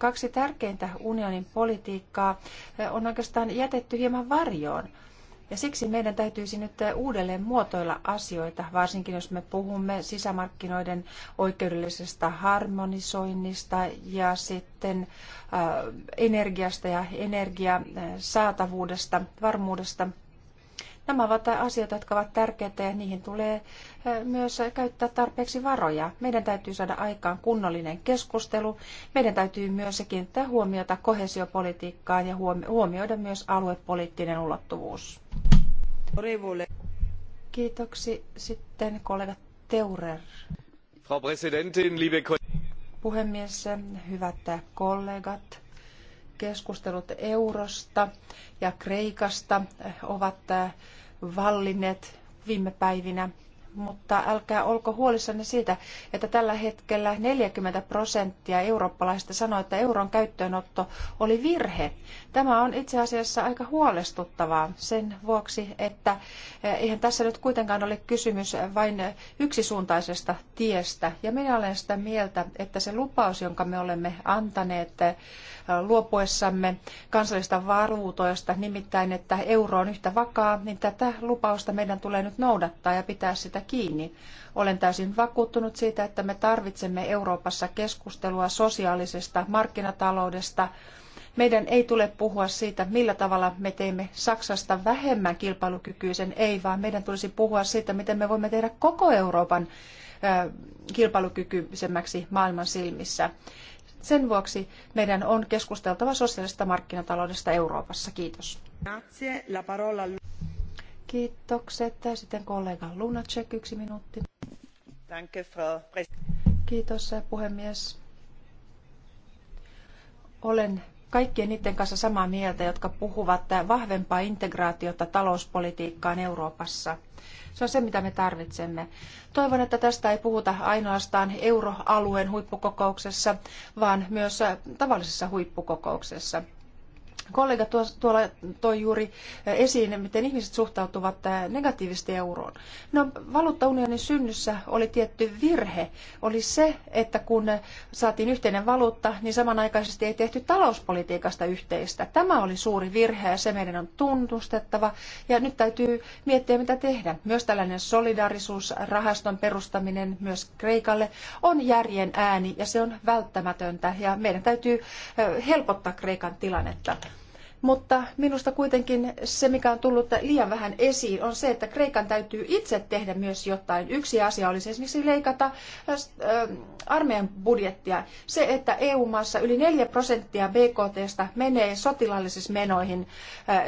kaksi tärkeintä unionin politiikkaa on oikeastaan jätetty hieman varjoon. Ja siksi meidän täytyisi nyt uudelleen muotoilla asioita, varsinkin jos me puhumme sisämarkkinoiden oikeudellisesta harmonisoinnista ja sitten äh, energiasta ja energiasaatavuudesta, varmuudesta – Nämä ovat asioita, jotka ovat tärkeitä ja niihin tulee myös käyttää tarpeeksi varoja. Meidän täytyy saada aikaan kunnollinen keskustelu. Meidän täytyy myös kiinnittää huomiota kohesiopolitiikkaan ja huomioida myös aluepoliittinen ulottuvuus. Kiitoksi sitten kollega Teurer. Frau Präsidentin, liebe Puhemies, hyvät kollegat keskustelut eurosta ja Kreikasta ovat vallinneet viime päivinä mutta älkää olko huolissanne siitä, että tällä hetkellä 40 prosenttia eurooppalaisista sanoo, että euron käyttöönotto oli virhe. Tämä on itse asiassa aika huolestuttavaa sen vuoksi, että eh, eihän tässä nyt kuitenkaan ole kysymys vain yksisuuntaisesta tiestä. Ja minä olen sitä mieltä, että se lupaus, jonka me olemme antaneet eh, luopuessamme kansallista valuutoista, nimittäin että euro on yhtä vakaa, niin tätä lupausta meidän tulee nyt noudattaa ja pitää sitä kiinni. Olen täysin vakuuttunut siitä, että me tarvitsemme Euroopassa keskustelua sosiaalisesta markkinataloudesta. Meidän ei tule puhua siitä, millä tavalla me teemme Saksasta vähemmän kilpailukykyisen, ei, vaan meidän tulisi puhua siitä, miten me voimme tehdä koko Euroopan kilpailukykyisemmäksi maailman silmissä. Sen vuoksi meidän on keskusteltava sosiaalisesta markkinataloudesta Euroopassa. Kiitos. Kiitokset. Sitten kollega Lunacek, yksi minuutti. Danke, Frau Kiitos, puhemies. Olen kaikkien niiden kanssa samaa mieltä, jotka puhuvat vahvempaa integraatiota talouspolitiikkaan Euroopassa. Se on se, mitä me tarvitsemme. Toivon, että tästä ei puhuta ainoastaan euroalueen huippukokouksessa, vaan myös tavallisessa huippukokouksessa. Kollega tuo, tuolla toi juuri esiin, miten ihmiset suhtautuvat negatiivisesti euroon. No, valuuttaunionin synnyssä oli tietty virhe, oli se, että kun saatiin yhteinen valuutta, niin samanaikaisesti ei tehty talouspolitiikasta yhteistä. Tämä oli suuri virhe ja se meidän on tunnustettava. Ja nyt täytyy miettiä, mitä tehdä. Myös tällainen solidarisuusrahaston perustaminen myös Kreikalle on järjen ääni ja se on välttämätöntä. Ja meidän täytyy helpottaa Kreikan tilannetta. Mutta minusta kuitenkin se, mikä on tullut liian vähän esiin, on se, että Kreikan täytyy itse tehdä myös jotain. Yksi asia olisi esimerkiksi leikata äh, armeijan budjettia. Se, että EU-maassa yli 4 prosenttia BKTstä menee sotilaallisissa menoihin, äh,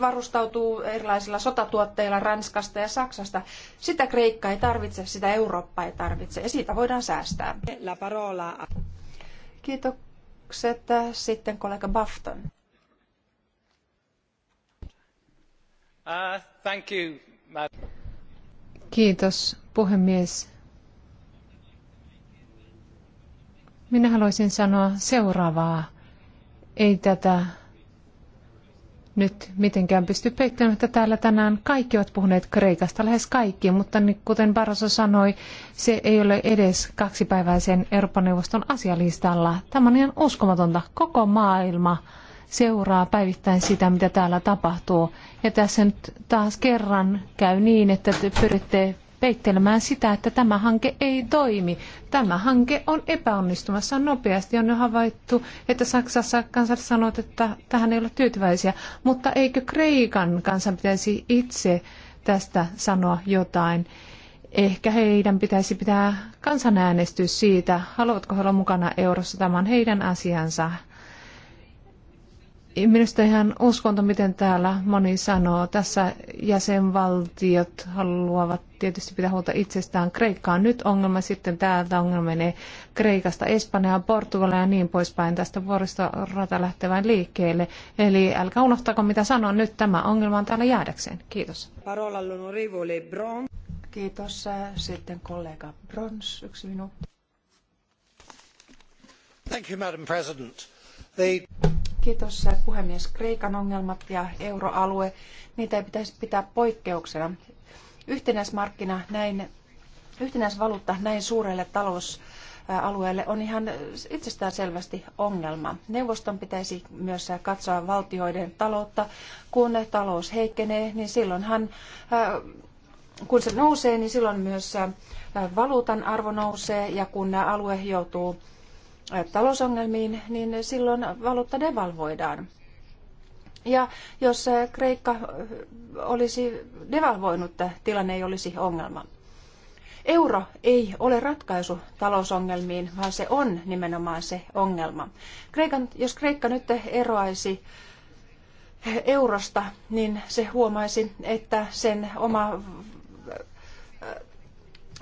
varustautuu erilaisilla sotatuotteilla Ranskasta ja Saksasta. Sitä Kreikka ei tarvitse, sitä Eurooppa ei tarvitse ja siitä voidaan säästää. Kiitokset. Sitten kollega Bafton. Uh, thank you, Kiitos, puhemies. Minä haluaisin sanoa seuraavaa. Ei tätä nyt mitenkään pysty peittämään, että täällä tänään kaikki ovat puhuneet Kreikasta, lähes kaikki, mutta niin kuten Barroso sanoi, se ei ole edes kaksipäiväisen Euroopan neuvoston asialistalla. Tämä on ihan uskomatonta. Koko maailma seuraa päivittäin sitä, mitä täällä tapahtuu. Ja tässä nyt taas kerran käy niin, että te pyritte peittelemään sitä, että tämä hanke ei toimi. Tämä hanke on epäonnistumassa nopeasti. On jo havaittu, että Saksassa kansat sanovat, että tähän ei ole tyytyväisiä. Mutta eikö Kreikan kansan pitäisi itse tästä sanoa jotain? Ehkä heidän pitäisi pitää kansanäänestys siitä, haluavatko he olla mukana eurossa. Tämä on heidän asiansa. Minusta ihan uskonto, miten täällä moni sanoo. Tässä jäsenvaltiot haluavat tietysti pitää huolta itsestään. Kreikka on nyt ongelma, sitten täältä ongelma menee Kreikasta Espanjaan, Portugalia ja niin poispäin tästä vuoristorata lähtevän liikkeelle. Eli älkää unohtako mitä sanon nyt, tämä ongelma on täällä jäädäkseen. Kiitos. Kiitos. Sitten kollega Brons, yksi minuutti. Thank you, Madam President. The... Kiitos puhemies. Kreikan ongelmat ja euroalue, niitä ei pitäisi pitää poikkeuksena. Yhtenäismarkkina näin, yhtenäisvaluutta näin suurelle talousalueelle on ihan itsestään selvästi ongelma. Neuvoston pitäisi myös katsoa valtioiden taloutta. Kun talous heikkenee, niin silloinhan äh, kun se nousee, niin silloin myös äh, valuutan arvo nousee ja kun alue joutuu Äh, talousongelmiin, niin silloin valuutta devalvoidaan. Ja jos äh, Kreikka äh, olisi devalvoinut, tilanne ei olisi ongelma. Euro ei ole ratkaisu talousongelmiin, vaan se on nimenomaan se ongelma. Kreikan, jos Kreikka nyt eroaisi eurosta, niin se huomaisi, että sen oma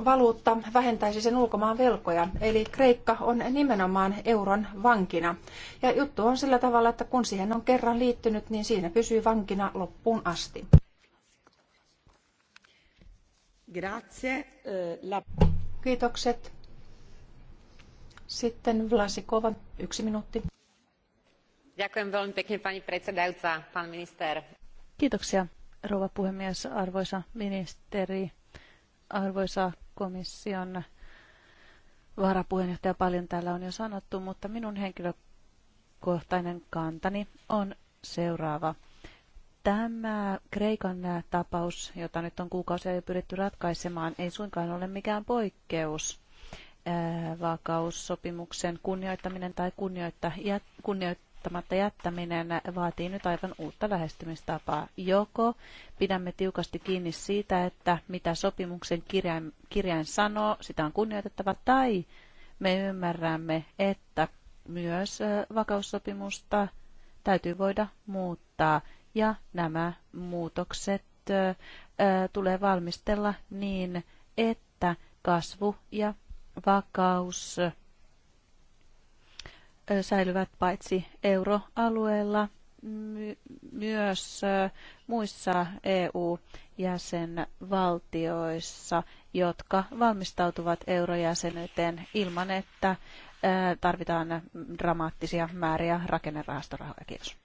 valuutta vähentäisi sen ulkomaan velkoja, eli Kreikka on nimenomaan euron vankina. Ja juttu on sillä tavalla, että kun siihen on kerran liittynyt, niin siinä pysyy vankina loppuun asti. Grazie. Eh, la... Kiitokset. Sitten Vlasikova, yksi minuutti. Ďakujem veľmi pekne, pani predsedajúca, pán Kiitoksia, rouva puhemies, arvoisa ministeri arvoisa komission varapuheenjohtaja paljon täällä on jo sanottu, mutta minun henkilökohtainen kantani on seuraava. Tämä Kreikan tapaus, jota nyt on kuukausia jo pyritty ratkaisemaan, ei suinkaan ole mikään poikkeus vakaussopimuksen kunnioittaminen tai kunnioitta, jät, ottamatta jättäminen vaatii nyt aivan uutta lähestymistapaa. Joko pidämme tiukasti kiinni siitä, että mitä sopimuksen kirjain, kirjain sanoo, sitä on kunnioitettava, tai me ymmärrämme, että myös vakaussopimusta täytyy voida muuttaa, ja nämä muutokset tulee valmistella niin, että kasvu ja vakaus säilyvät paitsi euroalueella myös muissa EU-jäsenvaltioissa, jotka valmistautuvat eurojäsenyyteen ilman, että tarvitaan dramaattisia määriä rakennerahastorahoja. Kiitos.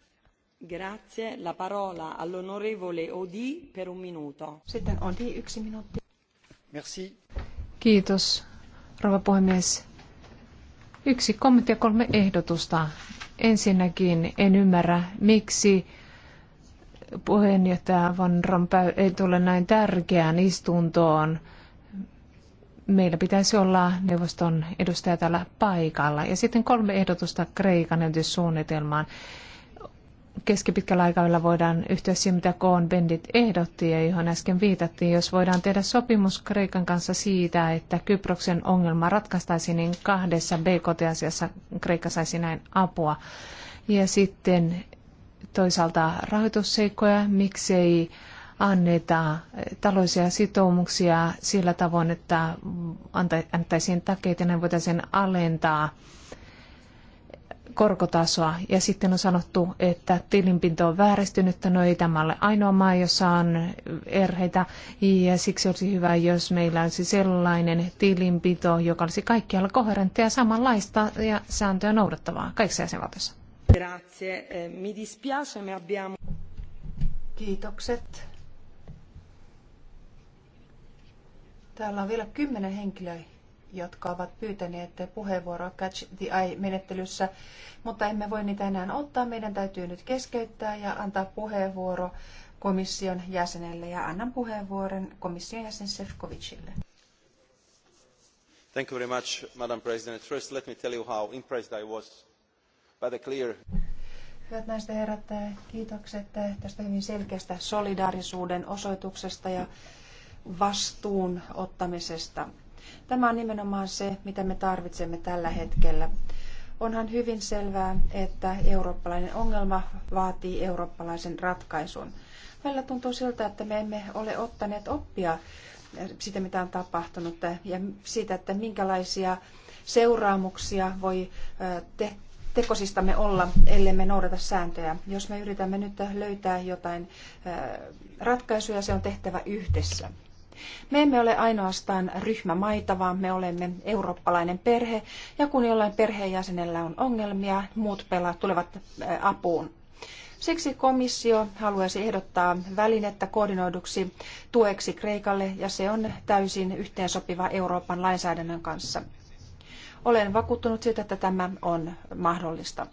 Grazie. La parola all'onorevole Odi per un minuto. Sitten Odi, yksi minuutti. Merci. Kiitos, rouva puhemies. Yksi kommentti ja kolme ehdotusta. Ensinnäkin en ymmärrä, miksi puheenjohtaja Van Rompuy ei tule näin tärkeään istuntoon. Meillä pitäisi olla neuvoston edustaja täällä paikalla. Ja sitten kolme ehdotusta Kreikan suunnitelmaan keskipitkällä aikavälillä voidaan yhtyä siihen, mitä Koon Bendit ehdotti ja johon äsken viitattiin. Jos voidaan tehdä sopimus Kreikan kanssa siitä, että Kyproksen ongelma ratkaistaisiin, niin kahdessa BKT-asiassa Kreikka saisi näin apua. Ja sitten toisaalta rahoitusseikkoja, miksei anneta taloudellisia sitoumuksia sillä tavoin, että antaisiin takeita ja näin voitaisiin alentaa korkotasoa. Ja sitten on sanottu, että tilinpinto on vääristynyt, no ei tämä ole ainoa maa, jossa on erheitä. Ja siksi olisi hyvä, jos meillä olisi sellainen tilinpito, joka olisi kaikkialla koherenttia ja samanlaista ja sääntöä noudattavaa kaikissa jäsenvaltioissa. Grazie. Eh, mi dispiace, abbiamo... Kiitokset. Täällä on vielä kymmenen henkilöä, jotka ovat pyytäneet puheenvuoroa Catch the Eye-menettelyssä, mutta emme voi niitä enää ottaa. Meidän täytyy nyt keskeyttää ja antaa puheenvuoro komission jäsenelle ja annan puheenvuoron komission jäsen Sefcovicille. Thank you very much, Madam President. First, let me tell you how impressed I was by the clear Hyvät naiset ja herrat, kiitokset tästä hyvin selkeästä solidaarisuuden osoituksesta ja vastuun ottamisesta. Tämä on nimenomaan se, mitä me tarvitsemme tällä hetkellä. Onhan hyvin selvää, että eurooppalainen ongelma vaatii eurooppalaisen ratkaisun. Välillä tuntuu siltä, että me emme ole ottaneet oppia siitä, mitä on tapahtunut ja siitä, että minkälaisia seuraamuksia voi te- tekosistamme olla, ellei me noudata sääntöjä. Jos me yritämme nyt löytää jotain ratkaisuja, se on tehtävä yhdessä. Me emme ole ainoastaan maita, vaan me olemme eurooppalainen perhe, ja kun jollain perheenjäsenellä on ongelmia, muut pelaat tulevat apuun. Siksi komissio haluaisi ehdottaa välinettä koordinoiduksi tueksi Kreikalle, ja se on täysin yhteensopiva Euroopan lainsäädännön kanssa. Olen vakuuttunut siitä, että tämä on mahdollista.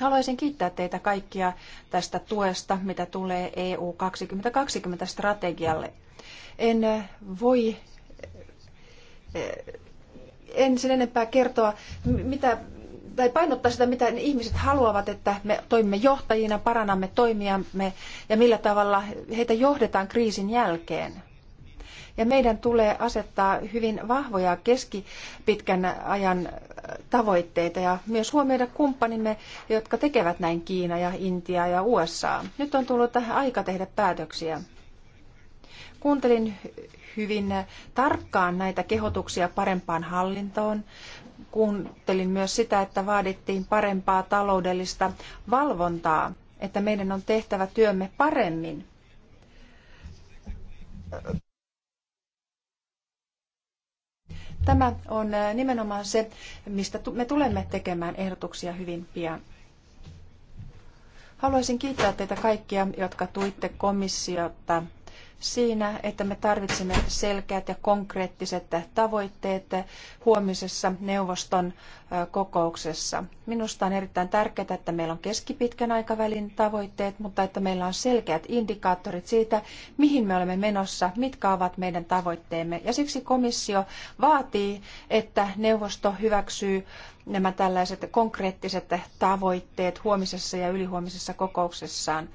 Haluaisin kiittää teitä kaikkia tästä tuesta, mitä tulee EU 2020 strategialle. En eh, voi eh, en sen enempää kertoa, mitä, tai painottaa sitä, mitä ihmiset haluavat, että me toimimme johtajina, parannamme toimiamme ja millä tavalla heitä johdetaan kriisin jälkeen. Ja meidän tulee asettaa hyvin vahvoja keskipitkän ajan eh, tavoitteita ja myös huomioida kumppanimme, jotka tekevät näin Kiina ja Intia ja USA. Nyt on tullut aika tehdä päätöksiä kuuntelin hyvin tarkkaan näitä kehotuksia parempaan hallintoon. Kuuntelin myös sitä, että vaadittiin parempaa taloudellista valvontaa, että meidän on tehtävä työmme paremmin. Tämä on nimenomaan se, mistä me tulemme tekemään ehdotuksia hyvin pian. Haluaisin kiittää teitä kaikkia, jotka tuitte komissiota siinä, että me tarvitsemme selkeät ja konkreettiset tavoitteet huomisessa neuvoston kokouksessa. Minusta on erittäin tärkeää, että meillä on keskipitkän aikavälin tavoitteet, mutta että meillä on selkeät indikaattorit siitä, mihin me olemme menossa, mitkä ovat meidän tavoitteemme. Ja siksi komissio vaatii, että neuvosto hyväksyy nämä tällaiset konkreettiset tavoitteet huomisessa ja ylihuomisessa kokouksessaan.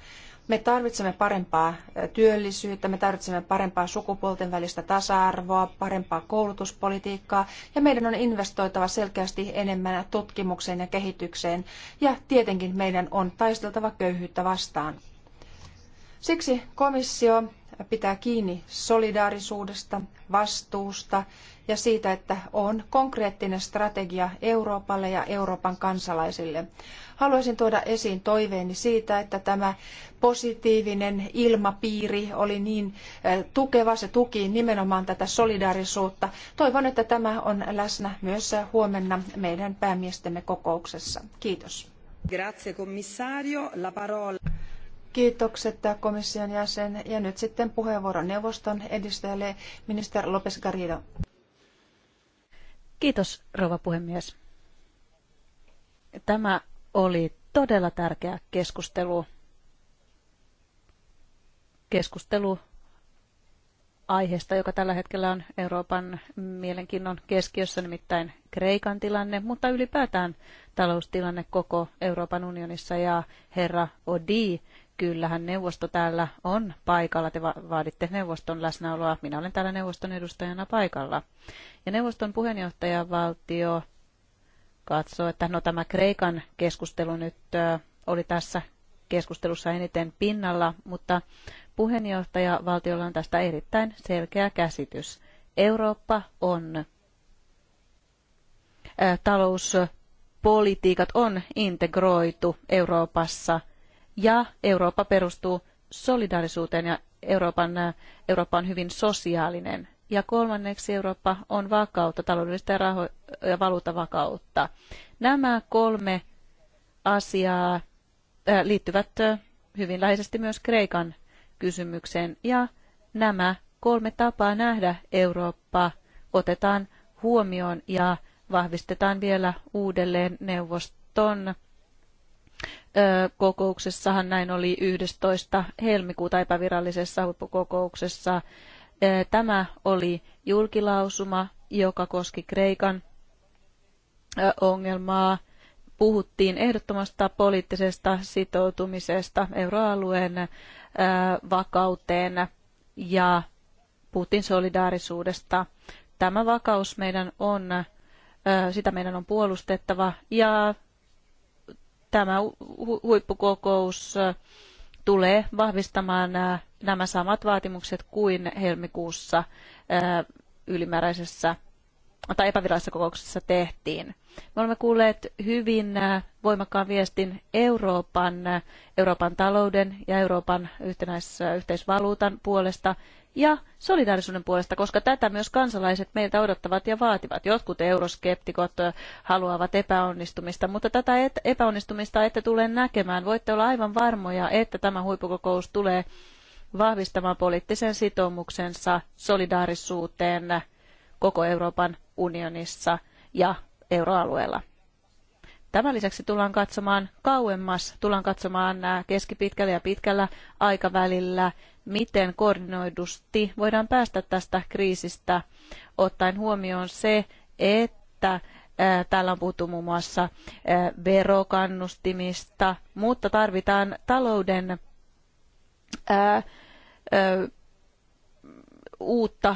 Me tarvitsemme parempaa työllisyyttä, me tarvitsemme parempaa sukupuolten välistä tasa-arvoa, parempaa koulutuspolitiikkaa ja meidän on investoitava selkeästi enemmän tutkimukseen ja kehitykseen ja tietenkin meidän on taisteltava köyhyyttä vastaan. Siksi komissio pitää kiinni solidaarisuudesta, vastuusta ja siitä, että on konkreettinen strategia Euroopalle ja Euroopan kansalaisille. Haluaisin tuoda esiin toiveeni siitä, että tämä positiivinen ilmapiiri oli niin tukeva, se tuki nimenomaan tätä solidaarisuutta. Toivon, että tämä on läsnä myös huomenna meidän päämiestemme kokouksessa. Kiitos. Grazie, Kiitokset komission jäsen. Ja nyt sitten puheenvuoro neuvoston edistäjälle minister Lopes Garrido. Kiitos, rouva puhemies. Tämä oli todella tärkeä keskustelu. Keskustelu aiheesta, joka tällä hetkellä on Euroopan mielenkiinnon keskiössä, nimittäin Kreikan tilanne, mutta ylipäätään taloustilanne koko Euroopan unionissa ja herra Odi Kyllähän neuvosto täällä on paikalla. Te vaaditte neuvoston läsnäoloa. Minä olen täällä neuvoston edustajana paikalla. Ja neuvoston puheenjohtajavaltio katsoo, että no tämä Kreikan keskustelu nyt oli tässä keskustelussa eniten pinnalla, mutta puheenjohtajavaltiolla on tästä erittäin selkeä käsitys. Eurooppa on talouspolitiikat on integroitu Euroopassa ja Eurooppa perustuu solidaarisuuteen ja Euroopan, Eurooppa on hyvin sosiaalinen. Ja kolmanneksi Eurooppa on vakautta, taloudellista ja, raho- ja valuutavakautta. Nämä kolme asiaa äh, liittyvät äh, hyvin läheisesti myös Kreikan kysymykseen ja nämä kolme tapaa nähdä Eurooppa otetaan huomioon ja vahvistetaan vielä uudelleen neuvoston kokouksessahan näin oli 11. helmikuuta epävirallisessa huippukokouksessa. Tämä oli julkilausuma, joka koski Kreikan ongelmaa. Puhuttiin ehdottomasta poliittisesta sitoutumisesta euroalueen vakauteen ja puhuttiin solidaarisuudesta. Tämä vakaus meidän on, sitä meidän on puolustettava ja tämä huippukokous tulee vahvistamaan nämä samat vaatimukset kuin helmikuussa ylimääräisessä tai epävirallisessa kokouksessa tehtiin. Me olemme kuulleet hyvin voimakkaan viestin Euroopan, Euroopan talouden ja Euroopan yhtenäis- yhteisvaluutan puolesta ja solidaarisuuden puolesta, koska tätä myös kansalaiset meiltä odottavat ja vaativat. Jotkut euroskeptikot haluavat epäonnistumista, mutta tätä epäonnistumista ette tule näkemään. Voitte olla aivan varmoja, että tämä huippukokous tulee vahvistamaan poliittisen sitoumuksensa solidaarisuuteen koko Euroopan unionissa ja euroalueella. Tämän lisäksi tullaan katsomaan kauemmas, tullaan katsomaan äh, keskipitkällä ja pitkällä aikavälillä, miten koordinoidusti voidaan päästä tästä kriisistä, ottaen huomioon se, että äh, Täällä on puhuttu muun muassa äh, verokannustimista, mutta tarvitaan talouden uutta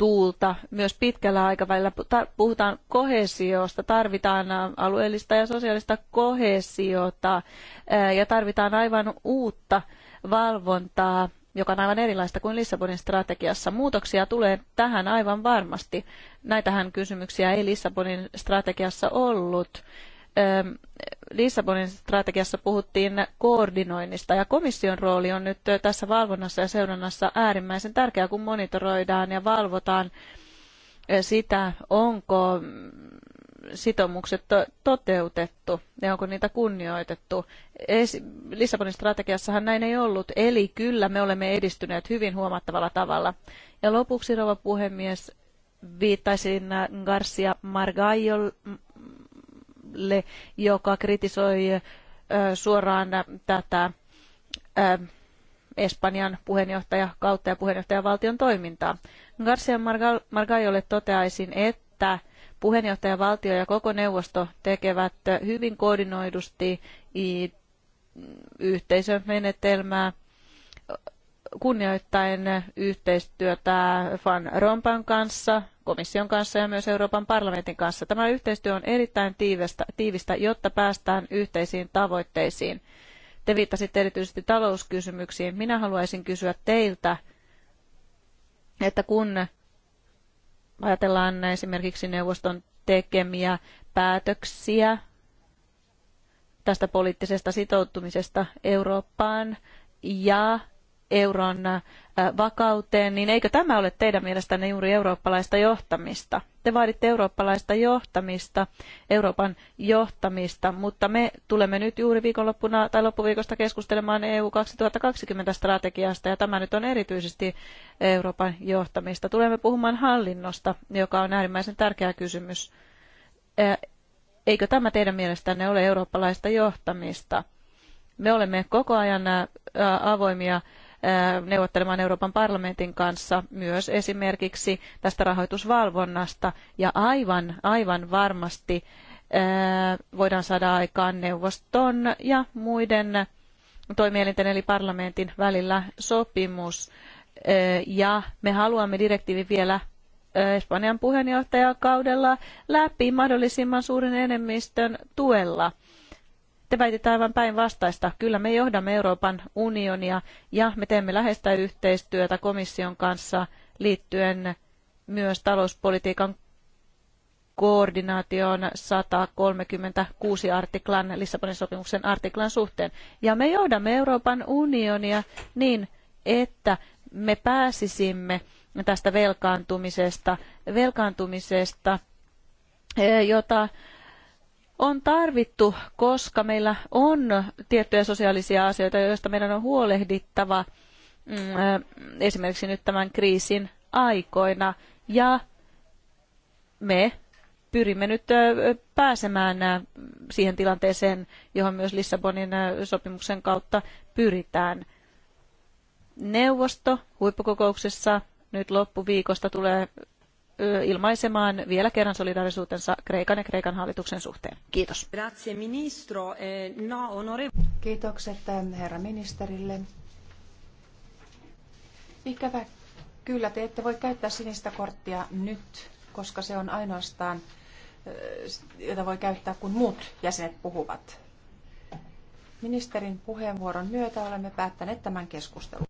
tuulta myös pitkällä aikavälillä. Puhutaan kohesiosta, tarvitaan alueellista ja sosiaalista kohesiota ja tarvitaan aivan uutta valvontaa, joka on aivan erilaista kuin Lissabonin strategiassa. Muutoksia tulee tähän aivan varmasti. Näitähän kysymyksiä ei Lissabonin strategiassa ollut. Ähm, Lissabonin strategiassa puhuttiin koordinoinnista ja komission rooli on nyt äh, tässä valvonnassa ja seurannassa äärimmäisen tärkeää, kun monitoroidaan ja valvotaan äh, sitä, onko mm, sitoumukset toteutettu ja onko niitä kunnioitettu. Lissabonin strategiassahan näin ei ollut, eli kyllä me olemme edistyneet hyvin huomattavalla tavalla. Ja lopuksi, rouva puhemies, viittaisin äh, Garcia Margallo, Kalle, joka kritisoi suoraan tätä Espanjan kautta ja puheenjohtajavaltion toimintaa. Garcia Margaiolle toteaisin, että puheenjohtajavaltio ja koko neuvosto tekevät hyvin koordinoidusti yhteisömenetelmää – kunnioittaen yhteistyötä Van Rompan kanssa, komission kanssa ja myös Euroopan parlamentin kanssa. Tämä yhteistyö on erittäin tiivistä, tiivistä jotta päästään yhteisiin tavoitteisiin. Te viittasitte erityisesti talouskysymyksiin. Minä haluaisin kysyä teiltä, että kun ajatellaan esimerkiksi neuvoston tekemiä päätöksiä tästä poliittisesta sitoutumisesta Eurooppaan ja euron äh, vakauteen, niin eikö tämä ole teidän mielestänne juuri eurooppalaista johtamista? Te vaaditte eurooppalaista johtamista, Euroopan johtamista, mutta me tulemme nyt juuri viikonloppuna tai loppuviikosta keskustelemaan EU 2020 strategiasta ja tämä nyt on erityisesti Euroopan johtamista. Tulemme puhumaan hallinnosta, joka on äärimmäisen tärkeä kysymys. Eikö tämä teidän mielestänne ole eurooppalaista johtamista? Me olemme koko ajan avoimia neuvottelemaan Euroopan parlamentin kanssa myös esimerkiksi tästä rahoitusvalvonnasta ja aivan, aivan varmasti voidaan saada aikaan neuvoston ja muiden toimielinten eli parlamentin välillä sopimus. Ja me haluamme direktiivin vielä Espanjan puheenjohtajakaudella läpi mahdollisimman suuren enemmistön tuella te väititte aivan päinvastaista. Kyllä me johdamme Euroopan unionia ja me teemme läheistä yhteistyötä komission kanssa liittyen myös talouspolitiikan koordinaation 136 artiklan, Lissabonin sopimuksen artiklan suhteen. Ja me johdamme Euroopan unionia niin, että me pääsisimme tästä velkaantumisesta, velkaantumisesta eh, jota on tarvittu, koska meillä on tiettyjä sosiaalisia asioita, joista meidän on huolehdittava mm, esimerkiksi nyt tämän kriisin aikoina. Ja me pyrimme nyt pääsemään siihen tilanteeseen, johon myös Lissabonin sopimuksen kautta pyritään. Neuvosto huippukokouksessa nyt loppuviikosta tulee ilmaisemaan vielä kerran solidaarisuutensa Kreikan ja Kreikan hallituksen suhteen. Kiitos. Grazie ministro. E no, onore... Kiitokset eh, herra ministerille. Ikävä kyllä, te ette voi käyttää sinistä korttia nyt, koska se on ainoastaan, jota voi käyttää, kun muut jäsenet puhuvat. Ministerin puheenvuoron myötä olemme päättäneet tämän keskustelun.